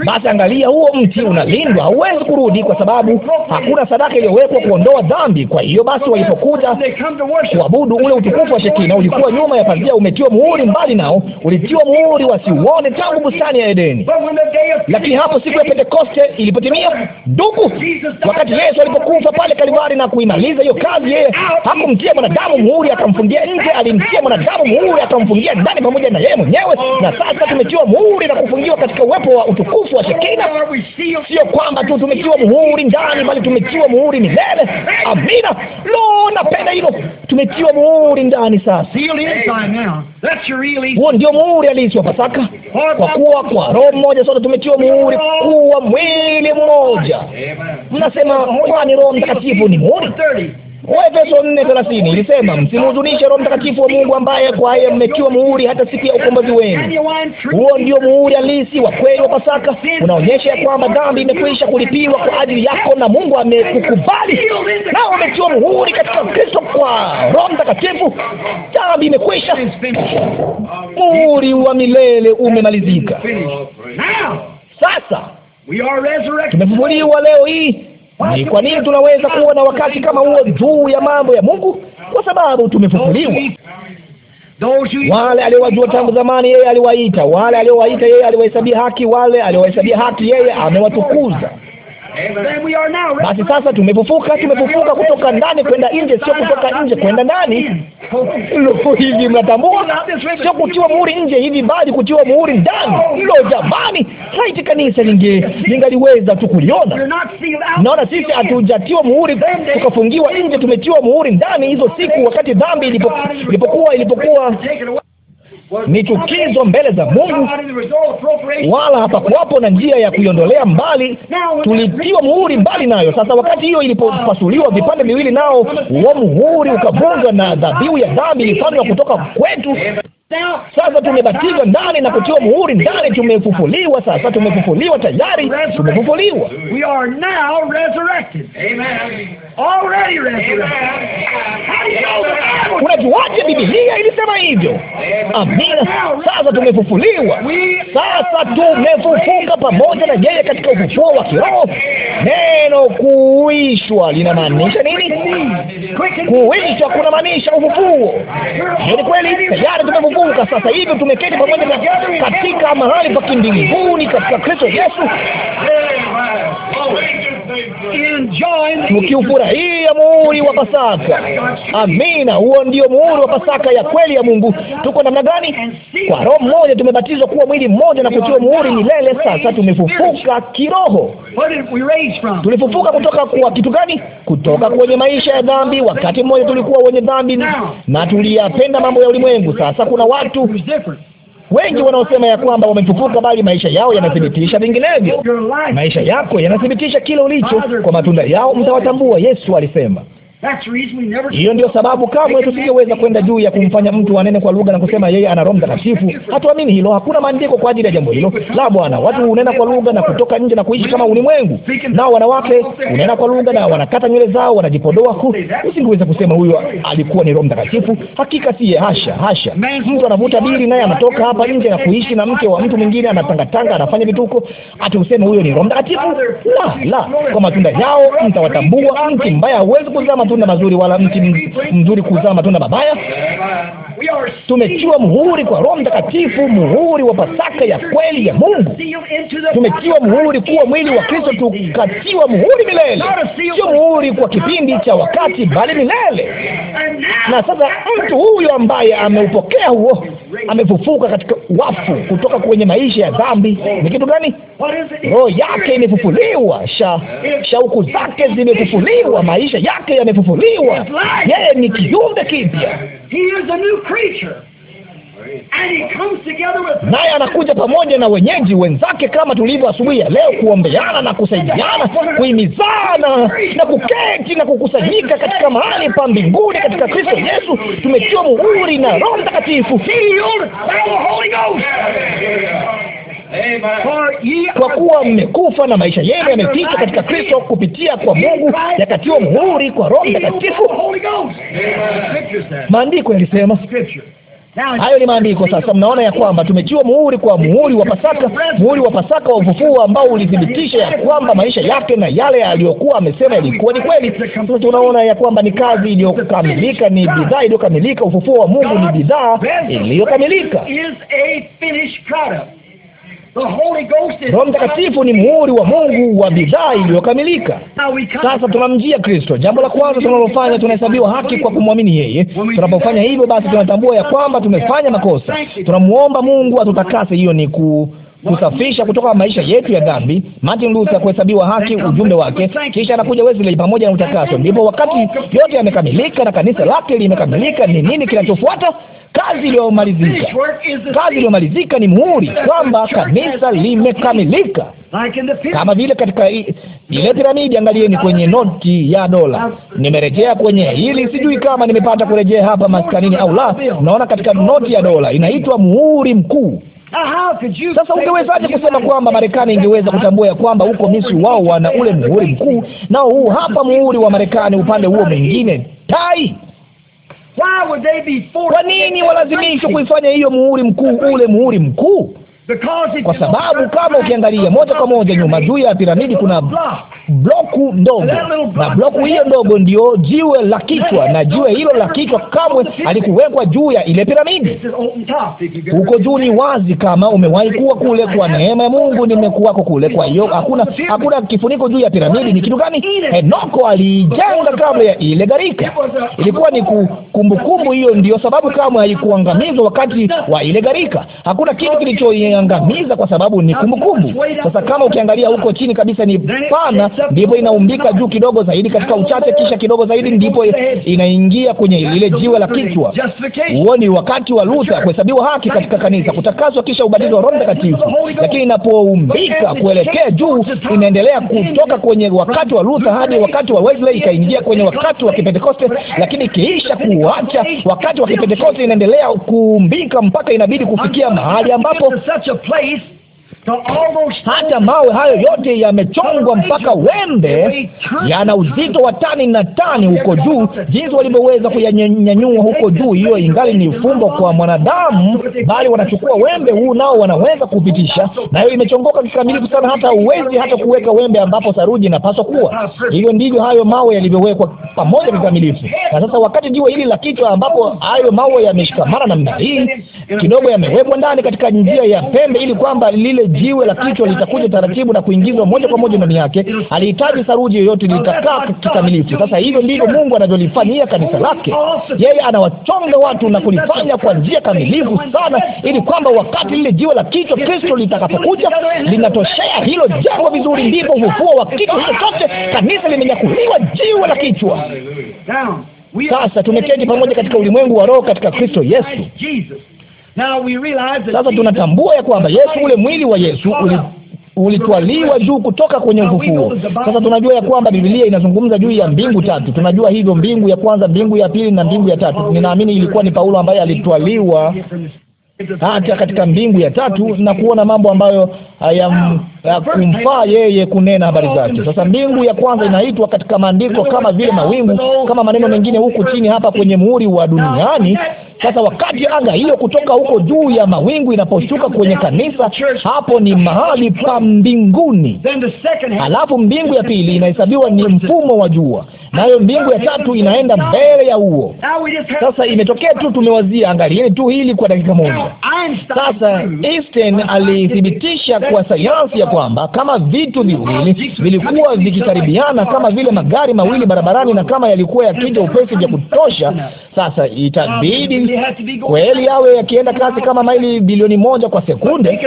basi angalia, huo mti unalindwa, hauwezi kurudi, kwa sababu hakuna sadaka iliyowekwa kuondoa dhambi. Kwa hiyo basi, walipokuja kuabudu, ule utukufu wa Shekina ulikuwa nyuma ya pazia, umetiwa muhuri mbali nao, ulitiwa muhuri wasiuone tangu bustani ya Edeni. Lakini hapo siku ya Pentekoste ilipotimia, duku, wakati Yesu alipokufa pale Kalivari na kuimaliza hiyo kazi, yeye hakumtia mwanadamu muhuri akamfungia nje, alimtia mwanadamu muhuri akamfungia ndani pamoja na yeye mwenyewe, na sasa tumetiwa muhuri na kufungia tumetiwa katika uwepo wa utukufu wa Shekina. Sio kwamba tu tumetiwa muhuri ndani, bali tumetiwa muhuri milele. Amina. Lo, napenda hilo, tumetiwa muhuri ndani. Sasa huo ndio muhuri halisi wa Pasaka, kwa kuwa kwa roho mmoja sote tumetiwa muhuri kuwa mwili mmoja. Mnasema kwani Roho Mtakatifu ni muhuri? Waefeso nne thelathini ilisema msimhuzunishe Roho Mtakatifu wa Mungu ambaye kwaye mmetiwa muhuri hata siku ya ukombozi wenu. Huo ndio muhuri halisi wa kweli wa Pasaka, unaonyesha ya kwamba dhambi imekwisha kulipiwa kwa ajili yako na Mungu amekukubali na umetiwa muhuri katika Kristo kwa Roho Mtakatifu. Dhambi imekwisha, muhuri wa milele umemalizika. Sasa tumefufuliwa leo hii ni kwa nini tunaweza kuona wakati kama huo juu ya mambo ya Mungu? Kwa sababu tumefufuliwa. Wale aliowajua tangu zamani yeye aliwaita, wale aliowaita yeye aliwahesabia haki, wale aliowahesabia haki yeye amewatukuza. Basi sasa tumefufuka, tumefufuka kutoka ndani kwenda nje, sio kutoka nje kwenda ndani. Lo, hivi mnatambua? Sio kutiwa muhuri nje hivi, bali kutiwa muhuri ndani. Oh. Lo, jamani, haiti kanisa linge lingaliweza tu kuliona. Naona sisi hatujatiwa muhuri tukafungiwa nje, tumetiwa muhuri ndani. Hizo siku wakati dhambi ilipokuwa ilipokuwa ni chukizo mbele za Mungu, wala hapakuwapo na njia ya kuiondolea mbali. Tulitiwa muhuri mbali nayo. Sasa wakati hiyo ilipopasuliwa vipande viwili, nao huo muhuri ukavunjwa, na dhabihu ya dhambi ilifanywa kutoka kwetu. Sasa tumebatizwa ndani na kutiwa muhuri ndani, tumefufuliwa. Sasa tumefufuliwa tayari, tumefufuliwa. Unajuaje? Biblia ilisema hivyo. Amina. Sasa tumefufuliwa, sasa tumefufuka pamoja na yeye katika ufufuo wa kiroho. Neno kuishwa linamaanisha nini? Kuishwa kunamaanisha ufufuo. Hiyo ni kweli, tayari tumefufuka. Sasa hivyo tumeketi pamoja katika mahali pa kimbinguni katika Kristo Yesu mkiufurahia muhuri wa Pasaka. Amina, huo ndio muhuri wa Pasaka ya kweli ya Mungu. Tuko namna gani? Kwa roho mmoja tumebatizwa kuwa mwili mmoja na kutiwa muhuri milele. Sasa tumefufuka kiroho. Tulifufuka kutoka kwa kitu gani? Kutoka kwenye maisha ya dhambi. Wakati mmoja tulikuwa wenye dhambi na tuliyapenda mambo ya ulimwengu. Sasa kuna watu Wengi wanaosema ya kwamba wametukuka, bali maisha yao yanathibitisha vinginevyo. Maisha yako yanathibitisha kile ulicho, kwa matunda yao mtawatambua. Yesu alisema hiyo ndio sababu kamwe tusingeweza kwenda juu ya kumfanya mtu anene kwa lugha na kusema yeye ana Roho Mtakatifu. Hatuamini hilo, hakuna maandiko kwa ajili ya jambo hilo. La, Bwana, watu unena kwa lugha na kutoka nje na kuishi kama ulimwengu. Nao wanawake unena kwa lugha na wanakata nywele zao, wanajipodoa. Usingeweza kusema huyo alikuwa ni Roho Mtakatifu. Hakika siye, hasha, hasha. Mtu anavuta bili naye anatoka hapa nje na kuishi na mke wa mtu mwingine, anatangatanga, anafanya vituko, ati useme huyo ni Roho Mtakatifu? La, la, kwa matunda yao mtawatambua. Mti mbaya hauwezi kuzama matunda mazuri, wala mti mzuri kuzaa matunda mabaya. Tumetiwa muhuri kwa Roho Mtakatifu, muhuri wa Pasaka ya kweli ya Mungu. Tumetiwa muhuri kuwa mwili wa Kristo, tukatiwa muhuri milele, sio muhuri kwa kipindi cha wakati, bali milele. Na sasa mtu huyo ambaye ameupokea huo, amefufuka katika wafu kutoka kwenye maisha ya dhambi. Ni kitu gani? Roho yake imefufuliwa, shauku zake zimefufuliwa, maisha yake yame amefufuliwa, yeye ni kiumbe kipya, naye anakuja pamoja na wenyeji wenzake, kama tulivyo asubuhi ya leo, kuombeana na kusaidiana, kuhimizana na kuketi na kukusanyika katika mahali pa mbinguni katika Kristo Yesu. Tumetiwa muhuri na Roho Mtakatifu kwa kuwa mmekufa na maisha yenu yamefichwa katika Kristo kupitia kwa Mungu, yakatiwa muhuri kwa Roho Mtakatifu. Maandiko yalisema hayo ni maandiko. Sasa mnaona ya kwamba tumetiwa muhuri kwa muhuri wa Pasaka, muhuri wa Pasaka wa ufufuo ambao ulithibitisha ya kwamba maisha yake na yale aliyokuwa amesema yalikuwa ni kweli. Sasa tunaona ya kwamba ni kazi iliyokamilika, ni bidhaa iliyokamilika. Ufufuo wa Mungu ni bidhaa iliyokamilika. Roho Mtakatifu ni muhuri wa Mungu wa bidhaa iliyokamilika. Sasa tunamjia Kristo. Jambo la kwanza tunalofanya, tunahesabiwa haki kwa kumwamini yeye. Tunapofanya hivyo, basi tunatambua ya kwamba tumefanya makosa. Tunamwomba Mungu atutakase. Hiyo ni ku kusafisha kutoka maisha yetu ya dhambi. Martin Luther, kuhesabiwa haki, ujumbe wake. Kisha anakuja Wesley pamoja na utakaso. Ndipo wakati yote yamekamilika na kanisa lake limekamilika, ni nini kinachofuata? kazi iliyomalizika. Kazi iliyomalizika ni muhuri kwamba kanisa limekamilika, kama vile katika ile piramidi. Angalieni kwenye noti ya dola. Nimerejea kwenye hili, sijui kama nimepata kurejea hapa maskanini au la. Naona katika noti ya dola inaitwa muhuri mkuu. Sasa ungewezaje kusema kwamba Marekani ingeweza kutambua ya kwamba huko Misri wao wana ule muhuri mkuu, nao huu hapa muhuri wa Marekani upande huo mwingine tai kwa nini walazimishwa kuifanya hiyo muhuri mkuu, ule muhuri mkuu? Kwa sababu kama ukiangalia moja kwa moja nyuma juu ya piramidi kuna bloku ndogo, na bloku hiyo ndogo ndio jiwe la kichwa, na jiwe hilo la kichwa kamwe alikuwekwa juu ya ile piramidi. Huko juu ni wazi, kama umewahi kuwa kule. Kwa neema ya Mungu nimekuwako kule. Kwa hiyo hakuna hakuna kifuniko juu ya piramidi. Ni kitu gani? Henoko aliijenga kabla ya ile gharika. Ilikuwa ni kumbukumbu hiyo, ndiyo sababu kamwe haikuangamizwa wakati wa ile gharika. Hakuna kitu kilichoiangamiza kwa sababu ni kumbukumbu kumbu. Sasa kama ukiangalia huko chini kabisa ni pana ndipo inaumbika juu kidogo zaidi katika uchache, kisha kidogo zaidi ndipo inaingia kwenye lile jiwe la kichwa. Huo ni wakati wa Luther kuhesabiwa haki katika kanisa, kutakaswa, kisha ubatizo wa Roho Mtakatifu. Lakini inapoumbika kuelekea juu, inaendelea kutoka kwenye wakati wa Luther hadi wakati wa Wesley, ikaingia kwenye wakati wa Kipentekoste, lakini kiisha kuacha wakati wa Kipentekoste, inaendelea kuumbika mpaka inabidi kufikia mahali ambapo hata mawe hayo yote yamechongwa mpaka wembe, yana uzito wa tani na tani huko juu. Jinsi walivyoweza kuyanyanyua huko juu, hiyo ingali ni fumbo kwa mwanadamu, bali wanachukua wembe huu nao wanaweza kupitisha, na hiyo imechongoka kikamilifu sana, hata uwezi hata kuweka wembe ambapo saruji inapaswa kuwa. Hivyo ndivyo hayo mawe yalivyowekwa pamoja kikamilifu. Na sasa wakati jiwe hili la kichwa, ambapo hayo mawe yameshikamana namna hii, kidogo yamewekwa ndani katika njia ya pembe, ili kwamba lile jiwe la kichwa litakuja taratibu na kuingizwa moja kwa moja ndani yake. Alihitaji saruji yoyote, litakaa kikamilifu. Sasa hivyo ndivyo Mungu anavyolifanyia kanisa lake. Yeye anawachonga watu na kulifanya kwa njia kamilifu sana, ili kwamba wakati lile jiwe la kichwa Kristo litakapokuja linatoshea hilo jambo vizuri, ndipo ufufuo wa kitu hicho chote, kanisa limenyakuliwa jiwe la kichwa. Sasa tumeketi pamoja katika ulimwengu wa roho katika Kristo Yesu. Sasa tunatambua ya kwamba Yesu, ule mwili wa Yesu uli ulitwaliwa juu kutoka kwenye ufufuo. Sasa tunajua ya kwamba Biblia inazungumza juu ya mbingu tatu. Tunajua hivyo, mbingu ya kwanza, mbingu ya pili na mbingu ya tatu. Ninaamini ilikuwa ni Paulo ambaye alitwaliwa hata katika mbingu ya tatu na kuona mambo ambayo hayakumfaa yeye kunena habari zake. Sasa mbingu ya kwanza inaitwa katika maandiko kama vile mawingu, kama maneno mengine huku chini hapa kwenye muhuri wa duniani. Sasa wakati anga hiyo kutoka huko juu ya mawingu inaposhuka kwenye kanisa, hapo ni mahali pa mbinguni. Alafu mbingu ya pili inahesabiwa ni mfumo wa jua nayo mbingu ya tatu inaenda mbele ya huo. Sasa imetokea tu, tumewazia, angalieni tu hili kwa dakika moja. Sasa Einstein alithibitisha kwa sayansi ya kwamba kama vitu viwili vilikuwa vikikaribiana kama vile magari mawili barabarani, na kama yalikuwa yakija upesi vya kutosha, sasa itabidi kweli yawe yakienda kasi kama maili bilioni moja kwa sekunde,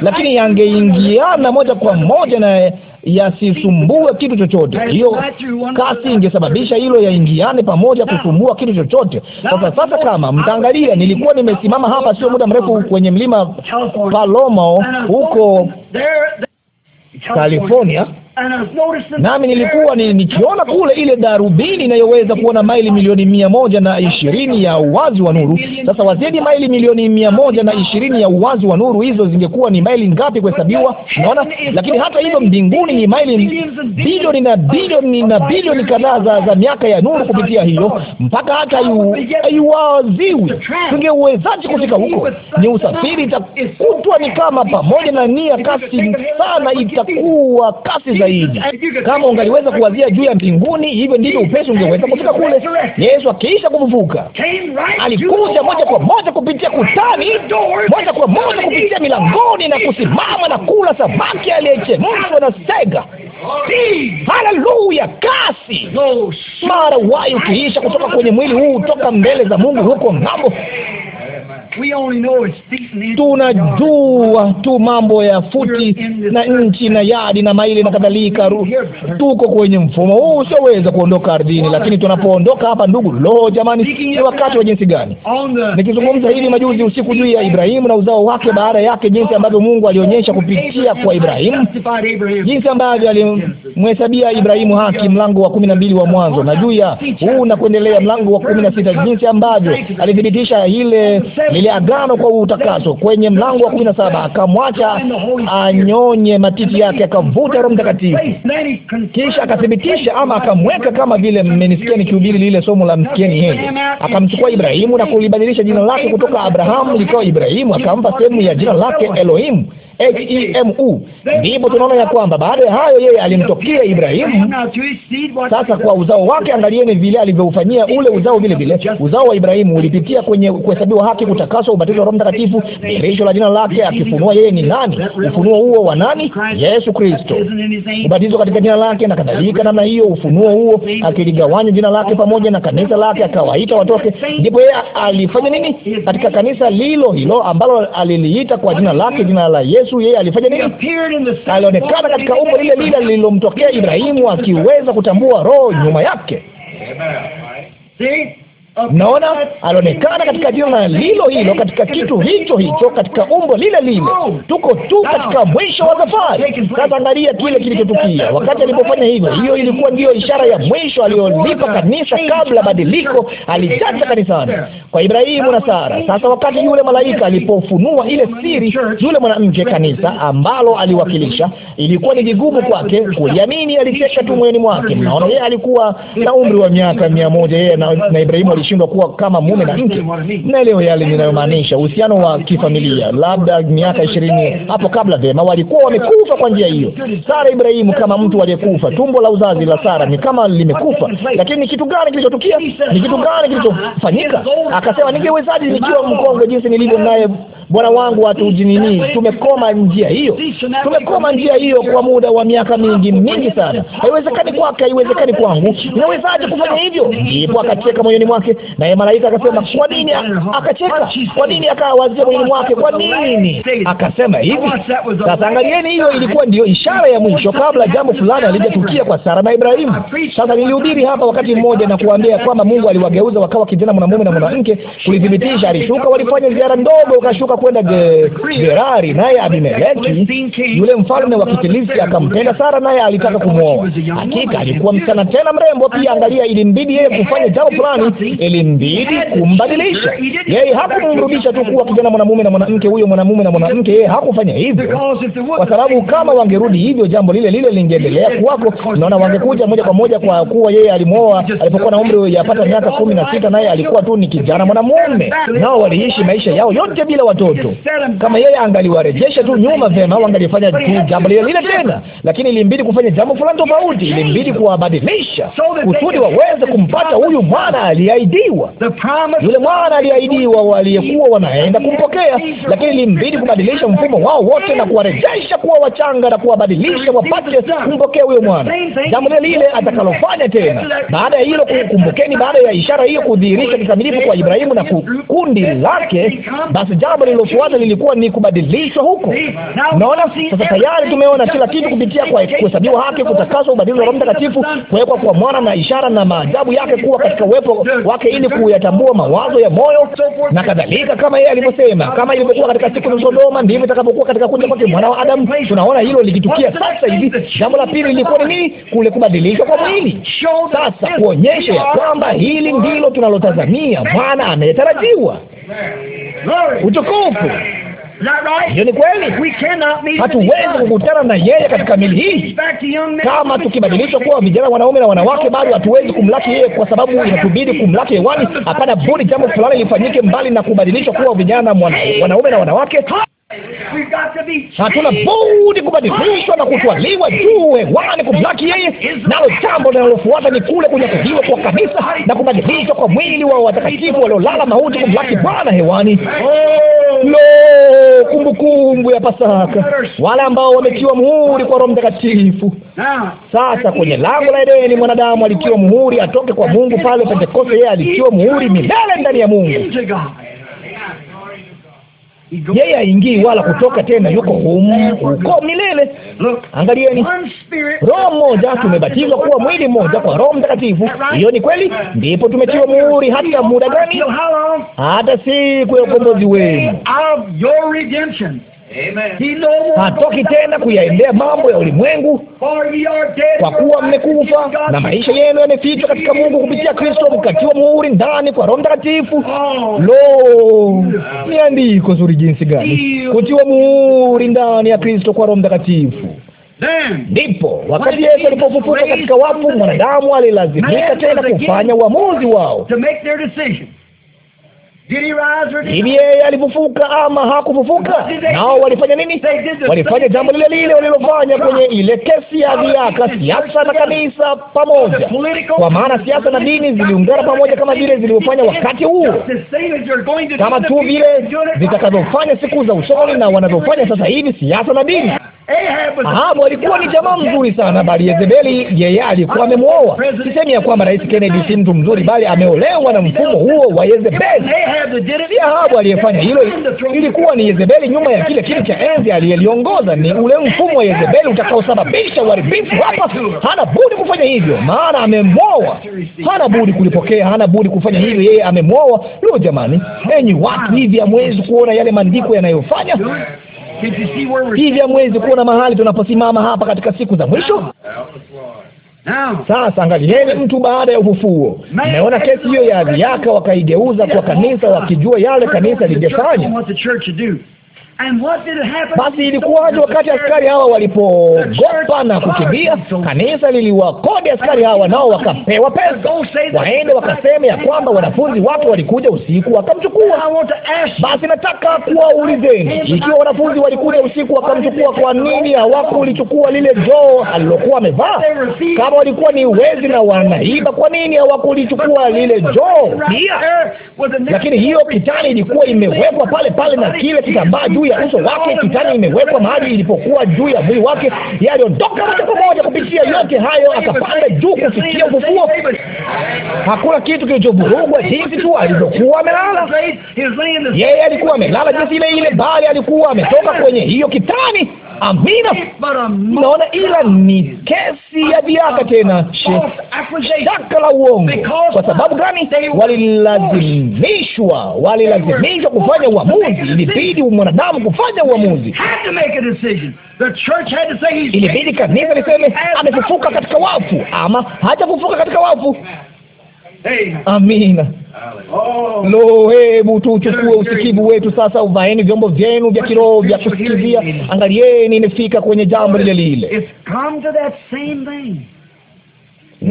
lakini yangeingiana moja kwa moja na yasisumbue kitu chochote. Hiyo kasi ingesababisha hilo yaingiane pamoja, kusumbua kitu chochote. Sasa sasa, kama mtaangalia, nilikuwa nimesimama hapa sio muda mrefu kwenye mlima Palomo huko California, nami nilikuwa nikiona kule ile darubini inayoweza kuona maili milioni mia moja na ishirini ya uwazi wa nuru. Sasa wazidi maili milioni mia moja na ishirini ya uwazi wa nuru, hizo zingekuwa ni maili ngapi kuhesabiwa? Unaona, lakini hata hivyo mbinguni ni maili bilioni na bilioni na bilioni kadhaa za, za miaka ya nuru kupitia hiyo mpaka hata haiwaziwi. tungeuwezaji kufika huko? Ni usafiri, itakutwa ni kama pamoja na nia, kasi sana itakuwa kasi zaidi zaidi. Kama ungaliweza kuwazia juu ya mbinguni, hivyo ndivyo upesi ungeweza kufika kule. Yesu akiisha kufufuka, alikuja moja kwa moja kupitia kutani, moja kwa moja kupitia milangoni na kusimama na kula samaki aliyechemshwa na sega. Haleluya! kasi mara wayi ukiisha kutoka kwenye mwili huu, toka mbele za Mungu huko ng'ambo tunajua tu mambo ya futi na nchi na yadi na maili na kadhalika. Tuko kwenye mfumo huu usioweza kuondoka ardhini, lakini tunapoondoka hapa, ndugu, lo, jamani, ni wakati wa jinsi gani! Nikizungumza hivi majuzi usiku juu ya Ibrahimu na uzao wake baada yake, jinsi ambavyo Mungu alionyesha kupitia kwa Ibrahimu, jinsi ambavyo alimhesabia Ibrahimu haki, mlango wa kumi na mbili wa Mwanzo na juu ya huu na kuendelea, mlango wa kumi na sita jinsi ambavyo alithibitisha ile ile agano kwa utakaso kwenye mlango wa kumi na saba akamwacha anyonye matiti yake, akavuta Roho Mtakatifu, kisha akathibitisha ama akamweka, kama vile mmenisikia nikihubiri lile somo la msikieni yeye, akamchukua Ibrahimu na kulibadilisha jina lake kutoka Abrahamu likawa Ibrahimu, akampa sehemu ya jina lake Elohimu H-E-M-U. Ndipo tunaona ya kwamba baada ya hayo yeye alimtokea Ibrahimu. Sasa kwa uzao wake, angalieni vile alivyoufanyia ule uzao. Vile vile uzao wa Ibrahimu ulipitia kwenye kuhesabiwa haki, kutakaswa, ubatizo wa Roho Mtakatifu, dhihirisho la jina lake, akifunua yeye ni nani, ufunuo huo wa nani? Yesu Kristo, ubatizo katika jina lake na kadhalika, namna hiyo, ufunuo huo, akiligawanya jina lake pamoja na kanisa lake, akawaita watoke. Ndipo yeye alifanya nini katika kanisa lilo hilo ambalo aliliita kwa jina lake, jina la Yesu Yesu yeye alifanya nini? Alionekana katika umbo lile lile lililomtokea Ibrahimu, akiweza kutambua roho nyuma yake. Mnaona, alionekana katika jina lilo hilo, katika kitu hicho hicho, katika umbo lile lile. Tuko tu katika mwisho wa safari sasa. Angalia kile kilichotukia wakati alipofanya hivyo. Hiyo ilikuwa ndiyo ishara ya mwisho aliyolipa kanisa kabla badiliko, alijaza kanisani kwa Ibrahimu na Sara. Sasa wakati yule malaika alipofunua ile siri, yule mwanamke kanisa ambalo aliwakilisha, ilikuwa ni vigumu kwake kuliamini. Alicheka tu moyoni mwake. Mnaona, yeye alikuwa na umri wa miaka mia moja yeye na, na Ibrahimu alishindwa kuwa kama mume na mke. Naelewa yale ninayomaanisha, uhusiano wa kifamilia, labda miaka ishirini hapo kabla. Vema, walikuwa wamekufa kwa njia hiyo. Sara Ibrahimu kama mtu aliyekufa, tumbo la uzazi la Sara ni kama limekufa. Lakini ni kitu gani kilichotukia? Ni kitu gani kilichofanyika? Akasema, ningewezaje nikiwa mkongwe jinsi nilivyo, naye Bwana wangu hatujinini Tumekoma njia hiyo, tumekoma njia hiyo kwa muda wa miaka mingi mingi sana. Haiwezekani kwake, haiwezekani kwangu, ninawezaje kufanya hivyo? Ndipo akacheka moyoni mwake, naye malaika akasema, kwa nini akacheka? Kwa nini akawazia moyoni mwake, kwa nini akasema hivi? Sasa angalieni, hiyo ilikuwa ndiyo ishara ya mwisho kabla jambo fulani alijatukia kwa Sara na Ibrahimu. Sasa nilihubiri hapa wakati mmoja na kuambia kwamba Mungu aliwageuza wakawa kijana mwanamume na mwanamke, kulithibitisha. Alishuka, walifanya ziara ndogo, ukashuka kwenda uh, Gerari, naye Abimeleki yule mfalme wa Kifilisti akampenda Sara, naye uh, alitaka kumwoa. Hakika alikuwa msichana tena mrembo pia. Angalia, ilimbidi yeye kufanya jambo fulani, ilimbidi kumbadilisha yeye. Hakumrudisha tu kuwa kijana mwanamume na mwanamke, huyo mwanamume na mwanamke. Yeye hakufanya hivyo kwa sababu kama wangerudi hivyo, jambo lile lile lingeendelea kuwako. Naona wangekuja moja kwa moja, kwa kuwa yeye alimwoa alipokuwa na umri yapata miaka kumi na sita, naye alikuwa tu ni kijana mwanamume, nao waliishi maisha yao yote bila watoto moto. Kama yeye angaliwarejesha tu nyuma vyema, wangalifanya tu jambo lile lile tena, lakini ilimbidi kufanya jambo fulani tofauti, ilimbidi kuwabadilisha kusudi waweze kumpata huyu mwana aliyeahidiwa, yule mwana aliyeahidiwa waliyekuwa wanaenda kumpokea, lakini ilimbidi kubadilisha mfumo wao wote na kuwarejesha kuwa wachanga na kuwabadilisha wapate kumpokea huyo mwana. Jambo lile lile atakalofanya tena baada ya hilo. Kumbukeni, baada ya ishara hiyo kudhihirisha kikamilifu kwa Ibrahimu na kundi lake, basi jambo lile linalofuata lilikuwa ni kubadilishwa huko. Naona sasa tayari tumeona kila kitu kupitia kwa kuhesabiwa haki, kutakaswa, ubatizo wa Roho Mtakatifu, kuwekwa kwa mwana na ishara na maajabu yake kuwa katika uwepo wake ili kuyatambua mawazo ya moyo na kadhalika, kama yeye alivyosema. Kama ilivyokuwa katika siku za Sodoma, ndivyo itakapokuwa katika kuja kwake mwana wa Adamu. Tunaona hilo likitukia sasa hivi. Jambo la pili lilikuwa ni nini? Kule kubadilishwa kwa mwili. Sasa kuonyesha ya kwamba hili ndilo tunalotazamia, mwana anayetarajiwa utukufu. Hiyo ni kweli, hatuwezi kukutana na yeye katika mili hii. Kama tukibadilishwa kuwa vijana wanaume na wanawake, bado hatuwezi kumlaki yeye, kwa sababu inatubidi kumlaki hewani. Hapana budi jambo fulani lifanyike mbali na kubadilishwa kuwa vijana na wanaume na wanawake hatuna budi kubadilishwa na kutwaliwa juu hewani kumlaki yeye, nalo jambo linalofuata ni kule kunyakuliwa kwa kanisa na kubadilishwa kwa mwili wa watakatifu waliolala mauti kumlaki Bwana hewani. Oh. Lo, kumbukumbu ya Pasaka, wale ambao wametiwa muhuri kwa Roho Mtakatifu. Sasa kwenye lango la Edeni mwanadamu alitiwa muhuri atoke kwa Mungu. Pale Pentekoste yeye alitiwa muhuri milele ndani ya Mungu yeye aingii wala kutoka tena, yuko humu huko milele. Angalieni, roho mmoja, tumebatizwa kuwa mwili mmoja kwa Roho Mtakatifu. Hiyo ni kweli. Ndipo tumetiwa muhuri. Hata muda gani? Hata siku ya ukombozi wenu hatoki tena kuyaendea mambo ya ulimwengu, kwa kuwa mmekufa na maisha yenu yamefichwa katika Mungu kupitia Kristo, mkatiwa muhuri ndani kwa Roho Mtakatifu. Oh. Lo, ni andiko zuri jinsi gani, kutiwa muhuri ndani ya Kristo kwa Roho Mtakatifu. Ndipo wakati Yesu alipofufuka katika wafu, mwanadamu alilazimika tena kufanya uamuzi wao Hivi yeye alifufuka ama hakufufuka? Nao walifanya nini? Walifanya jambo lile lile walilofanya kwenye ile kesi ya viaka, siasa na kanisa pamoja, kwa maana siasa na dini ziliungana pamoja, kama vile zilivyofanya wakati huo, kama tu vile zitakavyofanya siku za usoni na wanavyofanya sasa hivi siasa na dini Ahabu alikuwa ni jamaa mzuri sana, bali Yezebeli yeye alikuwa amemwoa. Sisemi ya kwamba Rais Kennedy si mtu mzuri, bali ameolewa na mfumo huo wa Yezebeli. Si Ahabu aliyefanya hilo, ilikuwa ni Yezebeli nyuma ya kile kiti cha enzi aliyeliongoza. Ni ule mfumo wa Yezebeli utakaosababisha uharibifu hapa. Hana budi kufanya hivyo, maana amemwoa. Hana budi kulipokea, hana budi kufanya hivyo, yeye amemwoa. Lo, jamani, enyi watu, hivi hamwezi kuona yale maandiko yanayofanya hivyo mwezi kuona mahali tunaposimama hapa katika siku za mwisho. Sasa angalieni mtu baada ya ufufuo. Mmeona kesi hiyo ya Ariaka, wakaigeuza kwa kanisa, wakijua yale kanisa lingefanya. Basi ilikuwaje wakati askari hawa walipogopa na kukimbia? Kanisa liliwakodi askari hawa, nao wakapewa pesa waende wakasema ya kwamba wanafunzi wake walikuja usiku wakamchukua. Basi nataka kuwaulizeni, ikiwa wanafunzi walikuja usiku wakamchukua, kwa nini hawakulichukua lile joo alilokuwa amevaa? Kama walikuwa ni wezi na wanaiba, kwa nini hawakulichukua lile joo pia? Lakini hiyo kitani ilikuwa imewekwa pale pale na kile kitambaa juu ya uso wake, kitani imewekwa mahali ilipokuwa juu ya mwili wake. Yeye aliondoka moja kwa moja kupitia yote hayo, akapanda juu kufikia ufufuo. Hakuna kitu kilichovurugwa, jinsi tu alivyokuwa amelala. Yeye alikuwa amelala jinsi ile ile, bali alikuwa ametoka kwenye hiyo kitani. Amina. Naona ila ni kesi ya viaka tena, shtaka la uongo. Kwa sababu gani? Walilazimishwa, walilazimishwa kufanya uamuzi. Ilibidi mwanadamu kufanya uamuzi, ilibidi kanisa liseme amefufuka katika wafu ama hajafufuka katika wafu. Amina. Lo, hebu tuuchukue usikivu wetu sasa. Uvaeni vyombo vyenu vya kiroho vya kusikizia. Angalieni, imefika kwenye jambo lile lile.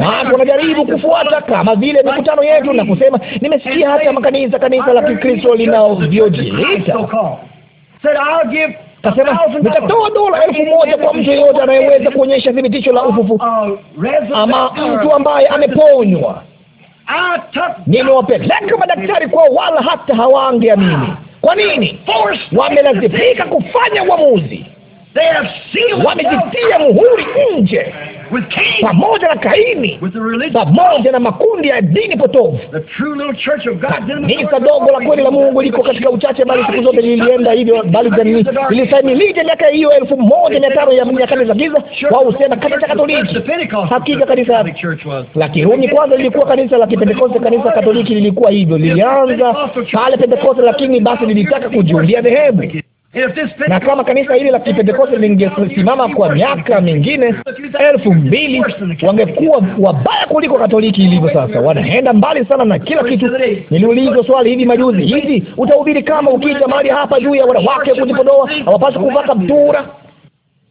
Watu wanajaribu kufuata kama vile mikutano yetu na kusema, nimesikia hata makanisa kanisa la Kikristo linavyojiita Kasema nitatoa dola elfu moja kwa mtu yeyote anayeweza kuonyesha thibitisho la ufufu, uh, ama mtu ambaye ameponywa niliwapeleka madaktari kwa wala hata hawangeamini. Kwa nini? Wamelazimika kufanya uamuzi wamejitia muhuri nje pamoja na Kaini, pamoja na makundi ya dini potovu. Kanisa dogo la kweli la Mungu liko katika uchache, bali siku zote lilienda hivyo, bali jamii ilisaimilije miaka hiyo elfu moja mia tano ya nyakati za giza. Wao husema kanisa Katoliki. Hakika kanisa la Kirumi kwanza lilikuwa kanisa la Kipentekoste. Kanisa Katoliki lilikuwa hivyo, lilianza pale Pentekoste, lakini basi lilitaka kujiundia dhehebu na kama kanisa hili la Kipentekoste lingesimama kwa miaka mingine elfu mbili, wangekuwa wabaya kuliko Katoliki ilivyo sasa. Wanaenda mbali sana na kila kitu. Niliulizwa swali hivi majuzi, hivi utahubiri kama ukija mahali hapa juu ya wanawake kujipodoa, hawapaswi kuvaa kaptura,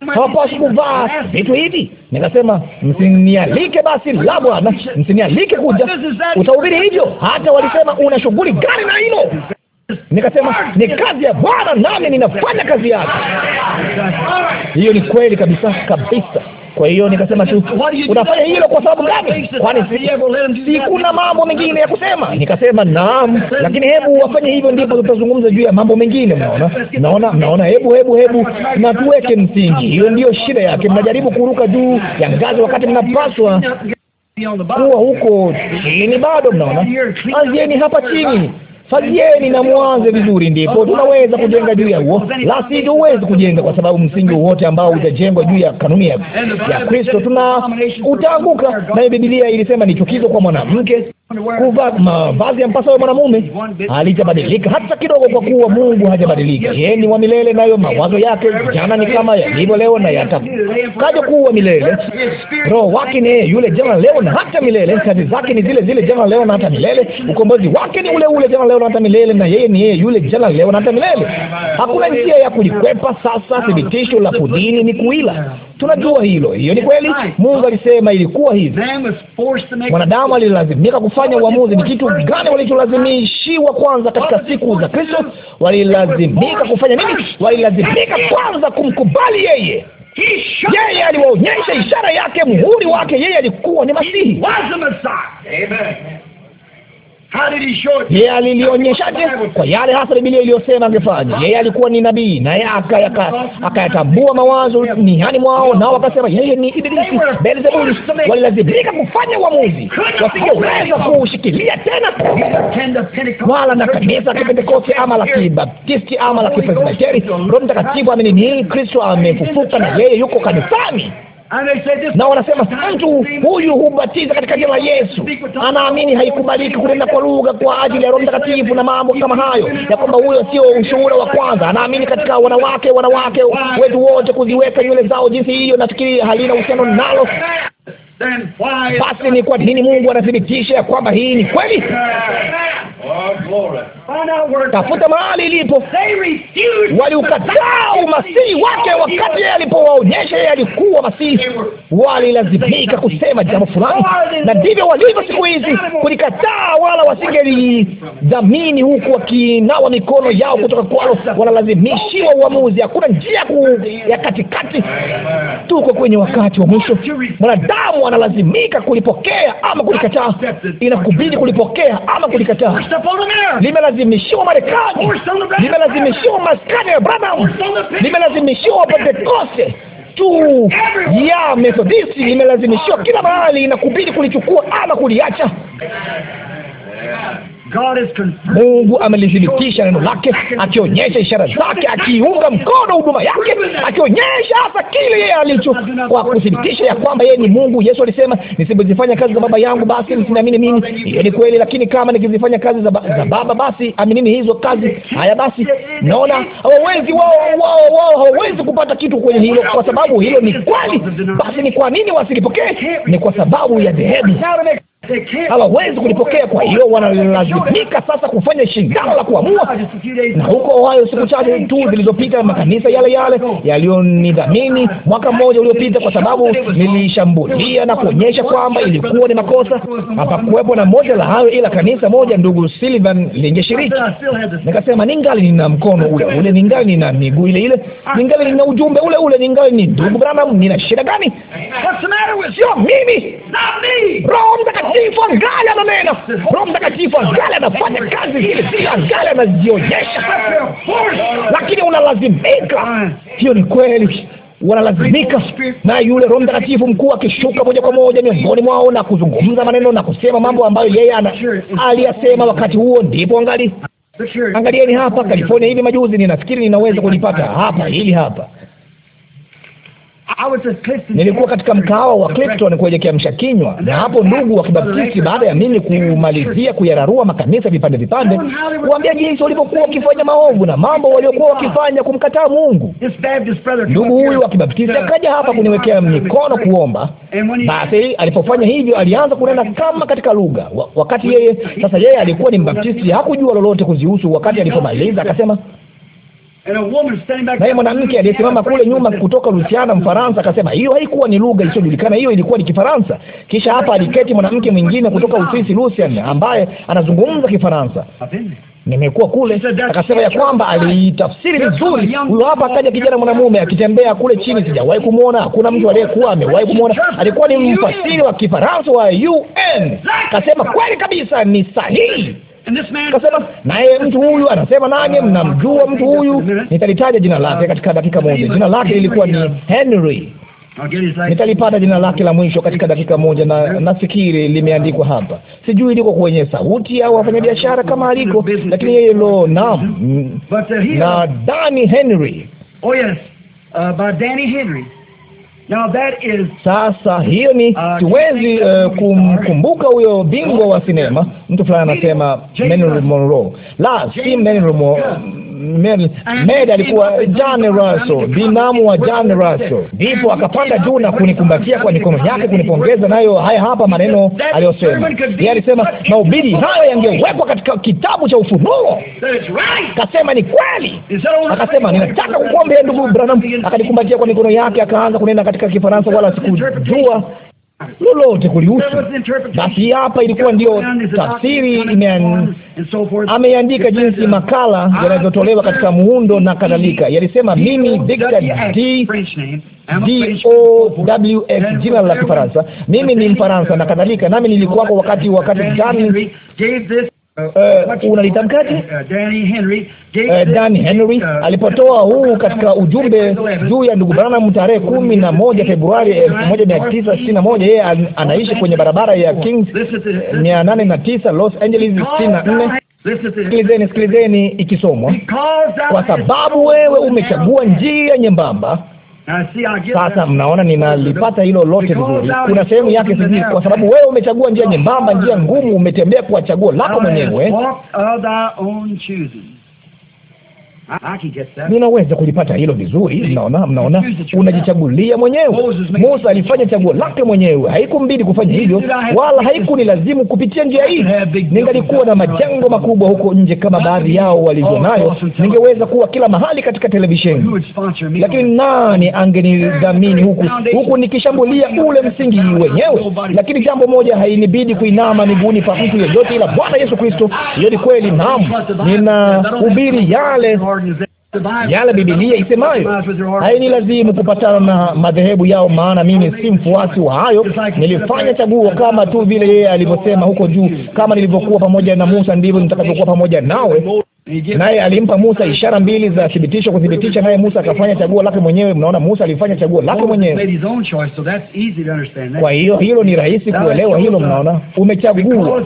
hawapaswi kuvaa vitu hivi? Nikasema msinialike basi, la bwana, msinialike kuja. Utahubiri hivyo? Hata walisema una shughuli gani na hilo? Nikasema ah, ni kazi ya Bwana nami ninafanya kazi yake. Hiyo ni kweli kabisa kabisa. Kwa hiyo nikasema tu, unafanya hilo kwa sababu gani? Kwani si kuna mambo mengine ya kusema? Nikasema naam, lakini hebu wafanye hivyo, ndipo tutazungumza juu ya mambo mengine. Mnaona, mnaona, mnaona. Hebu hebu hebu na tuweke msingi. Hiyo ndiyo shida yake. Mnajaribu kuruka juu ya ngazi wakati mnapaswa kuwa huko chini bado. Mnaona, anzieni hapa chini. Fagilieni na mwanze vizuri, ndipo tunaweza kujenga juu ya huo, la sivyo huwezi kujenga, kwa sababu msingi wowote ambao utajengwa juu ya kanuni ya Kristo tuna utaanguka. na Biblia ilisema ni chukizo kwa mwanamke kuvaa mavazi ya mpasa wa mwanamume. alijabadilika hata kidogo, kwa kuwa Mungu hajabadilika. Yeye ni wa milele, nayo mawazo yake jana ni kama yalivyo leo na yatakaja kuwa milele. Roho wake ni yeye yule jana, leo na hata milele. Kazi zake ni zile zile jana, leo na hata milele. Ukombozi wake ni ule ule jana, leo na hata milele, na yeye ni yeye yule jana, leo na hata milele. Hakuna njia ya kujikwepa. Sasa thibitisho la kudini ni kuila Tunajua hilo, hiyo ni kweli. Mungu alisema ilikuwa hivi, mwanadamu alilazimika kufa kufanya uamuzi ni kitu gani walicholazimishiwa kwanza katika siku za Kristo. Walilazimika kufanya nini? Walilazimika kwanza kumkubali yeye. Yeye aliwaonyesha ishara yake, muhuri wake. Yeye alikuwa ni Masihi. Amen yeye alilionyeshaje? Kwa yale hasa Biblia iliyosema angefanya. Ah. Yeye alikuwa ni nabii, naye akayatambua mawazo ni nihani mwao, nao wakasema yeye ni Ibilisi, Beelzebuli. Walilazimika kufanya uamuzi, wasingeweza kuushikilia tena, wala na kanisa la Pentekoste ama la Kibaptisti ama la Kipresbiteri. Roho Mtakatifu ameninihii, Kristo amefufuka, na yeye yuko kanisani na wanasema mtu huyu hubatiza katika jina la Yesu, anaamini haikubaliki kunena kwa lugha kwa ajili ya Roho Mtakatifu na mambo kama hayo, ya kwamba huyo sio ushuhuda wa kwanza. Anaamini katika wanawake, wanawake wetu wote kuziweka nywele zao jinsi hiyo, nafikiri halina uhusiano nalo. Basi ni kwa nini Mungu anathibitisha ya kwamba hii ni kweli? Oh, Tafuta mahali ilipo. Waliukataa umasihi wake wakati yeye alipowaonyesha yeye alikuwa masihi. Walilazimika kusema jambo fulani, na ndivyo walivyo siku hizi, kulikataa wala wasingelidhamini, huku wakinawa mikono yao kutoka kwalo. Wanalazimishiwa uamuzi, hakuna njia kuu ya katikati. Tuko kwenye wakati wa mwisho. Mwanadamu mwanadamu analazimika kulipokea ama kulikataa, inakubidi kulipokea ama kulikataa. Limelazimishiwa Marekani, limelazimishiwa maskani ya Abrahamu, limelazimishiwa Pentekoste tu ya Methodisti, limelazimishiwa kila mahali, inakubidi kulichukua ama kuliacha. Mungu amelithibitisha neno lake, akionyesha ishara zake, akiunga mkono huduma yake, akionyesha hasa kile yeye alicho, kwa kuthibitisha ya kwamba yeye ni Mungu. Yesu alisema, nisipozifanya kazi za Baba yangu basi msiniamini mimi. Hiyo ni kweli, lakini kama nikizifanya kazi za, ba za Baba basi aminini hizo kazi. Haya basi, naona hawawezi wao wao wao hawawezi kupata kitu kwenye hilo, kwa sababu hilo ni kweli. Basi ni kwa nini wasilipokee? Ni kwa sababu ya dhehebu hawawezi kulipokea. Kwa hiyo wanalazimika sasa kufanya shindano la kuamua. Na huko hayo siku chache tu zilizopita, makanisa yale yale yaliyonidhamini mwaka mmoja uliopita, kwa sababu nilishambulia na kuonyesha kwamba ilikuwa ni makosa. Hapakuwepo na moja la hayo, ila kanisa moja, ndugu Sullivan, lingeshiriki. Nikasema ningali nina mkono ule ule, ningali nina miguu ile ile, ningali nina ujumbe ule ule, ningali ni ndugu Branham. Nina shida gani? Sio mimi, Roho Mtakatifu Mtakatifu angali ananena. Roho Mtakatifu angali anafanya kazi hili, si angali anajionyesha, lakini unalazimika. Hiyo ni kweli wanalazimika na yule Roho Mtakatifu mkuu akishuka moja kwa moja miongoni mwao na kuzungumza maneno na kusema mambo ambayo yeye aliyasema wakati huo. Ndipo angali angalieni hapa California hivi majuzi, ninafikiri ninaweza kulipata hapa, hili hapa Nilikuwa katika mkahawa wa Clifton kuelekea mshakinywa, na hapo ndugu wa Kibaptisti, baada ya mimi kumalizia kuyararua makanisa vipande vipande, kuambia jinsi walivyokuwa wakifanya maovu na mambo waliokuwa wakifanya kumkataa Mungu. Ndugu huyu wa Kibaptisti akaja hapa kuniwekea mikono kuomba. Basi alipofanya hivyo, alianza kunena kama katika lugha, wakati yeye sasa, yeye alikuwa ni Mbaptisti, hakujua lolote kuzihusu. Wakati alipomaliza akasema naye mwanamke aliyesimama kule nyuma kutoka Lusiana, Mfaransa, akasema hiyo haikuwa ni lugha isiyojulikana, hiyo ilikuwa ni Kifaransa. Kisha hapa aliketi mwanamke mwingine kutoka Uswisi, Lusian, ambaye anazungumza Kifaransa. Nimekuwa kule. Akasema ya kwamba aliitafsiri vizuri. Huyo hapa akaja kijana mwanamume akitembea kule chini, sijawahi kumwona, hakuna mtu aliyekuwa amewahi kumwona. Alikuwa ni mfasiri wa Kifaransa wa UN. Akasema kweli kabisa, ni sahihi. Kasema naye mtu huyu anasema, nanye ah, mnamjua mtu huyu, nitalitaja jina lake katika dakika moja. Jina lake lilikuwa ni Henry. Nitalipata jina lake la mwisho katika dakika moja, na nafikiri limeandikwa hapa. Sijui liko kwenye sauti au wafanyabiashara kama aliko, lakini yeye lo, naam, uh, na Danny Henry. Oh yes, uh, by Danny Henry sasa hiyo ni tuwezi ah, uh, eh, kumkumbuka huyo bingwa wa sinema, mtu fulani anasema Monroe. La, si Monroe Med ah, alikuwa John Russell, binamu wa John Russell. Ndipo akapanda juu na kunikumbatia kwa mikono yake kunipongeza, nayo haya hapa maneno aliyosema yeye. Alisema mahubiri hayo yangewekwa katika kitabu cha Ufunuo. Akasema ni kweli, akasema ninataka kukuombea ndugu Branham. Akanikumbatia kwa mikono yake, akaanza kunena katika Kifaransa, wala sikujua lolote kulihusu. Basi hapa ilikuwa ndiyo tafsiri ameandika jinsi uh, makala yanavyotolewa katika muundo na kadhalika. Yalisema mimi Victor D X, jina la Kifaransa, mimi ni Mfaransa na kadhalika, nami nilikuwako wakati wakati Dani uh, eh, unalitamkaje? Uh, eh, eh, Dan Henry, Henry alipotoa huu katika ujumbe juu ya ndugu Branham tarehe kumi na moja Februari elfu moja mia tisa sitini na moja Yeye anaishi kwenye barabara ya Kings mia nane na tisa Los Angeles sitini na nne Sikilizeni, sikilizeni ikisomwa, kwa sababu wewe umechagua njia nyembamba sasa mnaona ninalipata hilo lote vizuri. Kuna sehemu yake sijui, kwa sababu wewe umechagua njia nyembamba, njia ngumu, umetembea kwa chaguo lako mwenyewe Ninaweza kulipata hilo vizuri. Mnaona, mnaona, unajichagulia mwenyewe. Musa alifanya chaguo lake mwenyewe, haikumbidi kufanya hivyo, wala haikunilazimu kupitia njia hii. Ningalikuwa na majengo makubwa huko nje kama baadhi yao walivyonayo, ningeweza kuwa kila mahali katika televisheni, lakini nani angenidhamini huku huku nikishambulia ule msingi wenyewe? Lakini jambo moja, hainibidi kuinama miguuni pa mtu yeyote ila Bwana Yesu Kristo. Hiyo ni kweli. Naam, ninahubiri yale yale Bibilia isemayo. lazimu kupatana na madhehebu yao, maana mimi si mfuasi wa hayo. Nilifanya chaguo kama tu vile yeye alivyosema huko juu, kama nilivyokuwa pamoja na Musa ndivyo nitakavyokuwa pamoja nawe naye alimpa Musa ishara mbili za thibitisho kuthibitisha, naye Musa akafanya chaguo lake mwenyewe. Mnaona, Musa alifanya chaguo lake mwenyewe, kwa hiyo hilo ni rahisi kuelewa hilo. Mnaona, umechagua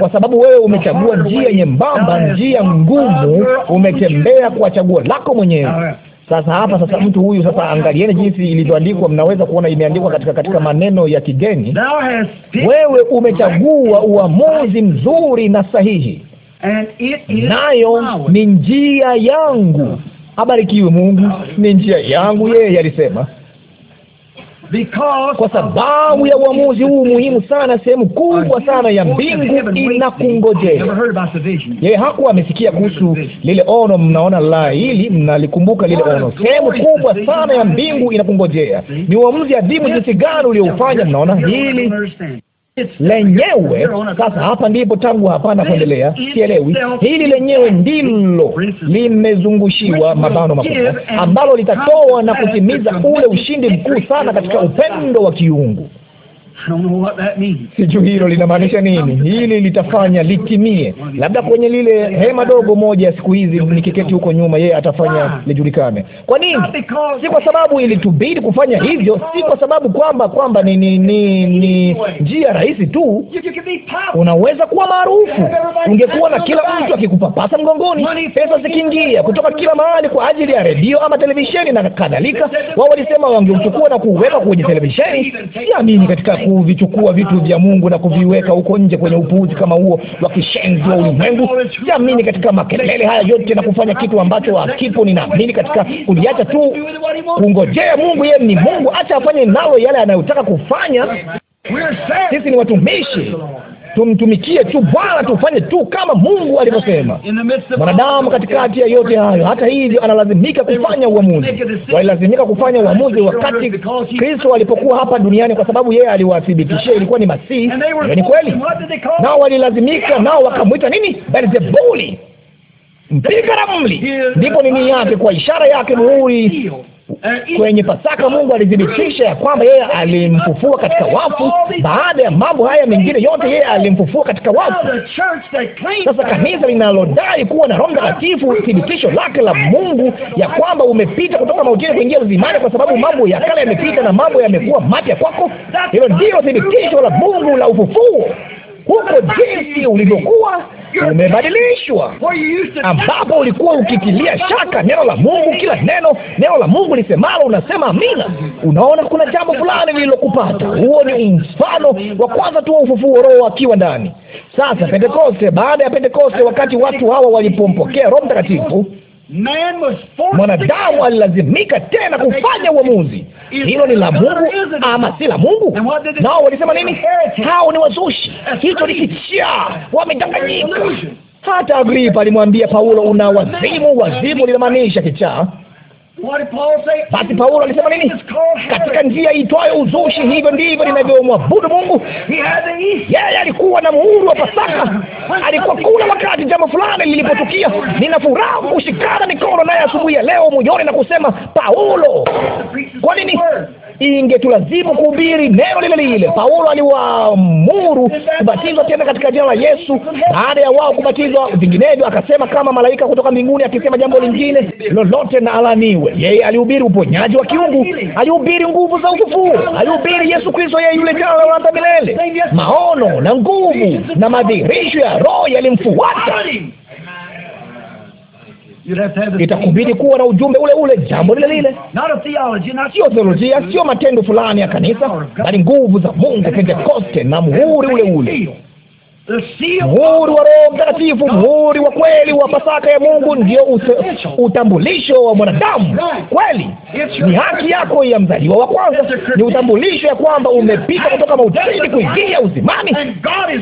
kwa sababu wewe umechagua njia nyembamba, njia ngumu, umetembea kwa chaguo lako mwenyewe. Sasa hapa sasa, mtu huyu sasa, angalieni jinsi ilivyoandikwa. Mnaweza kuona imeandikwa katika katika maneno ya kigeni. Wewe umechagua uamuzi mzuri na sahihi nayo ni njia yangu. Abarikiwe Mungu, ni njia yangu, yeye alisema kwa sababu ya uamuzi huu muhimu sana, sehemu kubwa sana ya mbingu inakungojea. Yeye hakuwa amesikia kuhusu lile ono. Mnaona la hili, mnalikumbuka lile ono. Sehemu kubwa sana ya mbingu inakungojea. Ni uamuzi adhimu jinsi gani uliofanya, Mnaona hili lenyewe. Sasa hapa ndipo tangu hapa na kuendelea, sielewi hili lenyewe ndilo limezungushiwa mabano makubwa, ambalo litatoa na kutimiza ule ushindi mkuu sana katika upendo wa kiungu. Sijui hilo linamaanisha nini. Hili litafanya litimie, labda kwenye lile hema dogo moja ya siku hizi, nikiketi huko nyuma, yeye atafanya lijulikane. Kwa nini? Si kwa sababu ilitubidi kufanya hivyo, si kwa sababu kwamba kwamba ni ni, ni, ni njia rahisi tu. Unaweza kuwa maarufu, ungekuwa na kila mtu akikupapasa mgongoni, pesa zikiingia kutoka kila mahali kwa ajili ya redio ama televisheni na kadhalika. Wao walisema wangeuchukua na kuuweka kwenye televisheni. Siamini katika kuvichukua vitu vya Mungu na kuviweka huko nje kwenye upuuzi kama huo wa kishenzi wa ulimwengu. Siamini katika makelele haya yote na kufanya kitu ambacho hakipo. Ninaamini katika kuliacha tu, kungojea Mungu. Yeye ni Mungu, acha afanye nalo yale anayotaka kufanya. Sisi ni watumishi tumtumikie tu Bwana, tufanye tu kama Mungu alivyosema. Mwanadamu katikati ya yote hayo, hata hivyo, analazimika kufanya uamuzi. Walilazimika kufanya uamuzi wakati Kristo alipokuwa hapa duniani, kwa sababu yeye aliwathibitishia ilikuwa ni Masihi. Hiyo ni kweli, nao walilazimika, nao wakamwita nini? Beelzebuli, mpiga ramli. Ndipo nini yake, kwa ishara yake, muhuri Uh, Kwenye Pasaka Mungu alithibitisha ya kwamba yeye alimfufua katika wafu. Baada ya mambo haya mengine yote, yeye alimfufua katika wafu. Sasa kanisa linalodai kuwa na Roho Mtakatifu, thibitisho lake la Mungu ya kwamba umepita kutoka mautini kuingia uzimani, kwa sababu mambo ya kale yamepita na mambo yamekuwa mapya kwako. Hilo ndilo thibitisho la Mungu la ufufuo, huko jinsi ulivyokuwa umebadilishwa, ambapo ulikuwa ukitilia shaka neno la Mungu. Kila neno neno la Mungu lisemalo unasema amina. Unaona, kuna jambo fulani lililokupata. Huo ni mfano wa kwanza tu wa ufufuo, Roho akiwa ndani. Sasa Pentekoste, baada ya Pentekoste, wakati watu hawa walipompokea Roho Mtakatifu Mwanadamu alilazimika tena kufanya uamuzi, hilo ni la Mungu ama si la Mungu? Nao walisema nini? Hao ni wazushi, hicho ni kichaa, wamedanganyika. Hata Agripa alimwambia Paulo, una wazimu. Wazimu linamaanisha kichaa. Basi Paulo alisema nini? Katika njia itwayo uzushi, hivyo ndivyo ninavyomwabudu Mungu. Yeye alikuwa na muhuri wa Pasaka, alikuwa kula wakati jambo fulani lilipotukia. Nina furaha kushikana mikono naye asubuhi ya leo moyoni na kusema, Paulo, kwa nini lazima kuhubiri neno lile lile. Paulo aliwaamuru kubatizwa tena katika jina la Yesu baada ya wao kubatizwa, vinginevyo akasema, kama malaika kutoka mbinguni akisema jambo lingine lolote, na alaniwe. Yeye alihubiri uponyaji wa kiungu, alihubiri nguvu za ufufuo, alihubiri Yesu Kristo, yeye yule jana la hata milele. Maono na nguvu na madhihirisho ya Roho yalimfuata itakubidi kuwa na ujumbe ule ule, jambo lile lile, sio theolojia, sio matendo fulani ya kanisa, bali nguvu za Mungu, Pentekoste na muhuri ule ule. Muhuri wa Roho Mtakatifu, muhuri wa kweli wa Pasaka ya Mungu, ndio utambulisho wa mwanadamu kweli. Ni haki yako ya mzaliwa wa kwanza, ni utambulisho ya kwamba umepita kutoka mautini kuingia uzimani,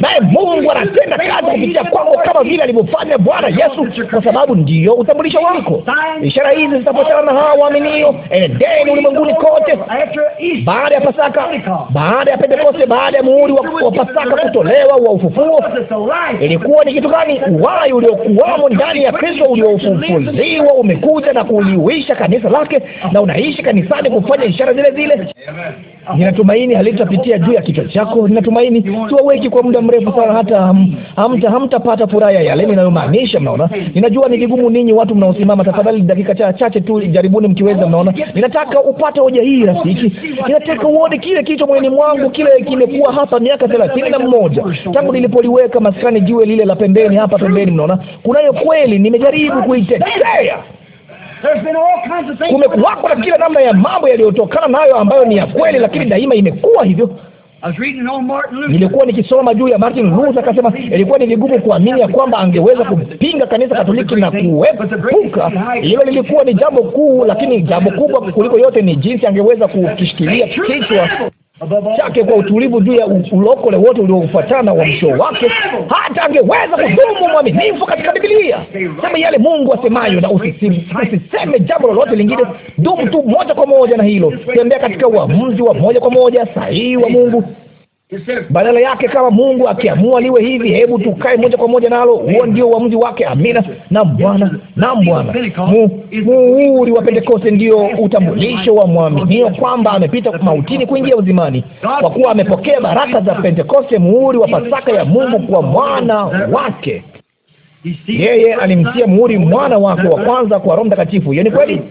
naye Mungu anatenda kazi kupitia kwako kama vile alivyofanya Bwana Yesu, kwa sababu ndiyo utambulisho wako. Ishara hizi zitafuatana na hawa waaminio. Endeni ulimwenguni kote, baada ya Pasaka, baada ya Pentekoste, baada ya muhuri wa, wa Pasaka kutolewa wa ufufuo ufufuo. Ilikuwa ni kitu gani? Uhai uliokuwamo ndani ya Kristo uliofufuliwa umekuja na kuliuisha kanisa lake, na unaishi kanisani kufanya ishara zile zile. Ninatumaini halitapitia juu ya kichwa chako. Ninatumaini siwaweki kwa muda mrefu sana, hata hamta hamtapata furaha ya yale ninayomaanisha. Mnaona, ninajua ni vigumu ninyi watu mnaosimama. Tafadhali dakika cha chache tu, jaribuni mkiweza. Mnaona, ninataka upate hoja hii rafiki, ninataka uone kile kicho moyoni mwangu, kile kimekuwa hapa miaka thelathini na mmoja tangu nilipo kuliweka maskani jiwe lile la pembeni hapa pembeni. Mnaona, kunayo kweli, nimejaribu kuitetea kumekuwako na kila namna ya mambo yaliyotokana nayo ambayo ni ya kweli, lakini daima imekuwa hivyo. Nilikuwa nikisoma juu ya Martin Luther, akasema ilikuwa ni vigumu kuamini ya kwamba angeweza kupinga kanisa Katoliki na kuepuka hilo. Lilikuwa ni jambo kuu, lakini jambo kubwa kuliko yote ni jinsi angeweza kukishikilia kichwa chake kwa utulivu juu ya ulokole wote uliofuatana wa mshoo wake, hata angeweza kudumu mwaminifu katika Biblia. Sema yale Mungu asemayo na usiseme jambo lolote lingine. Dumu tu moja kwa moja na hilo, tembea katika uamuzi wa moja kwa moja sahihi wa Mungu. Badala yake kama Mungu akiamua liwe hivi, hebu tukae moja kwa moja nalo. Huo ndio uamuzi wake. Amina. Naam Bwana, naam Bwana. Muhuri wa Pentekoste ndio utambulisho wa mwaminio kwamba amepita mautini kuingia uzimani, kwa kuwa amepokea baraka za Pentekoste, muhuri wa Pasaka ya Mungu kwa mwana wake. Yeye alimtia muhuri mwana wake wa kwanza kwa Roho Mtakatifu. Hiyo ni kweli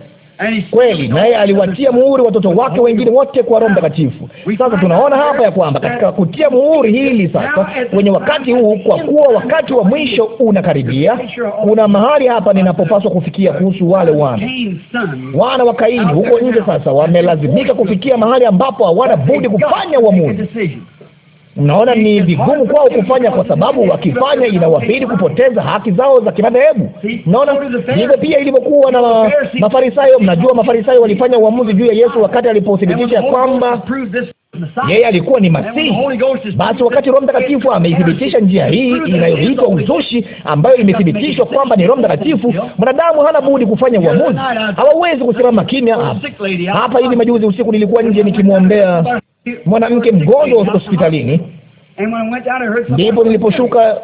kweli, naye aliwatia muhuri watoto wake wengine wote kwa Roho Mtakatifu. Sasa tunaona hapa ya kwamba katika kutia muhuri hili sasa, kwenye wakati huu, kwa kuwa wakati wa mwisho unakaribia, kuna mahali hapa ninapopaswa kufikia kuhusu wale wana wana wa Kaini huko nje. Sasa wamelazimika kufikia mahali ambapo hawana budi kufanya uamuzi Mnaona ni vigumu kwao kufanya, kwa sababu wakifanya inawabidi kupoteza haki zao za kimadhehebu. Mnaona hivyo pia ilivyokuwa na Mafarisayo. Mnajua Mafarisayo walifanya uamuzi juu ya Yesu wakati alipothibitisha kwamba yeye alikuwa ni Masihi. Basi wakati Roho Mtakatifu ameithibitisha njia hii inayoitwa uzushi, ambayo imethibitishwa kwamba ni Roho Mtakatifu, mwanadamu hana budi kufanya uamuzi. Hawawezi kusimama kimya. Hapa hivi majuzi usiku nilikuwa nje nikimwombea mwanamke mgonjwa hospitalini. Ndipo niliposhuka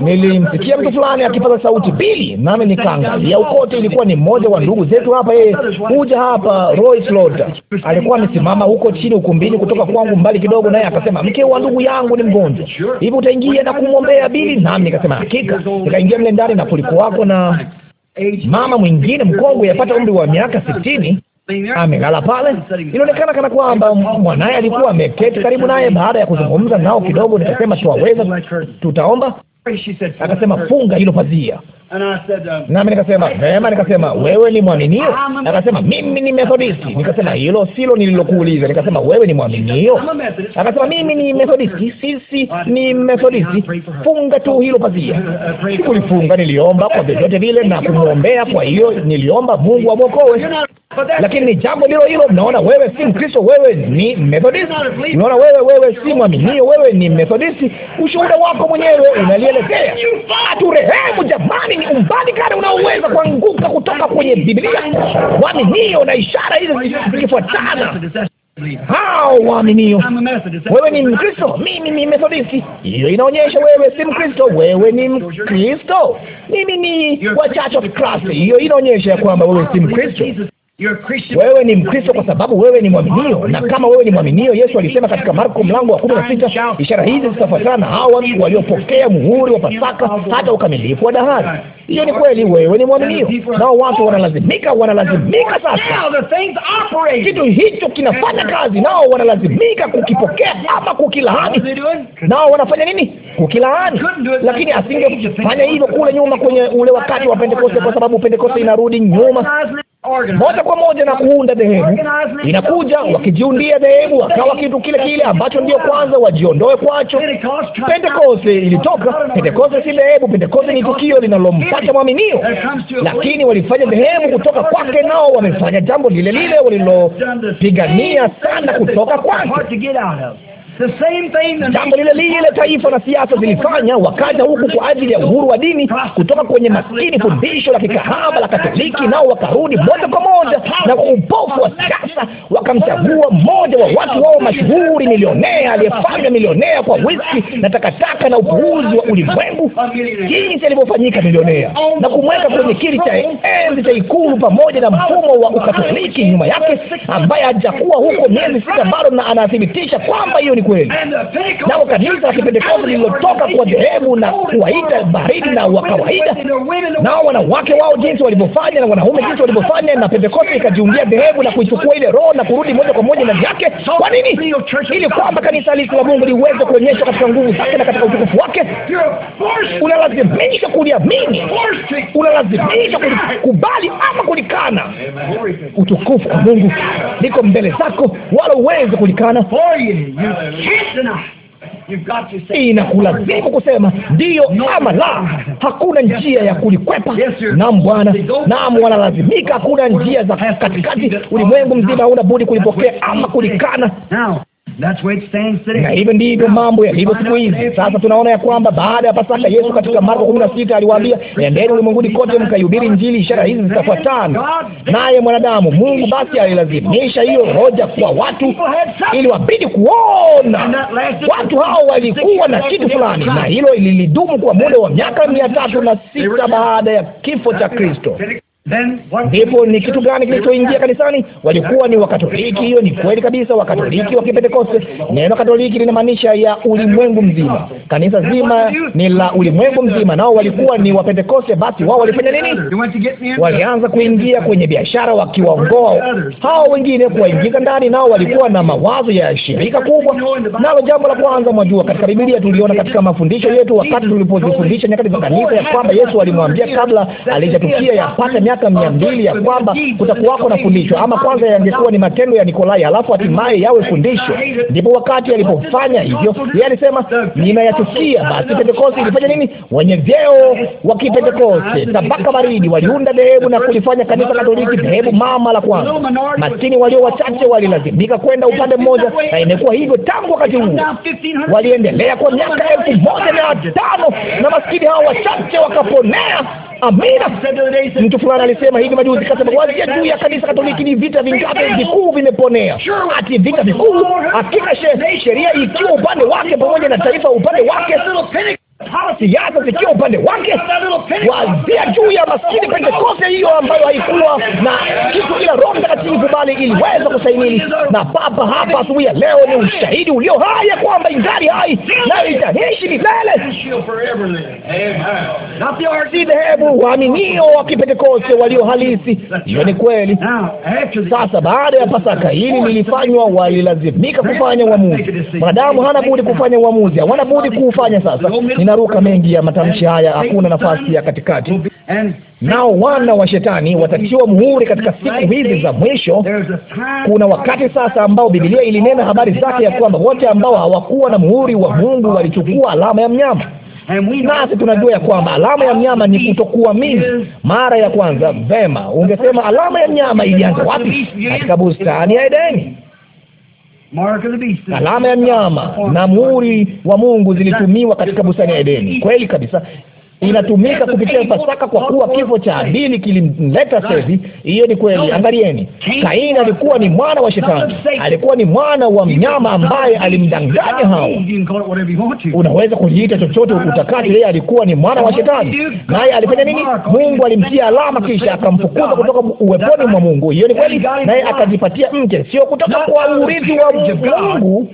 nilimsikia mtu fulani akipaza sauti Bili, nami nikaangalia ukote. Ilikuwa ni mmoja wa ndugu zetu hapa, yeye huja hapa Roy Slaughter. Alikuwa amesimama huko chini ukumbini kutoka kwangu mbali kidogo, naye akasema, mke wa ndugu yangu ni mgonjwa, hivi utaingia na kumwombea Bili? Nami nikasema hakika. Nikaingia mle ndani na kulikuwako na mama mwingine mkongwe yapata umri wa miaka sitini amelala pale. Ilionekana kana kwamba mwanaye alikuwa ameketi karibu naye. Baada ya kuzungumza nao kidogo, nikasema tuwaweza, tutaomba Akasema, funga hilo pazia. Um, Nami nikasema vema, nikasema wewe ni mwaminio? Akasema mimi ni Methodisti. Nikasema hilo silo nililokuuliza. Nikasema wewe ni mwaminio? Akasema mimi ni Methodisti, sisi ni Methodisti. Funga tu hilo pazia. Sikulifunga, niliomba kwa vyovyote vile na kumwombea. Kwa hiyo niliomba Mungu amwokoe, lakini ni jambo lilo hilo. Naona wewe si Mkristo, wewe ni Methodisti. Naona wewe wewe si mwaminio, wewe ni Methodisti. Ushuhuda wako mwenyewe unalia kuelezea. Aturehemu jamani, ni umbali gani unaoweza kuanguka kutoka kwenye Biblia? Waaminio na ishara hizo zikifuatana hao waaminio. Wewe ni Mkristo, mimi ni Methodisti. Hiyo inaonyesha wewe si Mkristo. Wewe ni Mkristo, mimi ni Wachache wa Hiyo inaonyesha ya kwamba wewe si Mkristo. Wewe ni Mkristo kwa sababu wewe ni mwaminio, na kama wewe ni mwaminio, Yesu alisema katika Marko mlango wa kumi na sita, ishara hizi zitafuatana na hawa waliopokea muhuri wa Pasaka hata ukamilifu wa dahari. Hiyo ni kweli, wewe ni mwaminio. Nao watu wanalazimika, wanalazimika sasa, kitu hicho kinafanya kazi, nao wanalazimika kukipokea ama kukilaani. Nao wanafanya nini? Kukilaani. Lakini asingefanya hivyo kule nyuma kwenye ule wakati wa Pentekoste, kwa sababu Pentekoste inarudi nyuma moja kwa moja na kuunda dhehebu. Inakuja wakijiundia dhehebu, wakawa kitu kile kile ambacho ndio kwanza wajiondoe kwacho. Pentekoste ilitoka. Pentekoste si dhehebu. Pentekoste ni tukio linalompata mwaminio, lakini walifanya dhehebu kutoka kwake, nao wamefanya jambo lile lile walilopigania sana kutoka kwake jambo lile lile taifa na siasa zilifanya. Wakaja huku kwa ajili ya uhuru wa dini kutoka kwenye maskini fundisho la kikahaba la Katoliki, nao wakarudi moja kwa moja na kwa upofu wa siasa wakamchagua mmoja wa watu wao mashuhuri, milionea aliyefanywa milionea kwa wiski na takataka na upuuzi wa ulimwengu, jinsi alivyofanyika milionea na kumweka kwenye kiti cha enzi cha ikulu pamoja na mfumo wa Ukatoliki nyuma yake, ambaye hajakuwa huko miezi sita bado na anathibitisha kwamba hiyo ni kweli. Nao kanisa la Kipentekoste lililotoka kwa dhehebu na kuwaita baridi na wa kawaida, nao wanawake wao jinsi walivyofanya na wanaume jinsi walivyofanya, na Pentekoste ikajiundia dhehebu na kuichukua ile roho na kurudi moja kwa moja ndani yake. Kwa nini? Ili kwamba kanisa halisi la Mungu liweze kuonyeshwa katika nguvu zake na katika utukufu wake. Unalazimisha kuliamini, unalazimisha kulikubali ama kulikana. Utukufu kwa Mungu liko mbele zako, wala uweze kulikana inakulazimu kusema ndiyo ama la. Hakuna njia ya kulikwepa. Naam Bwana, naam, wanalazimika. Hakuna njia za katikati. Ulimwengu mzima hauna budi kulipokea ama kulikana na hivyo ndivyo mambo yalivyo siku hizi. Sasa tunaona ya kwamba baada ya Pasaka, Yesu katika Marko kumi na sita aliwaambia, endeni ulimwenguni kote mkaihubiri Injili, ishara hizi zitafuatana naye mwanadamu. Mungu basi alilazimisha hiyo hoja kwa watu, ili wabidi kuona. Watu hao walikuwa na kitu fulani, na hilo lilidumu kwa muda wa miaka mia tatu na sita baada ya kifo cha Kristo ndipo ni kitu gani kilichoingia kanisani? Walikuwa ni Wakatoliki. Hiyo ni kweli kabisa, Wakatoliki wa Kipentekoste. Neno Katoliki linamaanisha ya ulimwengu mzima, kanisa zima ni la ulimwengu mzima, nao walikuwa ni Wapentekoste. Basi wao walifanya nini? Walianza kuingia kwenye biashara, wakiwaongoa hao wengine kuwaingiza ndani, nao walikuwa na mawazo ya shirika kubwa. Nalo jambo la kwanza, mwajua, katika Biblia tuliona katika mafundisho yetu wakati tulipozifundisha nyakati za kanisa ya kwamba Yesu alimwambia kabla alijatukia yapata miaka mia mbili ya kwamba kutakuwako na fundisho, ama kwanza yangekuwa ni matendo ya Nikolai, alafu hatimaye yawe fundisho. Ndipo wakati alipofanya hivyo, yeye alisema ninayachukia. Basi Pentekoste ilifanya nini? Wenye vyeo wa Kipentekoste, tabaka baridi, waliunda dhehebu na kulifanya kanisa Katoliki dhehebu mama la kwanza. Maskini walio wachache walilazimika kwenda upande mmoja, na imekuwa hivyo tangu wakati huo, waliendelea kwa miaka elfu moja mia tano na maskini hao wachache wakaponea Amina. Mtu fulani alisema hivi majuzi, kasema wazia juu ya kanisa Katoliki, ni vita vingapi vikuu vimeponea? Ati vita vikuu, hakika sheria ikiwa upande wake pamoja na taifa upande wake, harasi yake zikiwa upande wake, wazia juu ya maskini Pentekoste hiyo ambayo haikuwa na kitu ila Roho Mtakatifu, bali iliweza kusainili Na papa hapa asubuhi ya leo ni ushahidi ulio hai ya kwamba ingali hai nayo itaishi milele. Dhehebu waaminio wa Kipentekoste walio halisi, hiyo ni kweli. Sasa baada ya Pasaka hili lilifanywa, walilazimika kufanya uamuzi. Mwanadamu hana budi kufanya uamuzi, hawana budi kuufanya. Sasa Ninaruka mengi ya matamshi haya, hakuna nafasi ya katikati. Nao wana wa shetani watatiwa muhuri katika siku hizi za mwisho. Kuna wakati sasa ambao Biblia ilinena habari zake ya kwamba wote ambao hawakuwa na muhuri wa Mungu walichukua alama ya mnyama nasi tunajua ya kwamba alama ya mnyama ni kutokuamini mara ya kwanza. Vema, ungesema alama ya mnyama ilianza wapi? Katika bustani ya Edeni alama ya mnyama na muhuri wa Mungu zilitumiwa katika bustani ya Edeni. Kweli kabisa, inatumika kupitia Pasaka, kwa kuwa kifo cha Abili kilimleta Sethi. Hiyo ni kweli. Angalieni, Kaini alikuwa ni mwana wa Shetani, alikuwa ni mwana wa mnyama ambaye alimdanganya Hawa. Unaweza kujiita chochote utakati, yeye alikuwa ni mwana wa Shetani. Naye alifanya nini? Mungu alimtia alama, kisha akamfukuza kutoka uweponi mwa Mungu. Hiyo ni kweli, naye akajipatia mke, sio kutoka kwa urithi wa Mungu,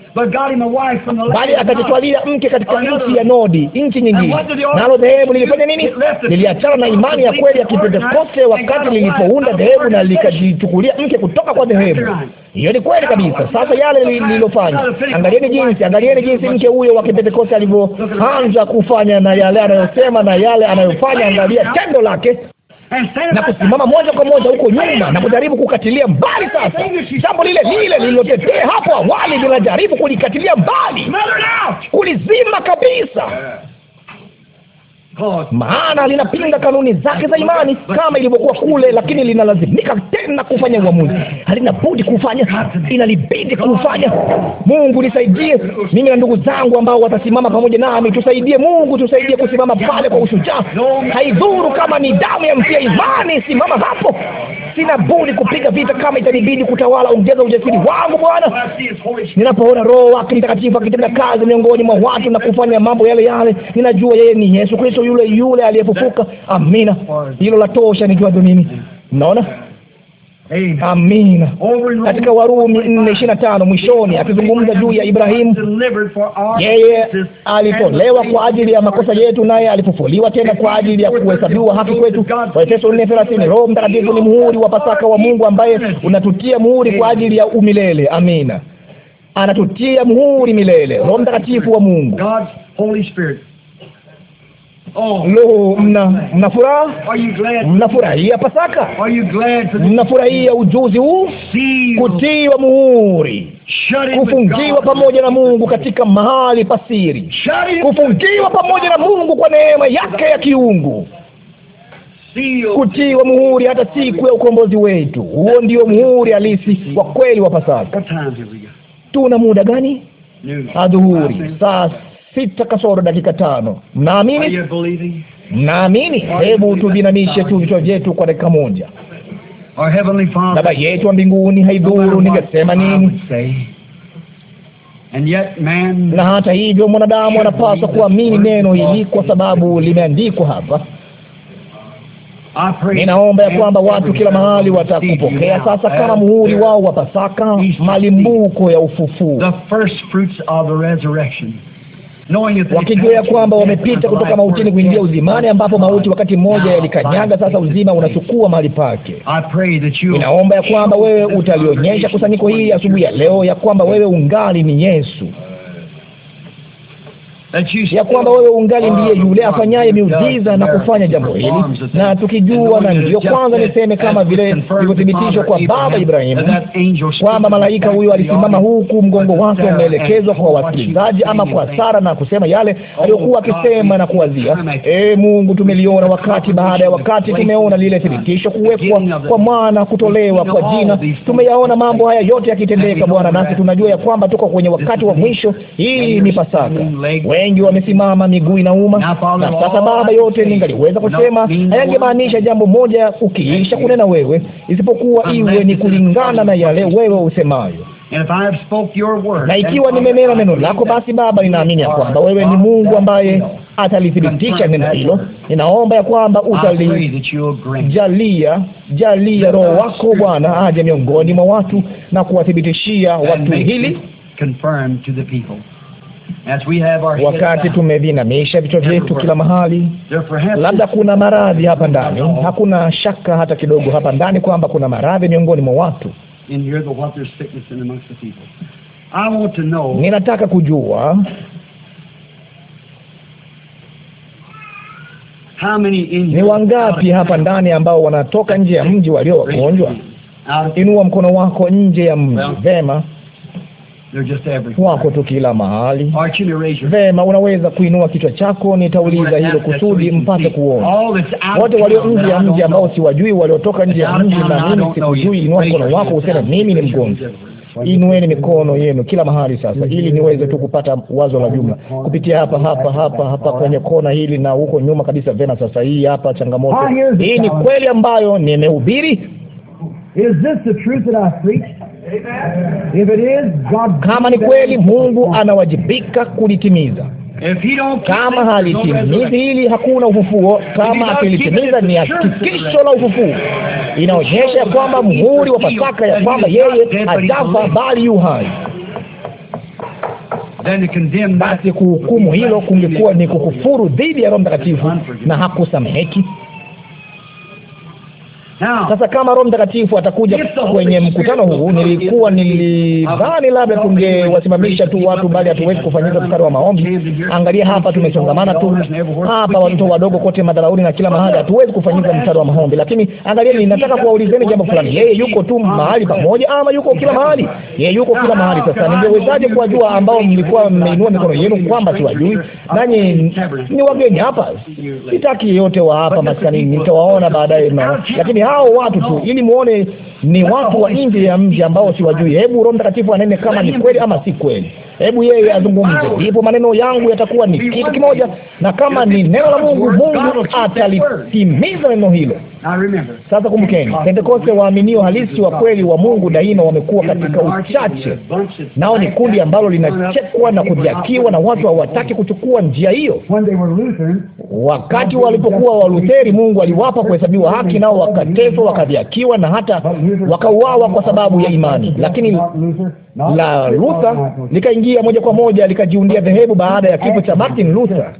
bali akajitwalia mke katika nchi ya Nodi, nchi nyingine, nalo dhehebu dhehebu lilifanya nini? Liliachana na imani ya kweli ya Kipentekoste wakati lilipounda dhehebu na likajichukulia mke kutoka kwa dhehebu. Hiyo ni kweli kabisa. Sasa yale lililofanya, angalieni jinsi, angalieni jinsi mke huyo wa Kipentekoste alivyoanza kufanya na yale anayosema na yale anayofanya. Angalia tendo lake na kusimama moja kwa moja huko nyuma na kujaribu kukatilia mbali. Sasa jambo lile lile lililotetea hapo awali linajaribu kulikatilia mbali, kulizima kabisa maana linapinga kanuni zake za imani kama ilivyokuwa kule, lakini linalazimika tena kufanya uamuzi. Halina budi kufanya, inalibidi kufanya. Mungu nisaidie mimi na ndugu zangu ambao watasimama pamoja nami, tusaidie Mungu, tusaidie kusimama pale kwa ushujaa. Haidhuru kama ni damu ya mtia imani, simama hapo. Sina budi kupiga vita kama itanibidi kutawala. Ongeza ujasiri wangu Bwana, ninapoona Roho wake Mtakatifu akitenda kazi miongoni mwa watu na kufanya mambo yale yale. Ninajua yeye ni Yesu Kristo yule yule aliyefufuka. Amina, hilo la tosha, nikiwavyo mimi. Mnaona? Amina. Katika Warumi nne ishirini na tano mwishoni, akizungumza juu ya Ibrahimu, yeye alitolewa kwa ajili ya makosa yetu, naye alifufuliwa tena kwa ajili ya kuhesabiwa haki kwetu. Waefeso nne thelathini. Roho Mtakatifu ni muhuri wa Pasaka wa Mungu ambaye unatutia muhuri kwa ajili ya umilele. Amina, anatutia muhuri milele, Roho Mtakatifu wa Mungu. Oh. Lo, mna mnafuraha, mnafurahia Pasaka, mnafurahia ujuzi huu, kutiwa muhuri, kufungiwa pamoja na Mungu katika mahali pasiri, kufungiwa pamoja na Mungu kwa neema yake ya kiungu kutiwa muhuri hata siku ya ukombozi wetu. Huo ndio muhuri halisi wa kweli wa Pasaka. Tuna muda gani? Adhuhuri. Sasa sita kasoro dakika tano. Mnaamini? Mnaamini? Hebu tuvinamishe tu vichwa vyetu kwa dakika moja. Baba yetu wa mbinguni, haidhuru ningesema nini man, na hata hivyo mwanadamu anapaswa kuamini neno hili kwa sababu limeandikwa hapa. Ninaomba ya kwamba watu kila mahali watakupokea sasa kama muhuri wao wa Pasaka, malimbuko ya ufufuo wakijua ya kwamba wamepita kutoka mautini kuingia uzimani, ambapo mauti wakati mmoja yalikanyaga, sasa uzima unachukua mahali pake. Ninaomba ya kwamba wewe utalionyesha kusanyiko hili asubuhi ya leo ya kwamba wewe ungali ni Yesu ya kwamba wewe ungali ah, ndiye yule afanyaye miujiza na kufanya jambo hili, na tukijua, na ndiyo kwanza niseme kama vile ilivyothibitishwa kwa baba Ibrahimu kwamba malaika huyo alisimama huku mgongo wake umeelekezwa kwa wasikilizaji ama kwa Sara na kusema yale aliyokuwa oh, akisema na kuwazia. E Mungu, tumeliona wakati baada ya wakati, tumeona lile thibitisho kuwekwa kwa mwana, kutolewa kwa jina, tumeyaona mambo haya yote yakitendeka, Bwana, nasi tunajua ya kwamba tuko kwenye wakati wa mwisho. Hii ni Pasaka wengi wamesimama, miguu inauma. Na sasa Baba, yote ningaliweza kusema hayangemaanisha jambo moja ukiisha kunena wewe, isipokuwa iwe ni kulingana na yale wewe usemayo na ikiwa nimenena neno lako, basi Baba, ninaamini ya kwamba wewe ni Mungu ambaye atalithibitisha neno hilo. Ninaomba ya kwamba utalijalia jalia Roho wako Bwana aje miongoni mwa watu na kuwathibitishia watu hili wakati tumevinamisha vichwa vyetu kila mahali. Labda kuna maradhi hapa ndani, hakuna shaka hata kidogo hapa ndani kwamba kuna maradhi miongoni mwa watu. Ninataka kujua ni wangapi hapa ndani ambao wanatoka nje ya mji walio wagonjwa. Inua mkono wako nje ya mji. Vema wako tu kila mahali. Vema, unaweza kuinua kichwa chako, nitauliza hilo kusudi mpate kuona. Wote walio nje ya mji ambao siwajui, waliotoka nje ya mji na mimi sikujui, inua mkono wako useme mimi ni mgonjwa. Inueni mikono yenu kila mahali sasa, ili niweze tu kupata wazo la jumla kupitia hapa hapa hapa hapa kwenye kona hili na huko nyuma kabisa. Vena, sasa hii hapa changamoto hii, ni kweli ambayo nimehubiri. Kama ni kweli Mungu anawajibika kulitimiza kama halitimizi hili, hakuna ufufuo. Kama akilitimiza, ni hakikisho la ufufuo. Inaonyesha ya kwamba muhuri wa Pasaka, ya kwamba yeye atafa bali yu hai. Basi kuhukumu hilo kungekuwa ni kukufuru dhidi ya Roho Mtakatifu, na hakusameheki. Sasa kama Roho Mtakatifu atakuja kwenye mkutano huu, nilikuwa nilidhani labda tungewasimamisha tu watu, bali hatuwezi kufanyika mstari wa maombi. Angalia hapa, tumesongamana tu hapa, watoto wadogo kote madharauni na kila mahali, hatuwezi kufanyika mstari wa maombi. Lakini angalia, ninataka kuwaulizeni jambo fulani. Yeye yuko tu mahali pamoja ama yuko kila mahali? Yeye yuko kila mahali. Sasa ningewezaje kuwajua ambao mlikuwa mmeinua mikono yenu kwamba siwajui? Nanyi ni wageni hapa, sitaki yote wa hapa maskanini, nitawaona baadaye, lakini hao watu tu, ili muone ni watu wa nje ya mji ambao siwajui. Hebu Roho Mtakatifu anene kama ni kweli ama si kweli. Hebu yeye azungumze, ndipo maneno yangu yatakuwa ni kitu kimoja, na kama ni neno la Mungu, Mungu atalitimiza neno hilo. Sasa kumbukeni, Pentekoste, waaminio halisi wa kweli wa Mungu daima wamekuwa katika uchache, nao ni kundi ambalo linachekwa na kudhiakiwa na watu hawataki kuchukua njia hiyo. Wakati walipokuwa Walutheri, Mungu aliwapa kuhesabiwa haki, nao wakateswa, wakadhiakiwa na hata wakauawa kwa sababu ya imani, lakini la Luther likaingia moja kwa moja likajiundia dhehebu baada ya kifo eh, cha eh, eh, Martin Luther.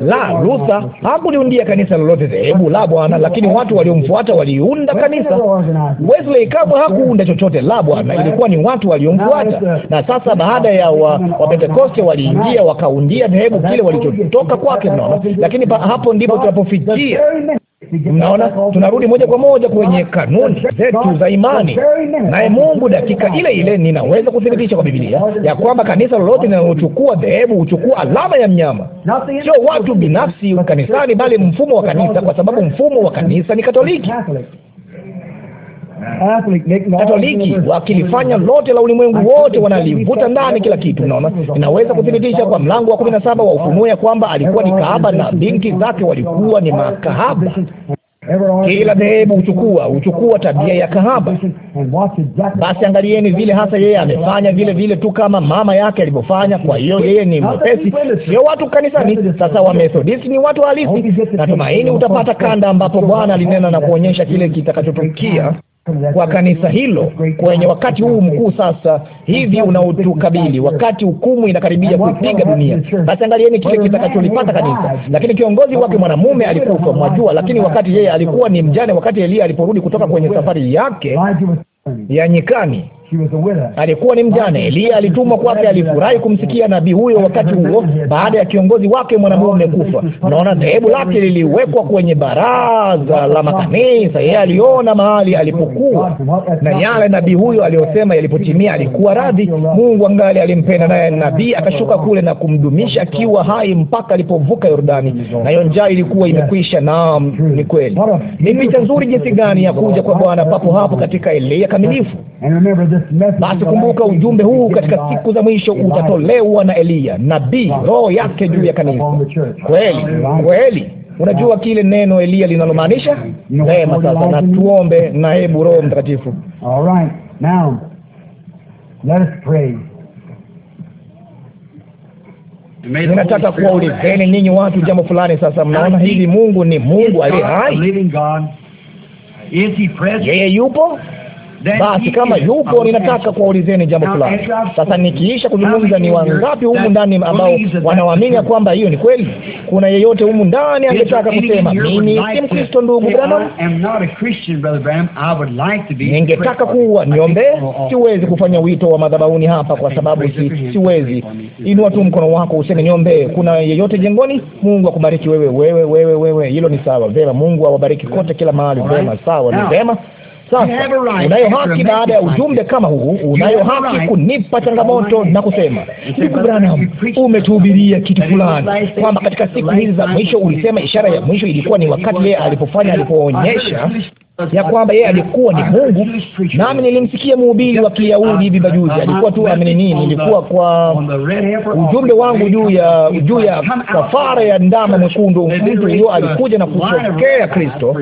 La Luther hakuliundia kanisa lolote dhehebu, la bwana, lakini watu waliomfuata waliunda kanisa. Wesley kamwe hakuunda chochote, la bwana, ilikuwa ni watu waliomfuata. Na sasa baada ya wa, wa Pentekoste waliingia wakaundia dhehebu kile walichotoka kwake, mnaona. Lakini pa, hapo ndipo tunapofikia Mnaona, tunarudi moja kwa moja kwenye kanuni zetu za imani, naye Mungu dakika ile ile, ninaweza kuthibitisha kwa Biblia ya kwamba kanisa lolote linalochukua dhehebu huchukua alama ya mnyama, sio watu binafsi kanisani, bali mfumo wa kanisa, kwa sababu mfumo wa kanisa ni Katoliki. Katoliki wakilifanya lote la ulimwengu wote, wanalivuta ndani kila kitu. Unaona, inaweza kuthibitisha kwa mlango wa kumi na saba wa Ufunuo ya kwamba alikuwa ni kahaba na binti zake walikuwa ni makahaba. Kila dhehebu huchukua huchukua tabia ya kahaba. Basi angalieni vile hasa yeye amefanya, vile vile tu kama mama yake alivyofanya. Kwa hiyo yeye ni mwepesi, sio watu kanisani. Sasa Wamethodisti ni watu halisi. Natumaini utapata kanda ambapo Bwana alinena na kuonyesha kile kitakachotukia wa kanisa hilo kwenye wakati huu mkuu sasa hivi unaotukabili, wakati hukumu inakaribia kuipiga dunia. Basi angalieni kile kitakacholipata kanisa. Lakini kiongozi wake mwanamume alikufa, mwajua. Lakini wakati yeye alikuwa ni mjane, wakati Elia aliporudi kutoka kwenye safari yake ya nyikani alikuwa ni mjane. Eliya alitumwa kwake, alifurahi kumsikia nabii huyo wakati huo, baada ya kiongozi wake mwanamume kufa. Naona dhehebu lake liliwekwa kwenye baraza la makanisa. Yeye aliona mahali alipokuwa na yale nabii huyo aliyosema yalipotimia, alikuwa radhi. Mungu angali alimpenda, naye nabii akashuka kule na kumdumisha akiwa hai mpaka alipovuka Yordani, nayo njaa ilikuwa imekwisha. Naam, ni kweli. Ni picha nzuri jinsi gani ya kuja kwa Bwana papo hapo katika Eliya kamilifu. Basi kumbuka ujumbe huu katika siku za mwisho utatolewa na Eliya nabii, roho yake juu ya kanisa. Kweli kweli. Unajua kile neno Eliya linalomaanisha? Vema, sasa na tuombe, na hebu Roho Mtakatifu Ninataka kuwaulizeni ninyi watu jambo fulani. Sasa mnaona hivi, Mungu ni Mungu aliye hai. Yeye yupo basi kama yupo, ninataka kuwaulizeni jambo fulani. Sasa nikiisha kuzungumza, ni wangapi humu ndani ambao ya kwamba hiyo ni kweli? Kuna yeyote humu ndani angetaka kusema mimi si Mkristo, ndugu Branham? Ningetaka kuwa niombee. Siwezi kufanya wito wa madhabahuni hapa kwa sababu si, siwezi. Inua tu mkono wako useme niombee. Kuna yeyote jengoni? Mungu akubariki wewe, wewe, wewe, wewe. Hilo ni sawa, vema. Mungu awabariki kote, kila mahali, vema. Sawa, ni vema. Sasa unayo haki, baada ya ujumbe kama huu, unayo haki kunipa changamoto na kusema, ndugu Branham, umetuhubiria kitu fulani, kwamba katika siku hizi za mwisho. Ulisema ishara ya mwisho ilikuwa ni wakati yeye alipofanya, alipoonyesha ya kwamba yeye alikuwa ni Mungu. Nami nilimsikia mhubiri wa Kiyahudi hivi majuzi, alikuwa tu nini nilikuwa kwa ujumbe wangu juu ya juu ya kafara ya ndama mwekundu, mtu huyo alikuja na kutokea Kristo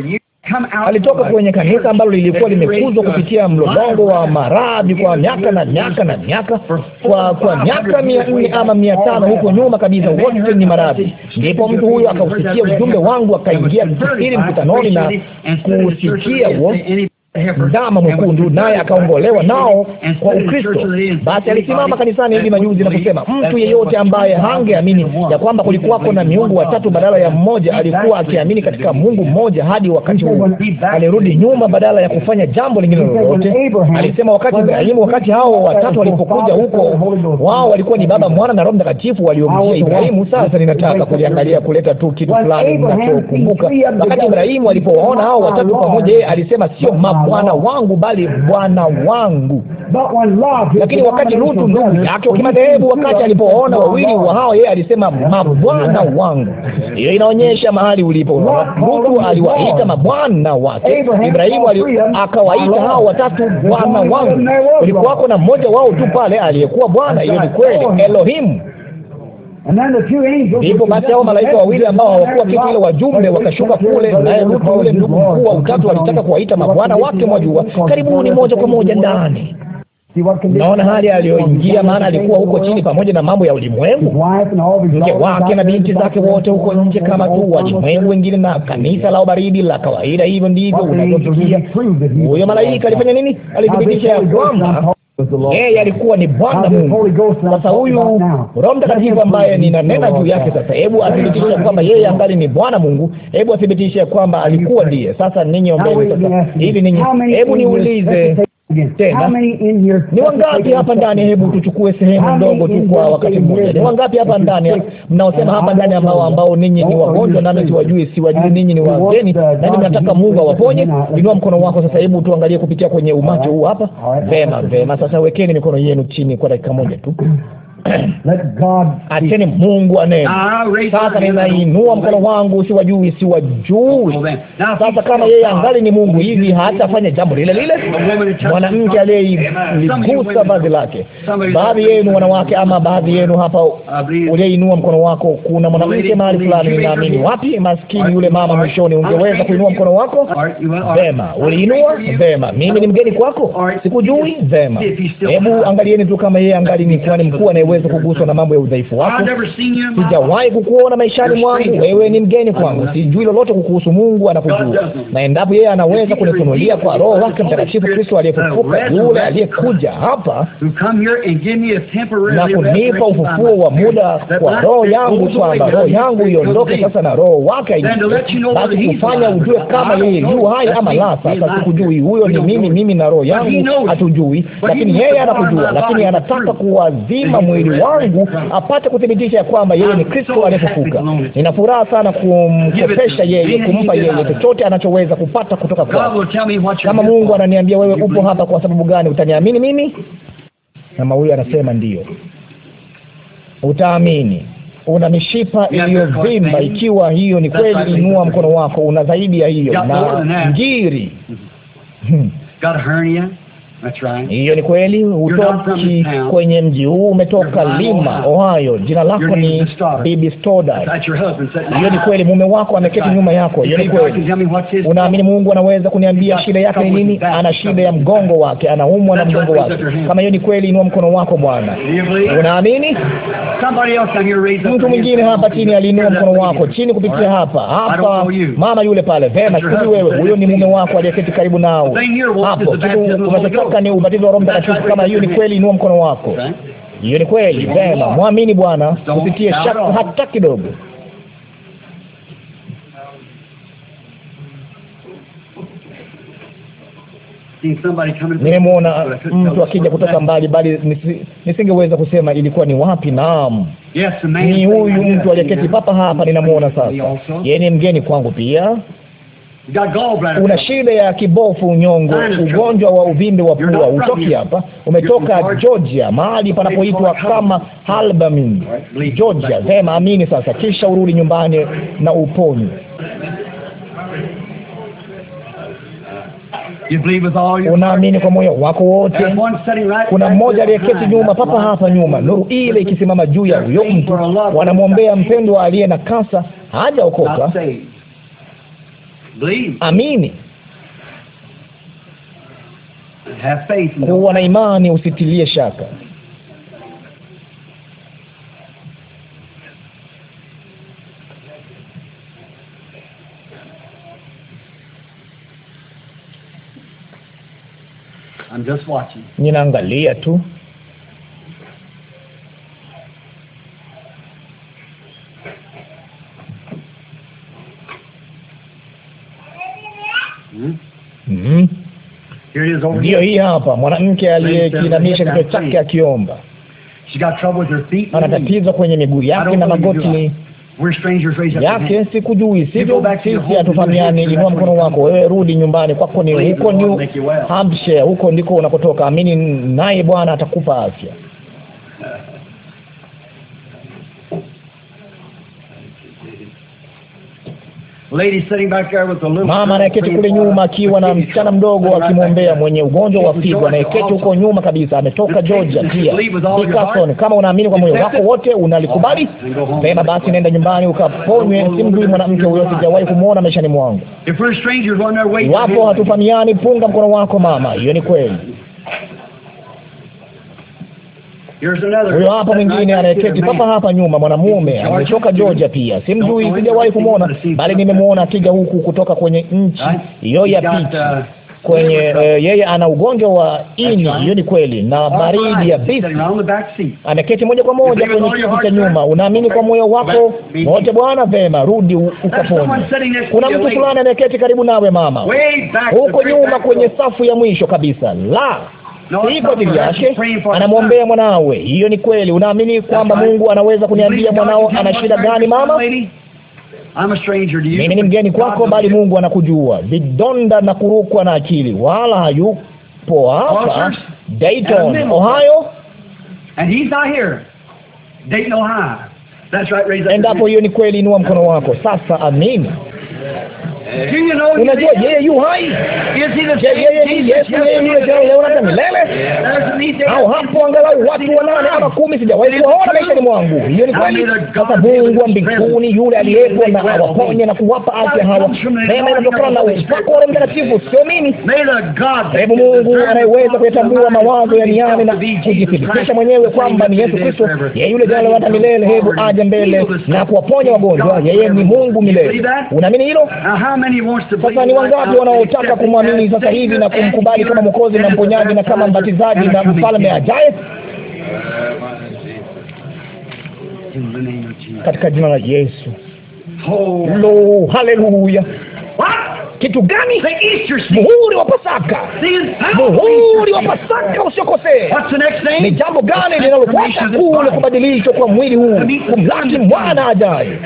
alitoka kwenye kanisa ambalo lilikuwa limekuzwa kupitia mlolongo wa maradhi kwa miaka na miaka na miaka, kwa kwa miaka mia nne ama mia tano huko nyuma kabisa, wote ni maradhi. Ndipo mtu huyo akausikia ujumbe wangu, akaingia kusafiri mkutanoni na kuusikia huo ndama mwekundu, naye akaongolewa nao kwa Ukristo. Basi alisimama kanisani hivi majuzi na kusema, mtu yeyote ambaye hangeamini ya kwamba kulikuwako na miungu watatu badala ya mmoja, alikuwa akiamini katika Mungu mmoja hadi wakati huu. Alirudi nyuma badala ya kufanya jambo lingine lolote. Alisema wakati Ibrahimu, wakati hao watatu walipokuja huko, wao walikuwa ni Baba, Mwana na Roho Mtakatifu waliomjia Ibrahimu. Sasa ninataka kuliangalia kuleta tu kitu fulani ninachokumbuka, wakati Ibrahimu alipowaona hao watatu pamoja, yeye alisema sio mambo bwana wangu, bali bwana wangu. Lakini wakati Lutu ndugu yake wa kimadhehebu, wakati alipoona wawili wa hao, yeye alisema mabwana wangu. Hiyo inaonyesha mahali ulipo. Lutu aliwaita mabwana wake, Ibrahimu akawaita hao watatu bwana wangu. Ulikuwako na mmoja wao tu pale aliyekuwa bwana. Hiyo ni kweli, Elohimu Ndipo basi hao malaika wawili ambao hawakuwa kitu, ile wajumbe wakashuka kule, naye Lutu yule ndugu mkuu wa utatu alitaka kuwaita mabwana wake, mwajua, karibuni moja kwa moja ndani Naona hali aliyoingia, maana alikuwa huko chini pamoja na mambo ya ulimwengu, mke wake na binti zake wote huko nje, kama tu walimwengu wengine na kanisa lao baridi la kawaida. Hivyo ndivyo unavyofikia. Huyo malaika alifanya nini? Alithibitisha ya kwamba yeye alikuwa ni Bwana Mungu. Sasa huyu Roho Mtakatifu ambaye ninanena juu yake sasa, hebu athibitishe kwamba yeye angali ni Bwana Mungu, hebu athibitishe kwamba alikuwa ndiye. Sasa ninyi ombeni sasa hivi ninyi, hebu niulize tena ni wangapi hapa ndani? Hebu tuchukue sehemu ndogo tu kwa wakati mmoja. Ni wangapi hapa ndani mnaosema hapa ndani ambao ambao ninyi ni wagonjwa, nami siwajui, siwajui, ninyi ni wageni, nani mnataka Mungu awaponye? Inua mkono wako sasa. Hebu tuangalie kupitia kwenye umati huu hapa. Vema, vema. Sasa wekeni mikono yenu chini kwa dakika moja tu acheni Mungu anene. Ah, Sasa ninainua mkono wangu, siwajui, siwajui. Sasa kama yeye angali ni Mungu hivi, hatafanya jambo lile lile. Mwanamke aliyeligusa vazi lake, baadhi yenu wanawake, ama baadhi yenu hapa ah, uliyeinua mkono wako, kuna mwanamke mahali fulani, ninaamini wapi, maskini yule mama mwishoni, ungeweza kuinua mkono wako vema. Uliinua vema. Mimi ni mgeni kwako, sikujui vema. Hebu angalieni tu kama yeye angali ni kwani mkuu anaye uweze kuguswa na mambo ya udhaifu wako. Sijawahi kukuona maishani mwangu, wewe ni mgeni kwangu, sijui lolote kukuhusu. Mungu anakujua, na endapo yeye anaweza kunifunulia kwa Roho wake Mtakatifu, Kristo aliyefufuka, yule aliyekuja hapa na kunipa ufufuo wa muda kwa roho yangu, kwamba roho yangu iondoke sasa na roho wake aingie, basi kufanya ujue kama yeye yu hai ama la. Sasa sikujui, huyo ni mimi, mimi na roho yangu hatujui, lakini yeye anakujua, lakini anataka kuwazima mwili mwili wangu apate kuthibitisha ya kwamba yeye ni Kristo aliyefufuka. Nina furaha sana kumkopesha yeye, kumpa yeye chochote anachoweza kupata kutoka kwake. Kama Mungu ananiambia wewe upo hapa kwa sababu gani, utaniamini mimi? Mama huyu anasema ndiyo, utaamini una mishipa iliyovimba. Ikiwa hiyo ni kweli, inua mkono wako. Una zaidi ya hiyo na ngiri hiyo ni kweli. Hutoki kwenye mji huu, umetoka Lima, Ohio. Jina lako ni Bibi Stoddard. Hiyo ni kweli. Mume wako ameketi nyuma yako. Hiyo ni kweli. Unaamini Mungu anaweza kuniambia shida yake ni nini? Ana shida ya mgongo wake, anaumwa na mgongo wake. Kama hiyo ni kweli, inua mkono wako Bwana. Unaamini? Mtu mwingine hapa chini aliinua mkono wako chini kupitia hapa hapa, mama yule pale. Vema, wewe, huyo ni mume wako aliyeketi karibu nao hapo. Kitu unachotaka nataka ni ubatizo wa Roho Mtakatifu. Kama hiyo ni kweli, inua mkono wako. Hiyo ni kweli, vema. Mwamini Bwana, usitie shaka hata kidogo. Nimemwona mtu akija kutoka mbali, bali nisingeweza kusema ilikuwa ni wapi. Naam, yes, ni huyu mtu aliyeketi papa hapa, ninamwona sasa. Yeye ni mgeni kwangu pia una shida ya kibofu, nyongo, ugonjwa wa uvimbe wa pua, utoki hapa, umetoka Georgia, mahali panapoitwa kama Albamin, Georgia. Sema amini sasa, kisha urudi nyumbani na uponi. Unaamini kwa moyo wako wote. Kuna mmoja aliyeketi nyuma, papa hapa nyuma, nuru ile ikisimama juu ya huyo mtu, wanamwombea mpendwa aliye na kansa, hajaokoka amini, na imani, usitilie shaka. Ninaangalia tu mm -hmm. Ndiyo hii hapa mwanamke aliyekinamisha kichwa chake akiomba, ana tatizo kwenye miguu yake na magoti yake. Sikujui, sivyo? Sisi hatufahamiani. Inua mkono wako wewe, rudi nyumbani kwako, ni huko New Hampshire, huko ndiko unakotoka. Amini naye Bwana atakupa afya. Mama anayeketi kule nyuma akiwa na msichana mdogo akimwombea, mwenye ugonjwa wa figo anayeketi huko nyuma kabisa, ametoka Georgia. Pia Dickerson, kama unaamini kwa moyo wako wote unalikubali pema, basi nenda nyumbani ukaponywe. Simjui mwanamke huyo, sijawahi kumwona maishani mwangu. Wapo hatufamiani, punga mkono wako mama. Hiyo ni kweli. Huyo hapa mwingine anayeketi papa hapa nyuma, mwanamume amechoka Georgia pia, simjui, sijawahi kumwona, bali nimemwona akija huku kutoka kwenye nchi hiyo ya piti uh, kwenye uh, yeye ana ugonjwa wa ini, hiyo ni kweli, na baridi ya bisi. Ameketi moja kwa moja kwenye kiti cha nyuma. Unaamini kwa moyo wako wote, bwana, vema, rudi ukapone. Kuna mtu fulani anayeketi karibu nawe, mama, huko nyuma kwenye safu ya mwisho kabisa. La, Hivyo yake anamwombea mwanawe. Hiyo ni kweli. Unaamini kwamba Mungu anaweza kuniambia mwanao ana shida gani, mama? Mimi ni mgeni kwako, bali Mungu anakujua. Vidonda na kurukwa na akili, wala hayupo hapa Dayton, Ohio. Endapo hiyo ni kweli, inua mkono wako sasa. Amini. Unajua yeye yu hai. Je, yeye ni jana, leo na milele? Au hapo angalau watu wanane ama kumi sijawahi kuwaona maishani mwangu. Hiyo ni kweli. Sasa Mungu wa mbinguni yule aliyepo na awaponye na kuwapa afya hawa, neema inatokana na upako wa Roho Mtakatifu, sio mimi. Hebu Mungu anayeweza kuyatambua mawazo ya niani na kujithibitisha mwenyewe kwamba ni Yesu Kristo, yeye yule jana, leo hata milele, hebu aje mbele na kuwaponya wagonjwa. Yeye ni Mungu milele. Unaamini hilo? Sasa ni wangapi wanaotaka kumwamini sasa hivi na kumkubali kama Mwokozi na mponyaji na kama mbatizaji na mfalme ajaye? Katika jina la Yesu. Oh. Lo, haleluya! kitu gani? Muhuri wa Pasaka, muhuri wa Pasaka usiokosea. Ni jambo gani linalofuata? Kule kubadilishwa kwa mwili huu kumlaki mwana ajaye.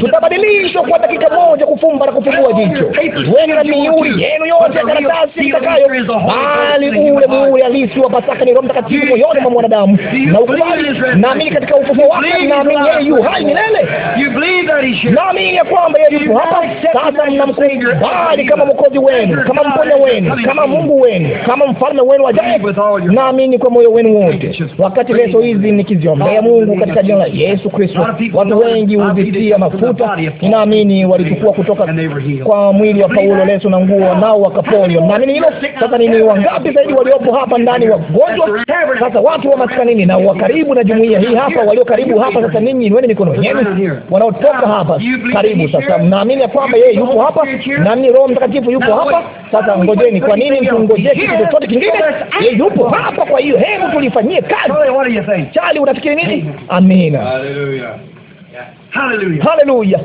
Tutabadilishwa kwa dakika moja, kufumba na kufungua jicho. wena mihuri yenu yote karatasi itakayo, bali ule muhuri halisi wa Pasaka ni Roho Mtakatifu moyoni mwa mwanadamu, na ukubali. Naamini katika ufufuo wake, naamini yeye yu hai milele, naamini ya kwamba yeye yupo hapa sasa. Mnamkuu bali kama mwokozi wenu, kama mponya wenu, kama Mungu wenu, kama mfalme wenu wa Naamini kwa moyo wenu wote, wakati leso hizi nikiziombea Mungu katika jina la Yesu Kristo. Watu wengi huzitia mafuta, ninaamini walichukua kutoka kwa mwili wa Paulo leso na nguo, nao wakaponywa. Naamini hilo. Sasa nini, wangapi zaidi waliopo hapa ndani wagonjwa? Sasa watu wa maskanini na wa karibu na jumuiya hii hapa, walio karibu hapa, sasa ninyi inueni mikono yenu, wanaotoka hapa karibu. Sasa mnaamini ya kwamba yeye yupo hapa nani Roho Mtakatifu yupo hapa sasa. Ngojeni, kwa nini tungojee kitu chochote kingine? Yeye yupo hapa, kwa hiyo hebu tulifanyie kazi. Chali, unafikiri nini? Amina. Haleluya!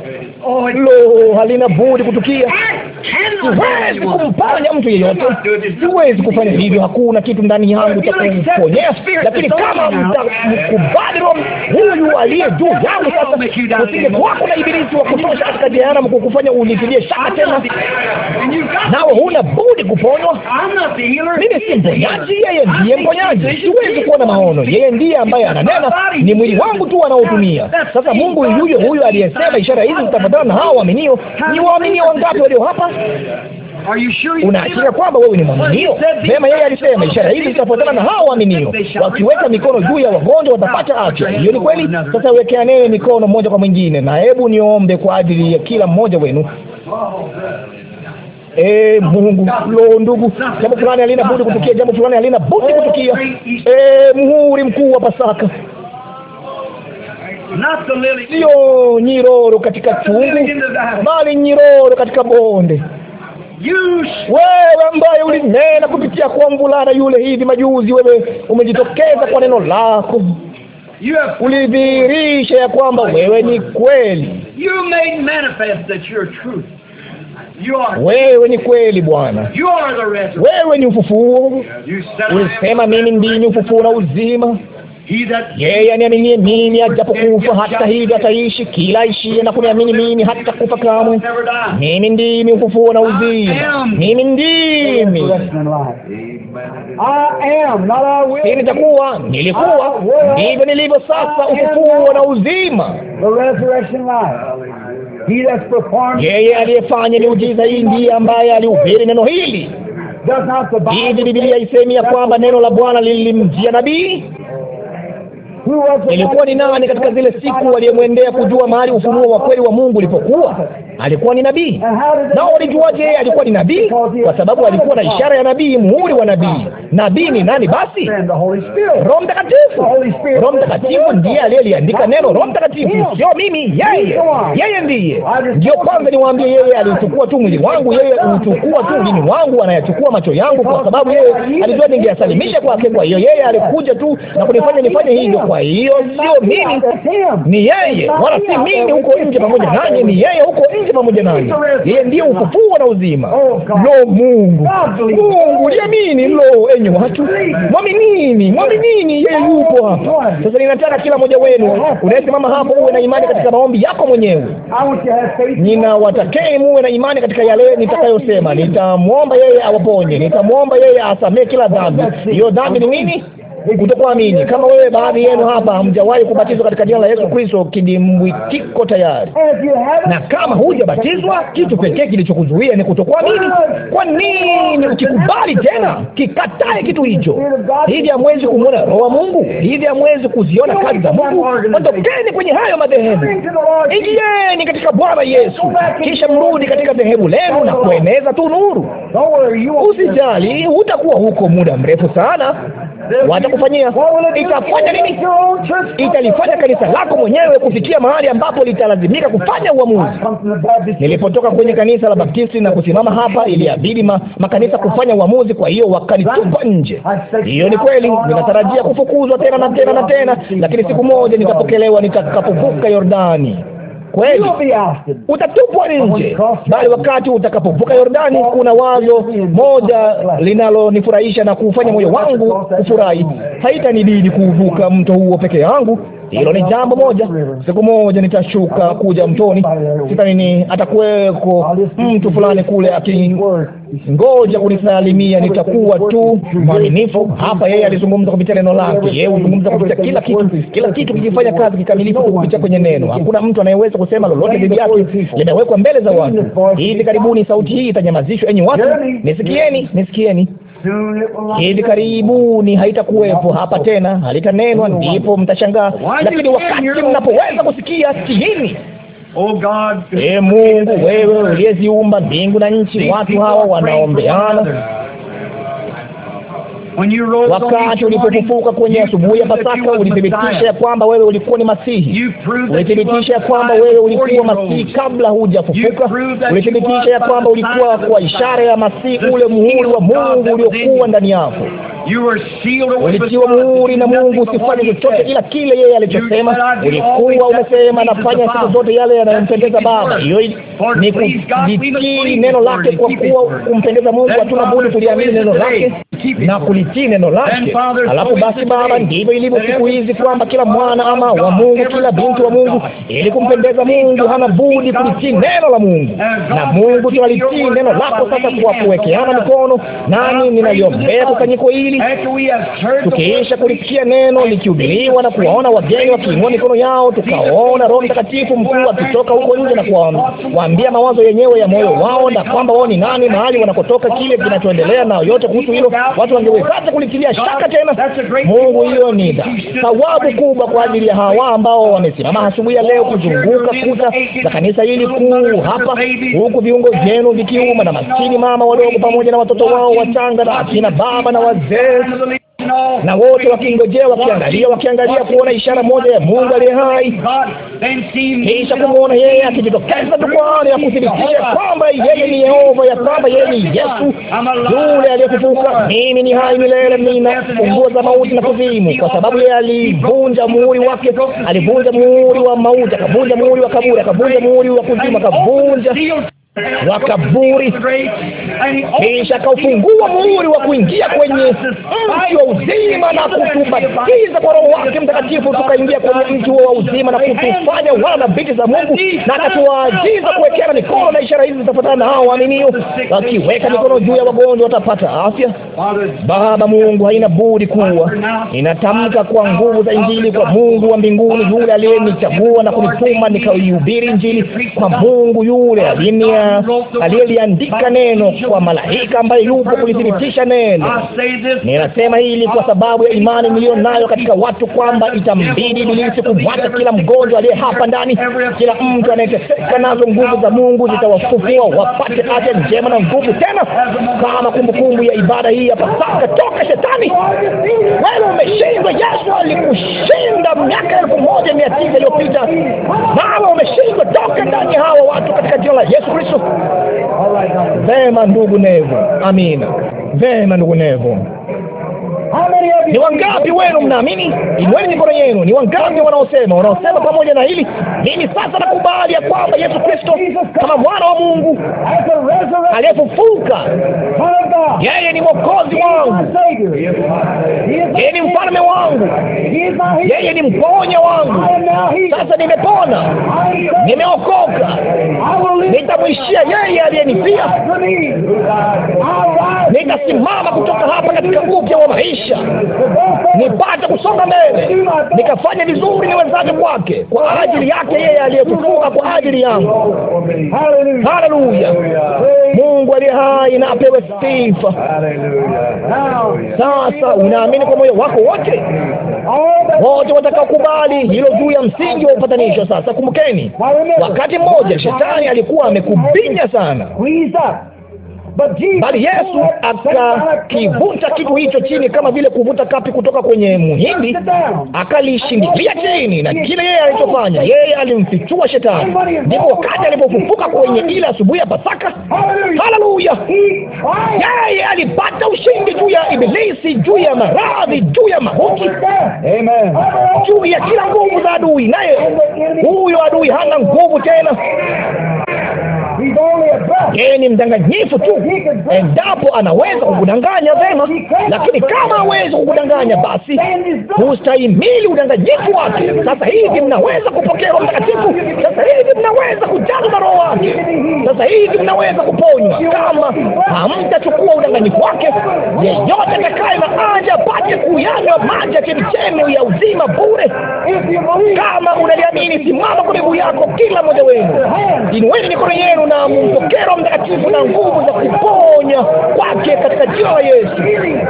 Oh, Lo, halina budi kutukia. Siwezi kumponya mtu yeyote, siwezi kufanya hivyo. Hakuna kitu ndani yangu cha kumponyea, lakini kama mtakubali Roho huyu aliye juu yangu, sasa kusingekuwako na ibilisi wa kutosha katika jehanamu kukufanya ulitilie shaka tena, nawe huna budi kuponywa. Mimi si mponyaji, yeye ndiye mponyaji. Siwezi kuona maono, yeye ndiye ambaye ananena. Ni mwili wangu tu anaotumia. Sasa Mungu yuyo huyu aliyesema ishara hizi zitafuatana na hao waaminio. Ni waaminio wangapi walio hapa? Sure kwamba wewe ni mwaminio mema? Yeye alisema ishara hizi zitafuatana na hao waaminio, wakiweka mikono juu ya wagonjwa watapata afya. Hiyo ni kweli. Sasa wekeanee mikono mmoja kwa mwingine, na hebu niombe kwa ajili ya kila mmoja wenu. E, Mungu lo, ndugu, jambo fulani halina budi kutukia, jambo fulani halina budi kutukia. E, muhuri mkuu wa Pasaka sio nyiroro katika chungu, bali nyiroro katika bonde. Wewe ambaye ulinena kupitia kwa mvulana yule hivi majuzi, wewe umejitokeza kwa neno lako, ulidhihirisha ya kwamba wewe ni kweli, wewe ni kweli Bwana, wewe ni ufufuo. Ulisema mimi ndimi ufufuo na uzima yeye aniaminie mimi, ajapokufa hata hivyo ataishi, kila aishie na kuniamini mimi hata kufa kamwe. Mimi ndimi ufufuo na uzima, mimi ndimi takuwa nilikuwa, ndivyo nilivyo sasa, ufufuo na uzima. Yeye aliyefanya miujiza hii ndiye ambaye alihubiri neno hili. Hivi Biblia isemi ya kwamba neno la Bwana lilimjia nabii nilikuwa ni nani katika zile siku waliyemwendea kujua mahali ufunuo wa kweli wa Mungu ulipokuwa? Alikuwa ni nabii. Nao walijuaje yeye alikuwa ni nabii? Kwa sababu alikuwa na ishara ya nabii, muhuri wa nabii. Nabii ni nani basi? Roho Mtakatifu. Roho Mtakatifu ndiye aliyeliandika neno. Roho Mtakatifu sio mimi, yeye, yeye ndiye. Ndio kwanza niwaambie, yeye alichukua tu mwili wangu, yeye uchukua tu ulimi wangu, anayachukua macho yangu, kwa sababu yeye alijua ningeasalimisha kwake. Kwa hiyo yeye alikuja tu na kunifanya nifanye hivyo. Kwa hiyo sio mimi, ni yeye, wala si mimi huko nje pamoja nanyi, ni yeye huko nje pamoja nanyi. Yeye ndiye ufufuo na uzima. Oh, Lo, Mungu, Mungu, liamini. Lo, enye watu, mwaminini, mwaminini, yeye yupo hapa. Sasa ninataka kila mmoja wenu unayesimama hapo uwe na imani katika maombi yako mwenyewe. Ninawatakeni muwe na imani katika yale nitakayosema. Nitamwomba yeye awaponye, nitamwomba yeye asamee kila dhambi. Hiyo dhambi ni nini? kutokuamini. Kama wewe, baadhi yenu hapa hamjawahi kubatizwa katika jina la Yesu Kristo, kidimbwitiko tayari, na kama hujabatizwa, kitu pekee kilichokuzuia ni kutokuamini. Kwa nini ukikubali tena kikatae kitu hicho? Hivi hamwezi kumwona roho wa Mungu? Hivi hamwezi kuziona kazi za Mungu? Ondokeni kwenye hayo madhehebu, ingieni katika Bwana Yesu, kisha mrudi katika dhehebu lenu na kueneza tu nuru. Usijali, hutakuwa huko muda mrefu sana watakufanyia. Itafanya nini? Italifanya kanisa lako mwenyewe kufikia mahali ambapo litalazimika kufanya uamuzi. Nilipotoka kwenye kanisa la Baptisti na kusimama hapa, iliabidi ma, makanisa kufanya uamuzi, kwa hiyo wakanitupa nje. Hiyo ni kweli, ninatarajia kufukuzwa tena na tena na tena, lakini siku moja nitapokelewa nitakapovuka Yordani kweli utatupwa nje, bali wakati utakapovuka Yordani, kuna wazo moja linalonifurahisha na kufanya moyo wangu kufurahi. Haitanibidi kuvuka mto huo peke yangu, hilo ni jambo moja. Siku moja nitashuka kuja mtoni, nini, atakuweko mtu fulani kule akingoja kunisalimia. Nitakuwa tu mwaminifu hapa. Yeye alizungumza kupitia neno lake, yeye huzungumza kupitia kila kitu, kila kitu kikifanya kazi kikamilifu kupitia kwenye neno. Hakuna mtu anayeweza kusema lolote dhidi yake, limewekwa mbele za watu. Hivi karibuni sauti hii itanyamazishwa. Enyi watu, nisikieni, nisikieni hivi karibuni haitakuwepo hapa tena, halitanenwa, oh, ndipo mtashangaa. Lakini wakati mnapoweza kusikia, sikieni. Oh, e Mungu, wewe uliyeziumba mbingu na nchi, watu hawa wanaombeana Wakati ulipofufuka kwenye asubuhi ya Pasaka, ulithibitisha ya kwamba wewe ulikuwa ni Masihi. Ulithibitisha ya kwamba wewe ulikuwa Masihi kabla hujafufuka. Ulithibitisha ya kwamba ulikuwa kwa ishara ya Masihi, ule muhuri wa Mungu uliokuwa ndani yako ulitiwa muhuri na Mungu usifanye chochote ila kile yeye alichosema. Ulikuwa umesema nafanya siku zote yale yanayompendeza Baba. Hiyo ni kujitii neno lake, kwa kuwa kumpendeza Mungu hatuna budi kuliamini neno lake na kuli kulitii neno lake. Alafu basi, Baba, ndivyo ilivyo siku hizi kwamba kila mwana ama wa Mungu, kila binti wa Mungu, ili kumpendeza Mungu hana budi kulitii neno la Mungu. Na Mungu, tunalitii neno lako sasa kwa kuwekeana mikono. Nani ninaliombea kusanyiko hili, tukiisha kulisikia neno likihubiriwa na kuwaona wageni wakiinua mikono yao, tukaona Roho Mtakatifu mkuu akitoka huko nje na kuwaambia mawazo yenyewe ya moyo wao, na kwamba wao ni nani, mahali wanakotoka, kile kinachoendelea na yote kuhusu hilo, watu wangeweza hata kulitilia shaka tena. Mungu, hiyo ni thawabu kubwa kwa ajili ya hawa ambao wamesimama asubuhi ya leo kuzunguka kuta za kanisa hili kuu hapa, huku viungo vyenu vikiuma, na maskini mama wadogo pamoja na watoto wao wachanga na akina baba na wazee na wote wakingojea, wakiangalia, wakiangalia kuona ishara moja ya Mungu aliye hai, kisha kumwona yeye akijitokeza jukwaani ya kuthibitisha kwamba yeye ni Yehova, ya kwamba yeye ni Yesu yule aliyefufuka. Mimi ni hai milele, nina funguo za mauti na kuzimu, kwa sababu yeye alivunja muhuri wake, alivunja muhuri wa mauti, akavunja muhuri wa kaburi, akavunja muhuri wa kuzimu, akavunja wa kaburi kisha akaufungua muhuri wa kuingia kwenye mti wa uzima na kutubatiza kwa Roho wake Mtakatifu, tukaingia kwenye mti wa uzima na kutufanya wana binti za Mungu, na akatuagiza kuwekeana mikono, na ishara hizi zitafuatana na hao waaminio, wakiweka mikono juu ya wagonjwa watapata afya. Baba Mungu, haina budi kuwa inatamka kwa nguvu za Injili kwa Mungu wa mbinguni yule aliyenichagua na kunituma nikaihubiri Injili kwa Mungu yule aliyeniandika neno wa malaika ambaye yupo kulithibitisha neno. Ninasema hii ili kwa sababu ya imani niliyo nayo katika watu kwamba itambidi Ibilisi kumwacha kila mgonjwa aliye hapa ndani, kila mtu anayeteseka nazo. Nguvu za Mungu zitawafufua wapate afya njema na nguvu tena, kama kumbukumbu ya ibada hii ya Pasaka. Toka shetani, wewe umeshindwa. Yesu alikushinda miaka elfu moja mia tisa iliyopita, nawe umeshindwa. Toka ndani hawa watu katika jina la Yesu Kristo. Vema ndugu Nevo. Amina. Vema ndugu Nevo. Ni wangapi wenu mnaamini? Inueni mikono yenu. Ni wangapi wanaosema wanaosema pamoja na hili, mimi sasa nakubali ya kwamba Yesu Kristo kama mwana wa Mungu aliyefufuka, yeye ni mwokozi wangu, yeye ni mfalme wangu, yeye ni mponya wangu. Sasa nimepona, nimeokoka, nitamwishia yeye aliyenifia nitasimama kutoka hapa katika upya wa maisha kuisha, nipate kusonga mbele, nikafanya vizuri niwezavyo kwake, kwa ajili yake yeye aliyetufunga kwa ajili yangu. Haleluya! Mungu aliye hai na apewe sifa. Sasa unaamini kwa moyo wako wote, wote watakaokubali hilo juu ya msingi wa upatanisho. Sasa kumbukeni, wakati mmoja shetani alikuwa amekubinya sana bali Yesu akakivuta kitu hicho chini, kama vile kuvuta kapi kutoka kwenye muhindi, akalishindilia chini. Na kile yeye alichofanya, yeye alimfichua Shetani. Ndipo wakati alipofufuka kwenye ile asubuhi ya Pasaka, haleluya, yeye alipata ushindi juu ya Ibilisi, juu ya maradhi, juu ya mauti, juu ya kila nguvu za adui. Naye huyo adui hana nguvu tena yeye ni mdanganyifu tu. Endapo anaweza kukudanganya vema, lakini kama hawezi kukudanganya, basi hustahimili udanganyifu wake. Sasa hivi mnaweza kupokea Roho Mtakatifu, sasa hivi mnaweza kujaza na Roho wake, sasa hivi mnaweza kuponywa kama hamtachukua udanganyifu wake. Yeyote atakaye na aja apate kuyanywa maji ya chemichemi ya uzima bure. Kama unaliamini, simama kwa miguu yako, kila mmoja wenu, inueni mikono yenu mnampokea Roho Mtakatifu na nguvu za kuponya kwake katika jina la Yesu.